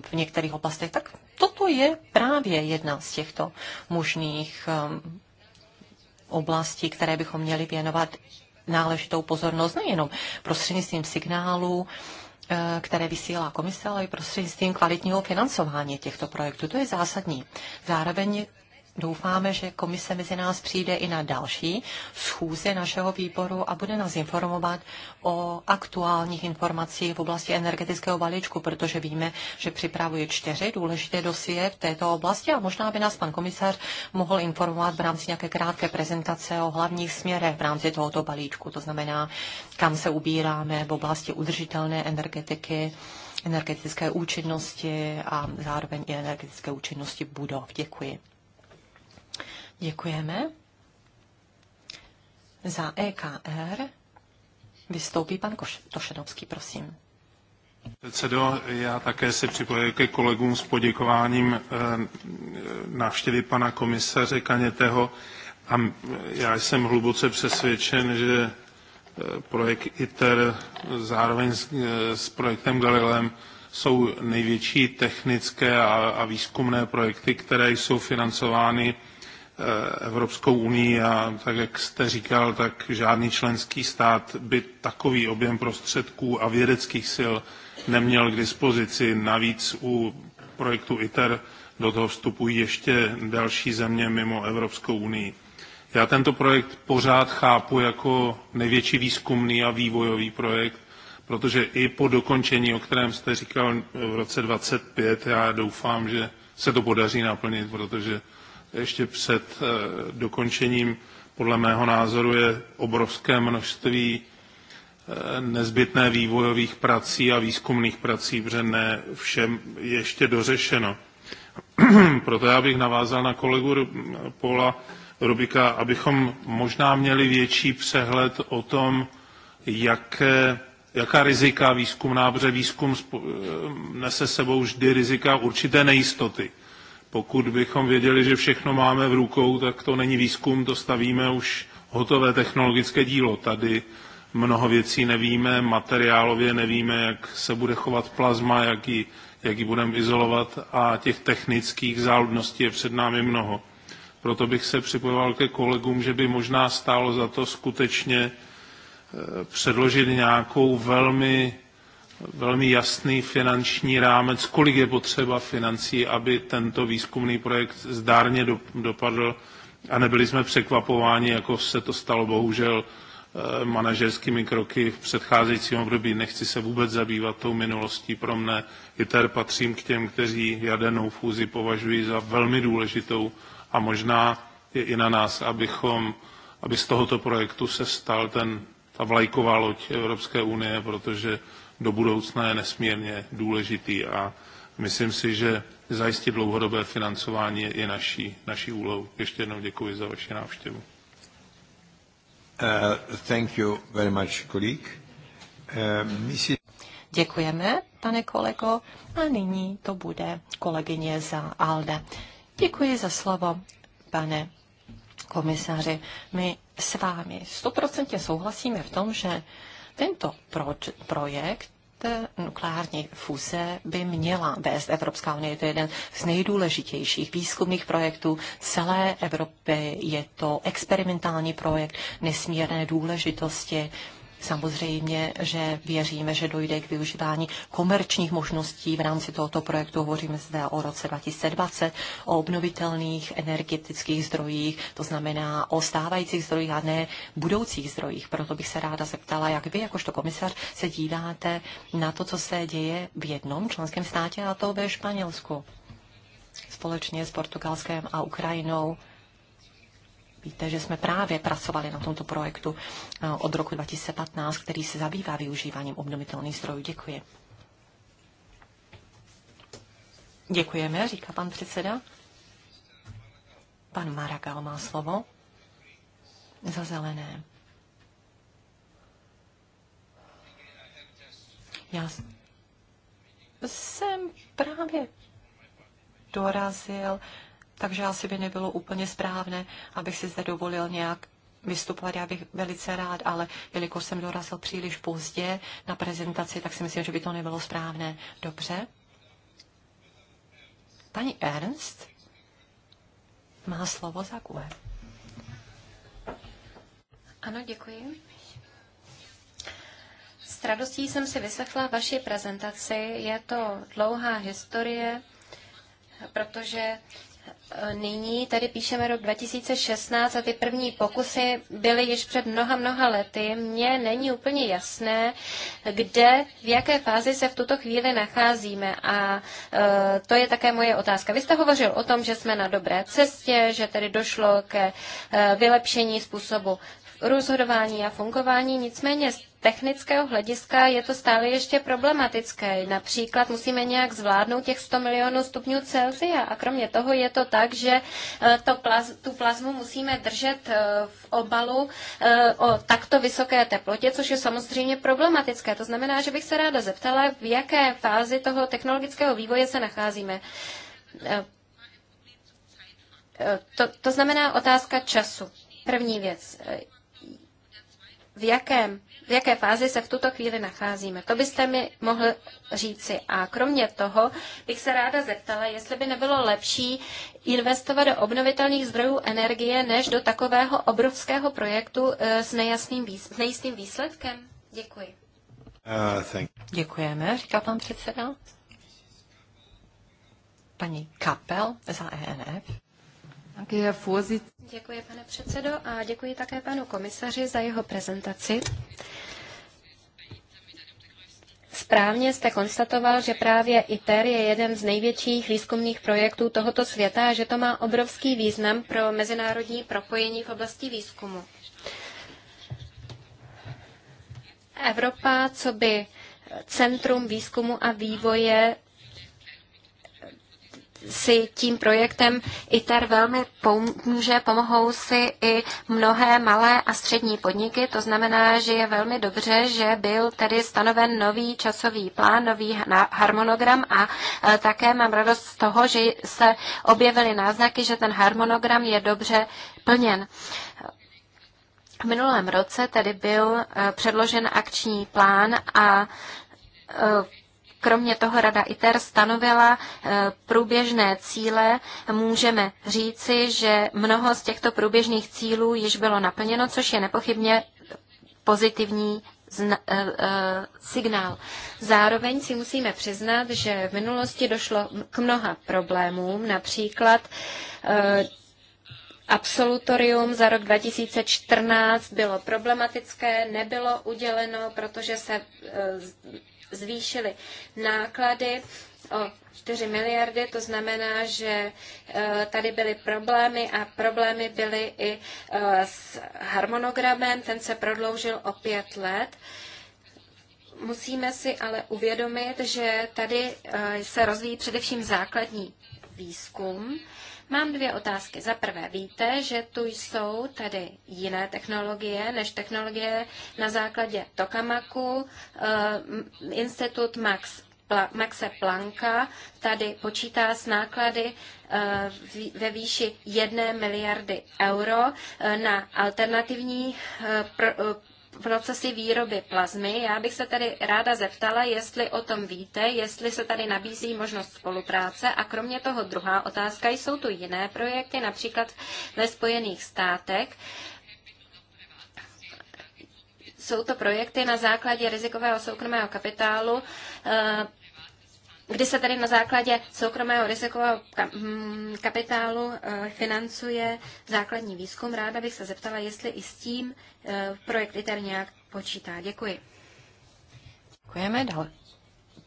v některých oblastech, tak toto je právě jedna z těchto možných um, oblastí, které bychom měli věnovat náležitou pozornost nejenom prostřednictvím signálů, uh, které vysílá komise, ale i prostřednictvím kvalitního financování těchto projektů. To je zásadní. Zároveň Doufáme, že komise mezi nás přijde i na další schůze našeho výboru a bude nás informovat o aktuálních informacích v oblasti energetického balíčku, protože víme, že připravuje čtyři důležité dosie v této oblasti a možná by nás pan komisař mohl informovat v rámci nějaké krátké prezentace o hlavních směrech v rámci tohoto balíčku, to znamená, kam se ubíráme v oblasti udržitelné energetiky, energetické účinnosti a zároveň i energetické účinnosti budov. Děkuji. Děkujeme. Za EKR vystoupí pan Koš- Tošenovský, prosím. Předsedo, já také se připojuji ke kolegům s poděkováním eh, návštěvy pana komisaře Kaněteho a já jsem hluboce přesvědčen, že eh, projekt ITER zároveň s, eh, s projektem Galilem jsou největší technické a, a výzkumné projekty, které jsou financovány Eh, Evropskou unii a tak, jak jste říkal, tak žádný členský stát by takový objem prostředků a vědeckých sil neměl k dispozici. Navíc u projektu ITER do toho vstupují ještě další země mimo Evropskou unii. Já tento projekt pořád chápu jako největší výzkumný a vývojový projekt, protože i po dokončení, o kterém jste říkal v roce 25, já doufám, že se to podaří naplnit, protože ještě před eh, dokončením, podle mého názoru je obrovské množství eh, nezbytné vývojových prací a výzkumných prací, protože ne všem ještě dořešeno. Proto já bych navázal na kolegu Pola Rubika, abychom možná měli větší přehled o tom, jaké, jaká rizika výzkumná, protože výzkum eh, nese sebou vždy rizika určité nejistoty. Pokud bychom věděli, že všechno máme v rukou, tak to není výzkum, to stavíme už hotové technologické dílo. Tady mnoho věcí nevíme, materiálově nevíme, jak se bude chovat plazma, jak ji, jak ji budeme izolovat a těch technických záludností je před námi mnoho. Proto bych se připojoval ke kolegům, že by možná stálo za to skutečně eh, předložit nějakou velmi velmi jasný finanční rámec, kolik je potřeba financí, aby tento výzkumný projekt zdárně do, dopadl a nebyli jsme překvapováni, jako se to stalo bohužel eh, manažerskými kroky v předcházejícím období. Nechci se vůbec zabývat tou minulostí. Pro mne ITER patřím k těm, kteří jadernou fúzi považují za velmi důležitou a možná je i na nás, abychom, aby z tohoto projektu se stal ten, ta vlajková loď Evropské unie, protože do budoucna je nesmírně důležitý a myslím si, že zajistit dlouhodobé financování je naší, naší úlohou. Ještě jednou děkuji za vaši návštěvu. Uh, thank you very much, Uh, si... Děkujeme, pane kolego. A nyní to bude kolegyně za ALDE. Děkuji za slovo, pane komisaři. My s vámi stoprocentně souhlasíme v tom, že tento projekt eh, nukleární fuze by měla vést Evropská unie. Je to jeden z nejdůležitějších výzkumných projektů celé Evropy. Je to experimentální projekt nesmírné důležitosti Samozřejmě, že věříme, že dojde k využívání komerčních možností v rámci tohoto projektu. Hovoříme zde o roce 2020, o obnovitelných energetických zdrojích, to znamená o stávajících zdrojích a ne budoucích zdrojích. Proto bych se ráda zeptala, jak vy, jakožto komisař, se díváte na to, co se děje v jednom členském státě, a to ve Španělsku společně s Portugalskem a Ukrajinou Víte, že jsme právě pracovali na tomto projektu eh, od roku 2015, který se zabývá využíváním obnovitelných zdrojů. Děkuji. Děkujeme, říká pan předseda. Pan Maragal má slovo. Za zelené. Já jsem právě dorazil takže asi by nebylo úplně správné, abych si zde dovolil nějak vystupovat, já bych velice rád, ale jelikož jsem dorazil příliš pozdě na prezentaci, tak si myslím, že by to nebylo správné. Dobře. Paní Ernst má slovo za kůle. Ano, děkuji. S radostí jsem si vyslechla vaši prezentaci. Je to dlouhá historie, protože nyní tady píšeme rok 2016 a ty první pokusy byly již před mnoha, mnoha lety. Mně není úplně jasné, kde, v jaké fázi se v tuto chvíli nacházíme. A e, to je také moje otázka. Vy jste hovořil o tom, že jsme na dobré cestě, že tedy došlo ke e, vylepšení způsobu rozhodování a fungování, nicméně technického hlediska je to stále ještě problematické. Například musíme nějak zvládnout těch 100 milionů stupňů Celsia a kromě toho je to tak, že e, to plaz, tu plazmu musíme držet e, v obalu e, o takto vysoké teplotě, což je samozřejmě problematické. To znamená, že bych se ráda zeptala, v jaké fázi toho technologického vývoje se nacházíme. To, to znamená otázka času. První věc. V jakém v jaké fázi se v tuto chvíli nacházíme. To byste mi mohl říci. A kromě toho bych se ráda zeptala, jestli by nebylo lepší investovat do obnovitelných zdrojů energie, než do takového obrovského projektu eh, s, nejasným, s nejistým výsledkem. Děkuji. Uh, thank. Děkujeme, říká pan předseda. Paní Kapel za ENF. Děkuji, pane předsedo, a děkuji také panu komisaři za jeho prezentaci. Správně jste konstatoval, že právě ITER je jeden z největších výzkumných projektů tohoto světa a že to má obrovský význam pro mezinárodní propojení v oblasti výzkumu. Evropa, co by Centrum výzkumu a vývoje si tím projektem ITER velmi pomůže, pomohou si i mnohé malé a střední podniky. To znamená, že je velmi dobře, že byl tedy stanoven nový časový plán, nový harmonogram a e, také mám radost z toho, že se objevily náznaky, že ten harmonogram je dobře plněn. V minulém roce tedy byl e, předložen akční plán a e, Kromě toho Rada ITER stanovila eh, průběžné cíle. Můžeme říci, že mnoho z těchto průběžných cílů již bylo naplněno, což je nepochybně pozitivní eh, eh, signál. Zároveň si musíme přiznat, že v minulosti došlo k mnoha problémům, například Absolutorium za rok 2014 bylo problematické, nebylo uděleno, protože se zvýšily náklady o 4 miliardy, to znamená, že eh, tady byly problémy a problémy byly i eh, s harmonogramem, ten se prodloužil o 5 let. Musíme si ale uvědomit, že tady eh, se rozvíjí především základní výzkum, Mám dvě otázky. Za prvé, víte, že tu jsou tady jiné technologie než technologie na základě Tokamaku, eh, Institut Max Maxe Planka tady počítá s náklady eh, ve výši 1 miliardy euro eh, na alternativní procesy výroby plazmy. Já bych se tady ráda zeptala, jestli o tom víte, jestli se tady nabízí možnost spolupráce a kromě toho druhá otázka, jsou tu jiné projekty, například ve Spojených státech. Jsou to projekty na základě rizikového soukromého kapitálu eh, kdy se tedy na základě soukromého rizikového mm, kapitálu eh, financuje základní výzkum. Ráda bych se zeptala, jestli i s tím eh, projekt ITER nějak počítá. Děkuji. Děkujeme Dal.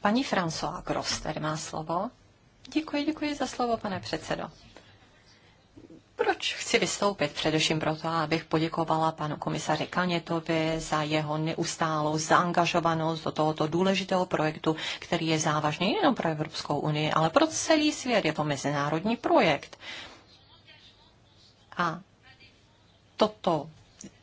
Paní François Gross tady má slovo. Děkuji, děkuji za slovo, pane předsedo. Proč chci vystoupit? Především proto, abych poděkovala panu komisaři Kanětovi za jeho neustálou zaangažovanost do tohoto důležitého projektu, který je závažný nejen pro Evropskou unii, ale pro celý svět. Je to mezinárodní projekt. A toto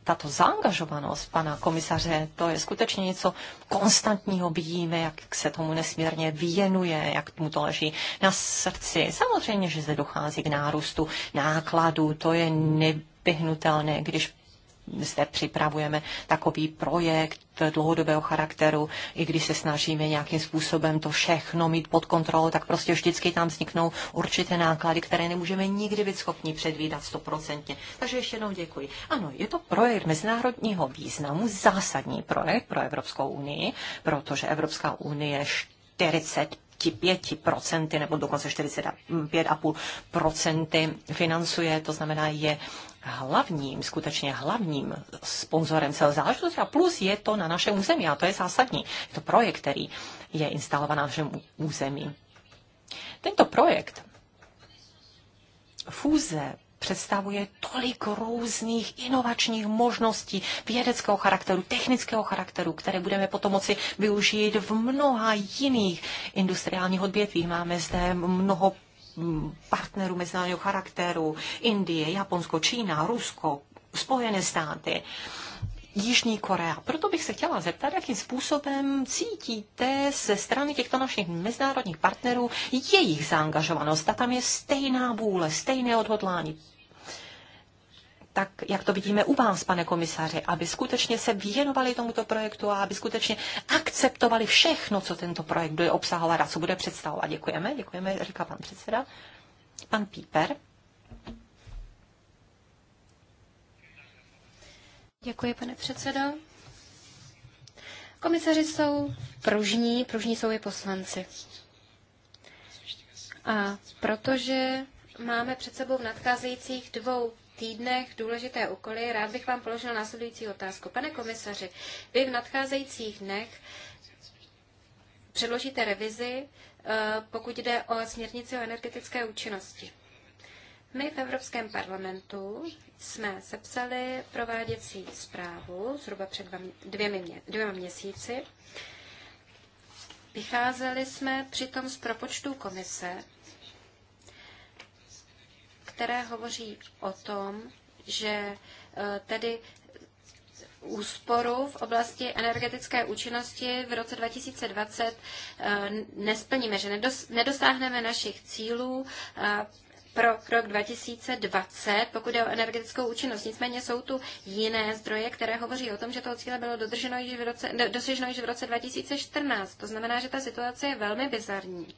tato zaangažovanost pana komisaře, to je skutečně něco konstantního. Vidíme, jak se tomu nesmírně věnuje, jak mu to leží na srdci. Samozřejmě, že se dochází k nárůstu nákladů, to je ne když zde připravujeme takový projekt dlouhodobého charakteru, i když se snažíme nějakým způsobem to všechno mít pod kontrolou, tak prostě vždycky tam vzniknou určité náklady, které nemůžeme nikdy být schopni předvídat stoprocentně. Takže ještě jednou děkuji. Ano, je to projekt mezinárodního významu, zásadní projekt pro Evropskou unii, protože Evropská unie 40 procenty nebo dokonce 45,5% financuje, to znamená je hlavním, skutečně hlavním sponzorem celé záležitosti a plus je to na našem území a to je zásadní. Je to projekt, který je instalovaný na našem území. Tento projekt fúze představuje tolik různých inovačních možností vědeckého charakteru, technického charakteru, které budeme potom moci využít v mnoha jiných industriálních odvětvích. Máme zde mnoho Mm, partnerů mezinárodního charakteru, Indie, Japonsko, Čína, Rusko, Spojené státy. Jižní Korea. Proto bych se chtěla zeptat, jakým způsobem cítíte ze strany těchto našich mezinárodních partnerů jejich zaangažovanost. A tam je stejná vůle, stejné odhodlání tak jak to vidíme u vás, pane komisaři, aby skutečně se věnovali tomuto projektu a aby skutečně akceptovali všechno, co tento projekt bude obsahovat a co bude představovat. Děkujeme, děkujeme, říká pan předseda. Pan Píper. Děkuji, pane předsedo. Komisaři jsou pružní, pružní jsou i poslanci. A protože máme před sebou v nadcházejících dvou týdnech důležité úkoly, rád bych vám položil následující otázku. Pane komisaři, vy v nadcházejících dnech předložíte revizi, eh, pokud jde o směrnici o energetické účinnosti. My v Evropském parlamentu jsme sepsali prováděcí zprávu zhruba před dvěmi, dvěma měsíci. Vycházeli jsme přitom z propočtů komise, které hovoří o tom, že e, tedy úsporu v oblasti energetické účinnosti v roce 2020 e, nesplníme, že nedosáhneme našich cílů e, pro rok 2020, pokud je o energetickou účinnost. Nicméně jsou tu jiné zdroje, které hovoří o tom, že toho cíle bylo dodrženo již v roce, dosaženo již v roce 2014. To znamená, že ta situace je velmi bizarní.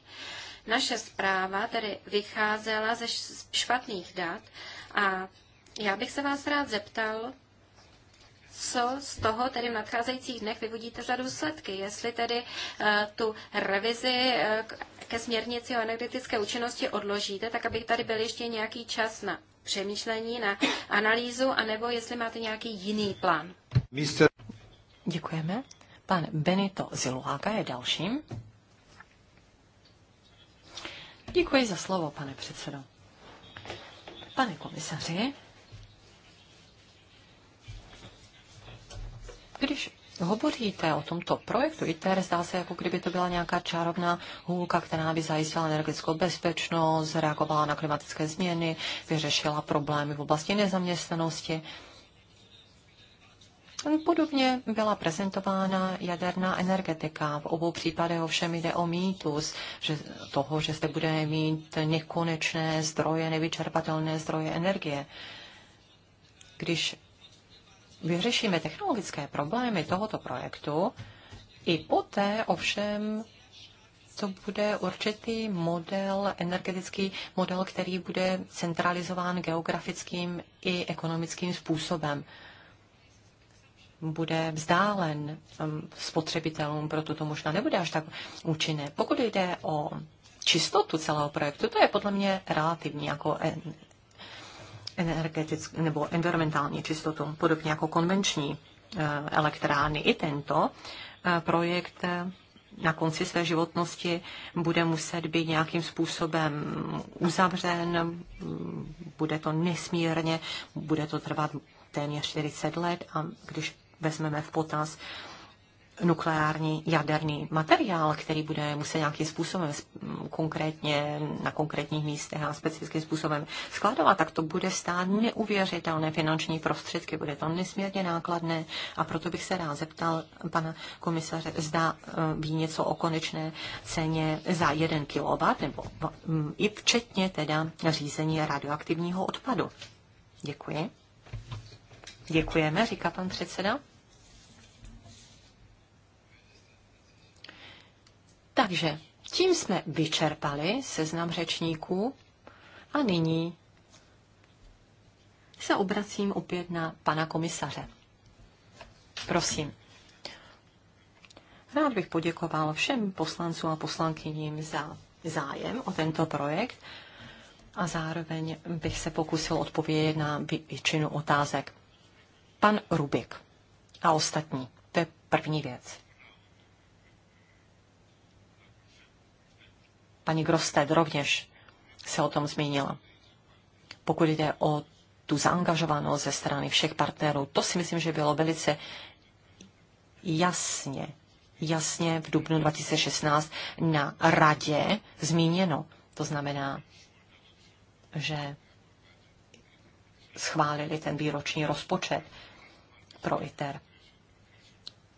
Naše zpráva tedy vycházela ze špatných dat a já bych se vás rád zeptal, co z toho tedy v nadcházejících dnech vyvodíte za důsledky, jestli tedy eh, tu revizi eh, ke směrnici o energetické účinnosti odložíte, tak aby tady byl ještě nějaký čas na přemýšlení, na analýzu, anebo jestli máte nějaký jiný plán. Děkujeme. Pan Benito Ziluáka je dalším. Děkuji za slovo, pane předsedo. Pane komisaři, když hovoříte o tomto projektu ITER, zdá se, jako kdyby to byla nějaká čárovná hůlka, která by zajistila energetickou bezpečnost, reagovala na klimatické změny, vyřešila problémy v oblasti nezaměstnanosti. Podobně byla prezentována jaderná energetika. V obou případech ovšem jde o mýtus že toho, že zde budeme mít nekonečné zdroje, nevyčerpatelné zdroje energie. Když vyřešíme technologické problémy tohoto projektu, i poté ovšem to bude určitý model, energetický model, který bude centralizován geografickým i ekonomickým způsobem bude vzdálen um, spotřebitelům, proto to možná nebude až tak účinné. Pokud jde o čistotu celého projektu, to je podle mě relativní jako energetickou nebo environmentální čistotu, podobně jako konvenční uh, elektrárny. I tento uh, projekt uh, na konci své životnosti bude muset být nějakým způsobem uzavřen, bude to nesmírně, bude to trvat téměř 40 let a když vezmeme v potaz nukleární jaderný materiál, který bude muset nějakým způsobem konkrétně na konkrétních místech a specifickým způsobem skladovat, tak to bude stát neuvěřitelné finanční prostředky, bude to nesmírně nákladné a proto bych se rád zeptal pana komisaře, zda eh, ví něco o konečné ceně za 1 kW, nebo i včetně teda řízení radioaktivního odpadu. Děkuji. Děkujeme, říká pan předseda. Takže tím jsme vyčerpali seznam řečníků a nyní se obracím opět na pana komisaře. Prosím. Rád bych poděkoval všem poslancům a poslankyním za zájem o tento projekt a zároveň bych se pokusil odpovědět na většinu otázek. Pan Rubik a ostatní. To je první věc. Paní Grosted rovněž se o tom zmínila. Pokud jde o tu zaangažovanost ze strany všech partnerů, to si myslím, že bylo velice jasně, jasně v dubnu 2016 na radě zmíněno. To znamená, že schválili ten výroční rozpočet pro ITER.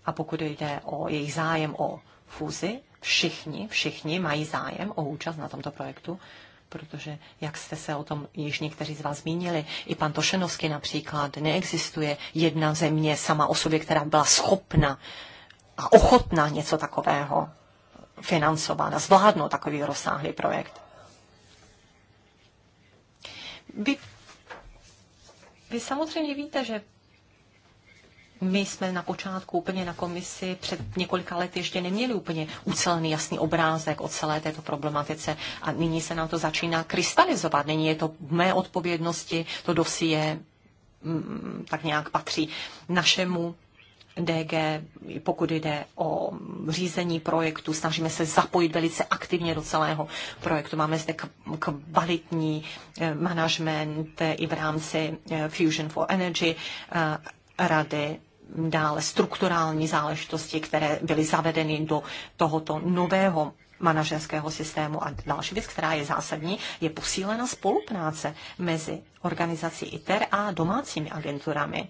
A pokud jde o jejich zájem o fúzi, všichni, všichni mají zájem o účast na tomto projektu, protože, jak jste se o tom již někteří z vás zmínili, i pan Tošenovský například, neexistuje jedna země sama o sobě, která byla schopna a ochotná něco takového financovat a zvládnout takový rozsáhlý projekt. Vy, vy samozřejmě víte, že my jsme na počátku úplně na komisi před několika lety ještě neměli úplně ucelený jasný obrázek o celé této problematice a nyní se nám to začíná krystalizovat. Nyní je to v mé odpovědnosti, to dosie je mm, tak nějak patří našemu DG, pokud jde o řízení projektu, snažíme se zapojit velice aktivně do celého projektu. Máme zde kvalitní eh, management eh, i v rámci eh, Fusion for Energy rady dále strukturální záležitosti, které byly zavedeny do tohoto nového manažerského systému. A další věc, která je zásadní, je posílena spolupráce mezi organizací ITER a domácími agenturami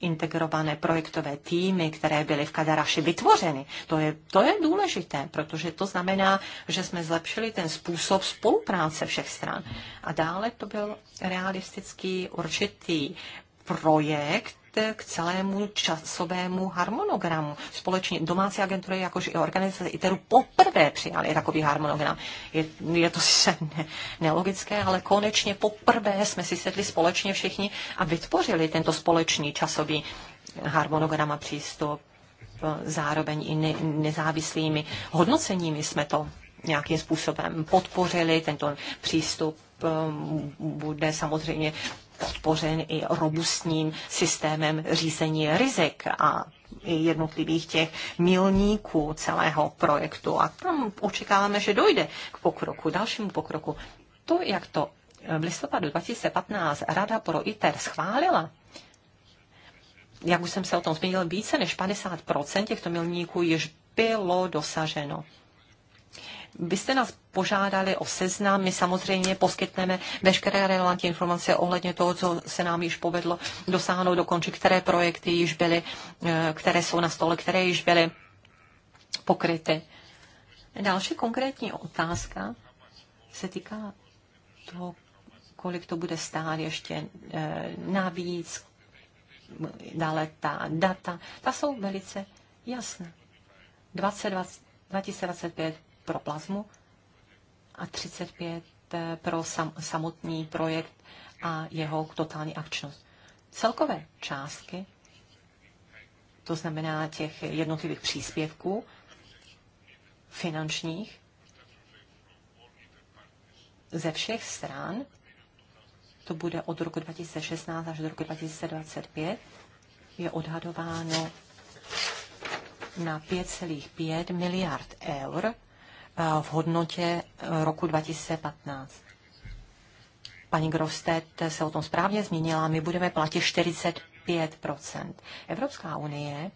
integrované projektové týmy, které byly v Kadaraši vytvořeny. To je, to je důležité, protože to znamená, že jsme zlepšili ten způsob spolupráce všech stran. A dále to byl realistický určitý projekt, k celému časovému harmonogramu. Společně domácí agentury, jakož i organizace ITERu poprvé přijali takový harmonogram. Je, je to sice ne, nelogické, ale konečně poprvé jsme si sedli společně všichni a vytvořili tento společný časový harmonogram a přístup zároveň i ne, nezávislými hodnoceními jsme to nějakým způsobem podpořili. Tento přístup eh, bude samozřejmě podpořen i robustním systémem řízení rizik a jednotlivých těch milníků celého projektu. A tam očekáváme, že dojde k pokroku, dalšímu pokroku. To, jak to eh, v listopadu 2015 Rada pro ITER schválila, jak už jsem se o tom zmínil, více než 50 těchto milníků již bylo dosaženo byste nás požádali o seznam, my samozřejmě poskytneme veškeré relevantní informace ohledně toho, co se nám již povedlo dosáhnout dokončit, které projekty již byly, eh, které jsou na stole, které již byly pokryty. Další konkrétní otázka se týká toho, kolik to bude stát ještě eh, navíc, dále ta data, ta jsou velice jasná. 2025 pro plazmu a 35 eh, pro sam, samotný projekt a jeho totální akčnost. Celkové částky, to znamená těch jednotlivých příspěvků finančních ze všech stran, to bude od roku 2016 až do roku 2025, je odhadováno na 5,5 miliard eur Eh, v hodnotě eh, roku 2015. Paní Grostet se o tom správně zmínila, my budeme platit 45 Evropská unie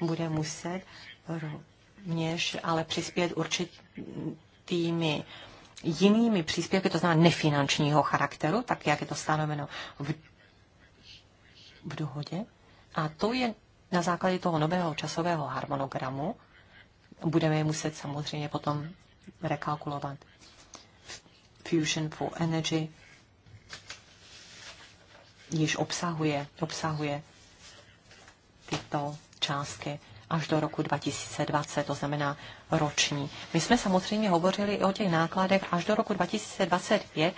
bude muset rovněž ale přispět určitými jinými příspěvky, to znamená nefinančního charakteru, tak jak je to stanoveno v, v dohodě. A to je na základě toho nového časového harmonogramu, budeme je muset samozřejmě potom rekalkulovat. Fusion for Energy již obsahuje, obsahuje tyto částky až do roku 2020, to znamená roční. My jsme samozřejmě hovořili i o těch nákladech až do roku 2025.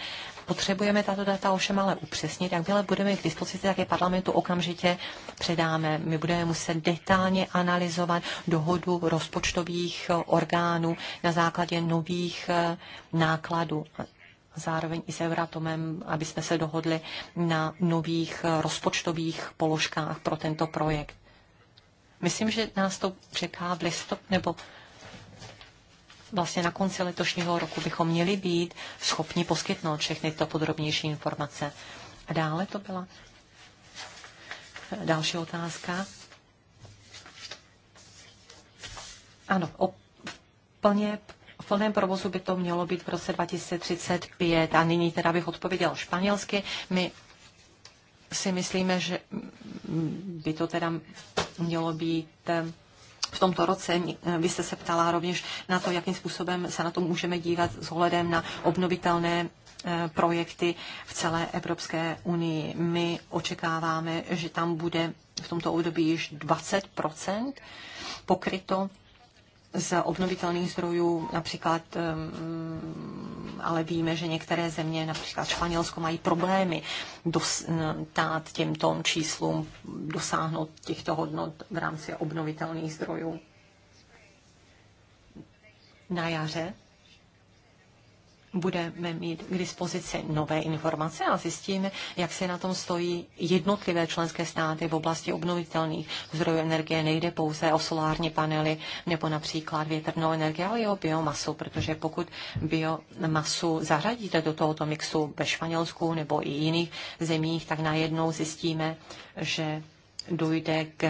Potřebujeme tato data ovšem ale upřesnit. Jakmile budeme k dispozici, tak je parlamentu okamžitě předáme. My budeme muset detailně analyzovat dohodu rozpočtových eh, orgánů na základě nových eh, nákladů zároveň i s Euratomem, aby jsme se dohodli na nových eh, rozpočtových položkách pro tento projekt. Myslím, že nás to čeká v listop, nebo vlastně na konci letošního roku bychom měli být schopni poskytnout všechny to podrobnější informace. A dále to byla další otázka. Ano, o plně, v plném provozu by to mělo být v roce 2035 a nyní teda bych odpověděl španělsky. My si myslíme, že by to teda mělo být eh, v tomto roce. Eh, vy jste se ptala rovněž na to, jakým způsobem se na to můžeme dívat s ohledem na obnovitelné eh, projekty v celé Evropské unii. My očekáváme, že tam bude v tomto období již 20 pokryto z obnovitelných zdrojů, například, mm, ale víme, že některé země, například Španělsko, mají problémy dostat těmto číslům, dosáhnout těchto hodnot v rámci obnovitelných zdrojů. Na jaře budeme mít k dispozici nové informace a zjistíme, jak se na tom stojí jednotlivé členské státy v oblasti obnovitelných zdrojů energie. Nejde pouze o solární panely nebo například větrnou energii, ale i o biomasu, protože pokud biomasu zařadíte do tohoto mixu ve Španělsku nebo i jiných zemích, tak najednou zjistíme, že dojde k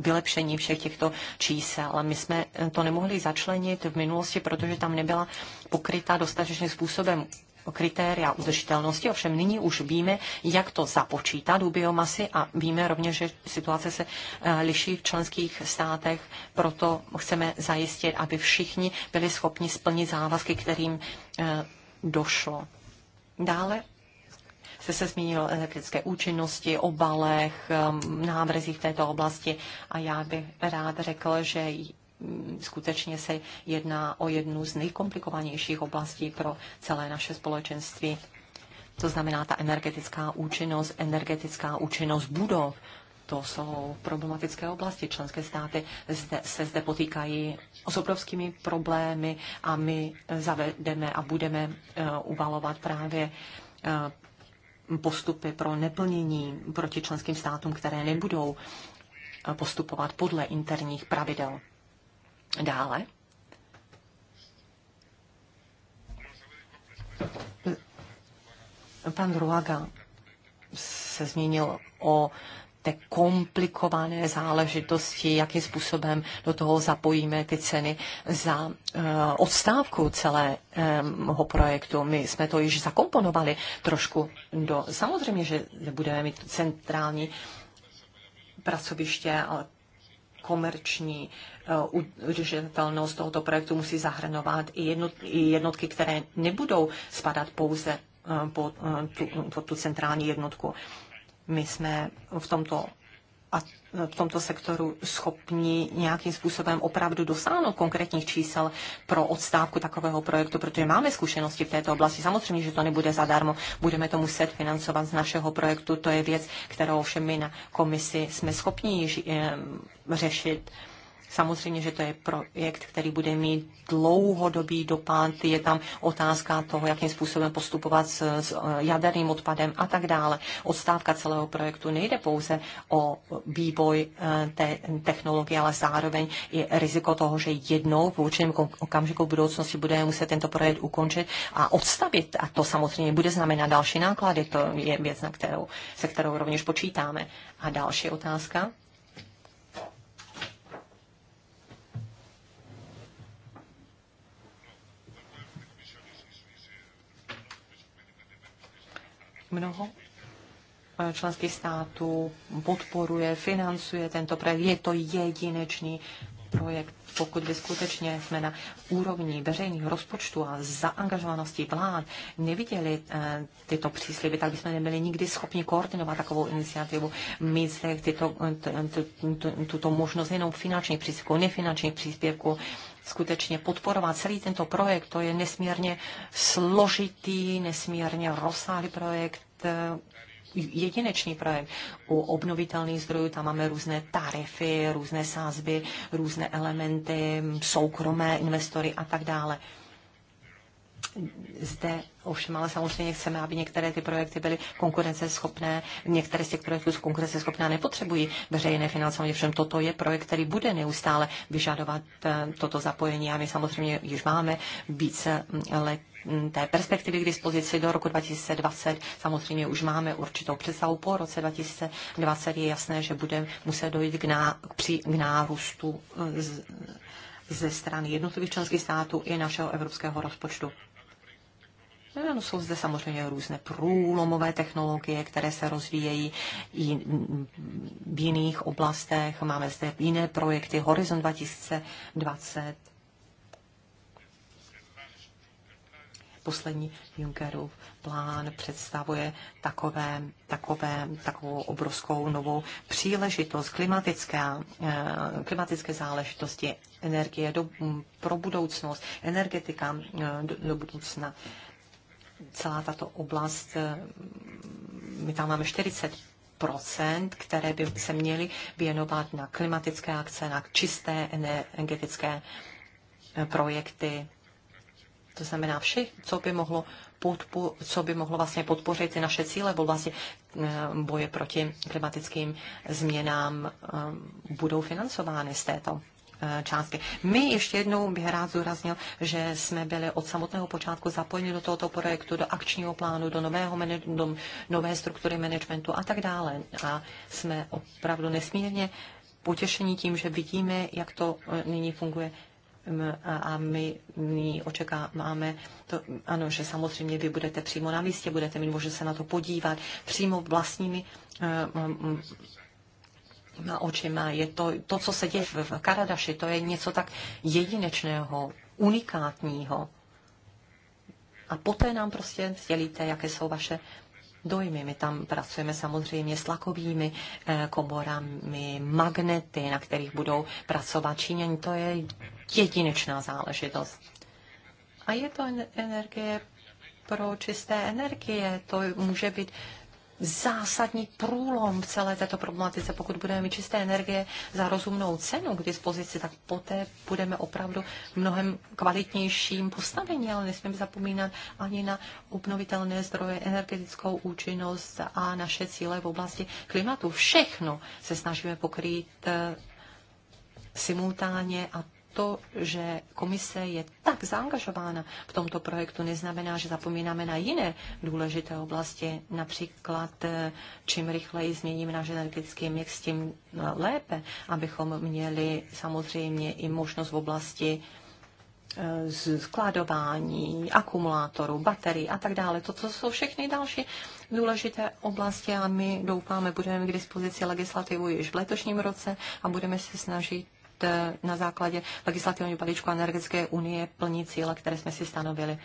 vylepšení všech těchto čísel. Ale my jsme to nemohli začlenit v minulosti, protože tam nebyla pokryta dostatečným způsobem kritéria udržitelnosti, ovšem nyní už víme, jak to započítat u biomasy a víme rovněž, že situace se eh, liší v členských státech, proto chceme zajistit, aby všichni byli schopni splnit závazky, kterým eh, došlo. Dále jste se zmínil o energetické účinnosti, o balech, um, návrzích v této oblasti a já bych rád řekl, že skutečně se jedná o jednu z nejkomplikovanějších oblastí pro celé naše společenství. To znamená ta energetická účinnost, energetická účinnost budov. To jsou problematické oblasti. Členské státy zde, se zde potýkají s obrovskými problémy a my zavedeme a budeme uh, uvalovat právě uh, postupy pro neplnění proti členským státům, které nebudou postupovat podle interních pravidel. Dále. Pan Ruaga se změnil o té komplikované záležitosti, jakým způsobem do toho zapojíme ty ceny za uh, odstávku celého eh, projektu. My jsme to již zakomponovali trošku do... Samozřejmě, že budeme mít centrální pracoviště, ale komerční eh, udržitelnost tohoto projektu musí zahrnovat i jednotky, které nebudou spadat pouze pod tu, pod tu centrální jednotku my jsme v tomto a v tomto sektoru schopni nějakým způsobem opravdu dosáhnout konkrétních čísel pro odstávku takového projektu, protože máme zkušenosti v této oblasti. Samozřejmě, že to nebude zadarmo, budeme to muset financovat z našeho projektu. To je věc, kterou všem my na komisi jsme schopni eh, řešit Samozřejmě, že to je projekt, který bude mít dlouhodobý dopad. Je tam otázka toho, jakým způsobem postupovat s, s eh, jaderným odpadem a tak dále. Odstávka celého projektu nejde pouze o vývoj eh, té technologie, ale zároveň i riziko toho, že jednou v určitém okamžiku v budoucnosti bude muset tento projekt ukončit a odstavit. A to samozřejmě bude znamenat další náklady. To je věc, na kterou, se kterou rovněž počítáme. A další otázka. Mnoho eh, členských států podporuje, financuje tento projekt. Je to jedinečný projekt. Pokud by skutečně jsme na úrovni veřejných rozpočtů a zaangažovanosti vlád neviděli eh, tyto přísliby, tak bychom nebyli nikdy schopni koordinovat takovou iniciativu, My se tuto možnost jenom finančních příspěvků, nefinančních příspěvků skutečně podporovat celý tento projekt. To je nesmírně složitý, nesmírně rozsáhlý projekt, eh, jedinečný projekt. U obnovitelných zdrojů tam máme různé tarify, různé sázby, různé elementy, soukromé investory a tak dále. Zde ovšem, ale samozřejmě chceme, aby některé ty projekty byly konkurenceschopné, některé z těch projektů jsou konkurenceschopné a nepotřebují veřejné finance. Ovšem toto je projekt, který bude neustále vyžadovat eh, toto zapojení a my samozřejmě již máme více mm, let mm, té perspektivy k dispozici do roku 2020. Samozřejmě už máme určitou představu. Po roce 2020 je jasné, že bude muset dojít k, ná, při, k nárůstu eh, z, ze strany jednotlivých členských států i našeho evropského rozpočtu. No, no, jsou zde samozřejmě různé průlomové technologie, které se rozvíjejí i v jiných oblastech. Máme zde jiné projekty, Horizon 2020, poslední Junckerův plán představuje takové, takové, takovou obrovskou novou příležitost klimatické, eh, klimatické záležitosti, energie do, pro budoucnost, energetika eh, do, do budoucna celá tato oblast, eh, my tam máme 40 procent, které by se měly věnovat na klimatické akce, na čisté energetické eh, projekty. To znamená vše, co by mohlo, podpo- co by mohlo vlastně podpořit ty naše cíle, bo vlastně eh, boje proti klimatickým změnám budou financovány z této Eh, částky. My ještě jednou bych rád zúraznil, že jsme byli od samotného počátku zapojeni do tohoto projektu, do akčního plánu, do nového do nové struktury managementu a tak dále. A jsme opravdu nesmírně potěšení tím, že vidíme, jak to eh, nyní funguje a my, nyní očekáváme, to, ano, že samozřejmě vy budete přímo na místě, budete mít možnost se na to podívat přímo vlastními eh, má očima. Je to, to, co se děje v Karadaši, to je něco tak jedinečného, unikátního. A poté nám prostě sdělíte, jaké jsou vaše dojmy. My tam pracujeme samozřejmě s lakovými eh, komorami, magnety, na kterých budou pracovat Číňani. To je jedinečná záležitost. A je to energie pro čisté energie. To může být zásadní průlom v celé této problematice. Pokud budeme mít čisté energie za rozumnou cenu k dispozici, tak poté budeme opravdu v mnohem kvalitnějším postavení, ale nesmíme zapomínat ani na obnovitelné zdroje, energetickou účinnost a naše cíle v oblasti klimatu. Všechno se snažíme pokrýt eh, simultánně a to, že komise je tak zaangažována v tomto projektu, neznamená, že zapomínáme na jiné důležité oblasti. Například, eh, čím rychleji změníme náš energetický mix, tím eh, lépe, abychom měli samozřejmě i možnost v oblasti eh, skladování, akumulátorů, baterií a tak dále. To, co jsou všechny další důležité oblasti a my doufáme, budeme k dispozici legislativu již v letošním roce a budeme se snažit Eh, na základě legislativního balíčku energetické unie plnit cíle, které jsme si stanovili.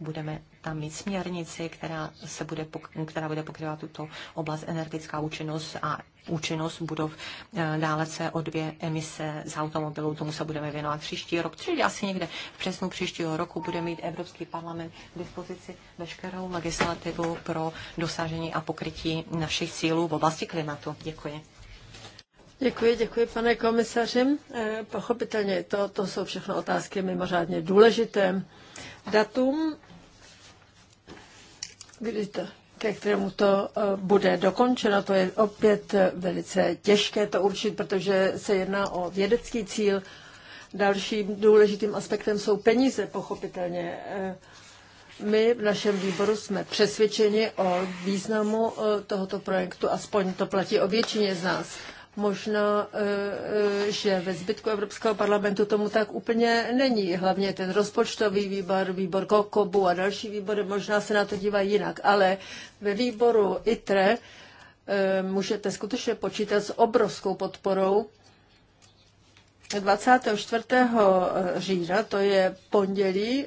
Budeme tam mít směrnici, která, se bude, která bude pokrývat tuto oblast energetická účinnost a účinnost budov eh, dále o dvě emise z automobilů. Tomu se budeme věnovat příští rok. Čili asi někde v přesnu příštího roku bude mít Evropský parlament k dispozici veškerou legislativu pro dosažení a pokrytí našich cílů v oblasti klimatu. Děkuji. Děkuji, děkuji, pane komisaři. Eh, pochopitelně to, to jsou všechno otázky mimořádně důležité. Datum, kdy to, ke kterému to eh, bude dokončeno, to je opět velice těžké to určit, protože se jedná o vědecký cíl. Dalším důležitým aspektem jsou peníze, pochopitelně. Eh, my v našem výboru jsme přesvědčeni o významu tohoto projektu, aspoň to platí o většině z nás. Možná, eh, eh, že ve zbytku Evropského parlamentu tomu tak úplně není. Hlavně ten rozpočtový výbor, výbor Kokobu a další výbory možná se na to dívají jinak. Ale ve výboru ITRE eh, můžete skutečně počítat s obrovskou podporou. 24. října, to je pondělí,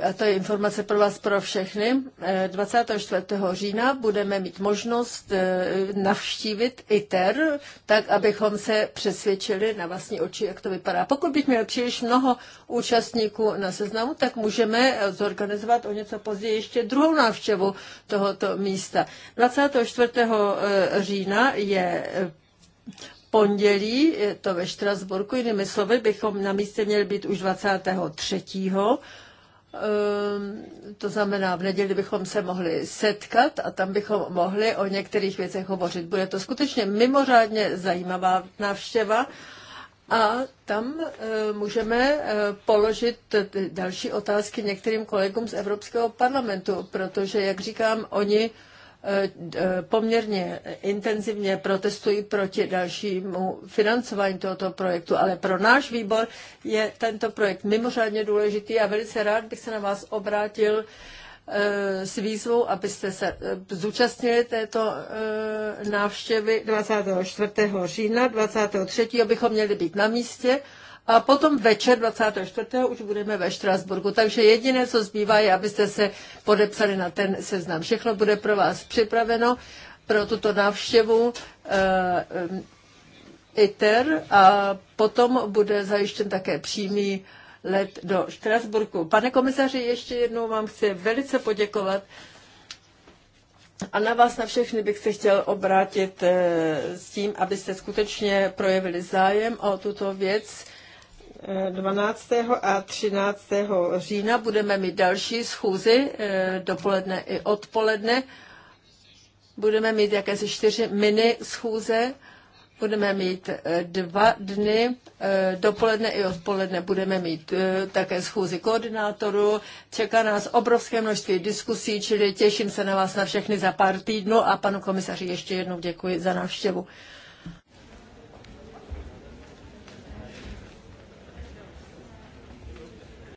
a to je informace pro vás pro všechny. 24. Eh, října budeme mít možnost eh, navštívit ITER, tak abychom se přesvědčili na vlastní oči, jak to vypadá. Pokud bych měl příliš mnoho účastníků na seznamu, tak můžeme zorganizovat o něco později ještě druhou návštěvu tohoto místa. 24. Eh, října je pondělí, je to ve Štrasburku, jinými slovy, bychom na místě měli být už 23 Ehm, to znamená, v neděli bychom se mohli setkat a tam bychom mohli o některých věcech hovořit. Bude to skutečně mimořádně zajímavá návštěva a tam eh, můžeme eh, položit další otázky některým kolegům z Evropského parlamentu, protože, jak říkám, oni poměrně intenzivně protestují proti dalšímu financování tohoto projektu, ale pro náš výbor je tento projekt mimořádně důležitý a velice rád bych se na vás obrátil eh, s výzvou, abyste se eh, zúčastnili této eh, návštěvy 24. října, 23. bychom měli být na místě a potom večer 24. už budeme ve Štrasburgu. Takže jediné, co zbývá, je, abyste se podepsali na ten seznam. Všechno bude pro vás připraveno pro tuto návštěvu. Eh, eh, ITER a potom bude zajištěn také přímý let do Štrasburku. Pane komisaři, ještě jednou vám chci velice poděkovat a na vás na všechny bych se chtěl obrátit eh, s tím, abyste skutečně projevili zájem o tuto věc. 12. a 13. října budeme mít další schůzi, eh, dopoledne i odpoledne. Budeme mít jakési čtyři mini schůze. Budeme mít eh, dva dny, eh, dopoledne i odpoledne budeme mít také schůzi koordinátorů. Čeká nás obrovské množství diskusí, čili těším se na vás na všechny za pár týdnů a panu komisaři ještě jednou děkuji za návštěvu.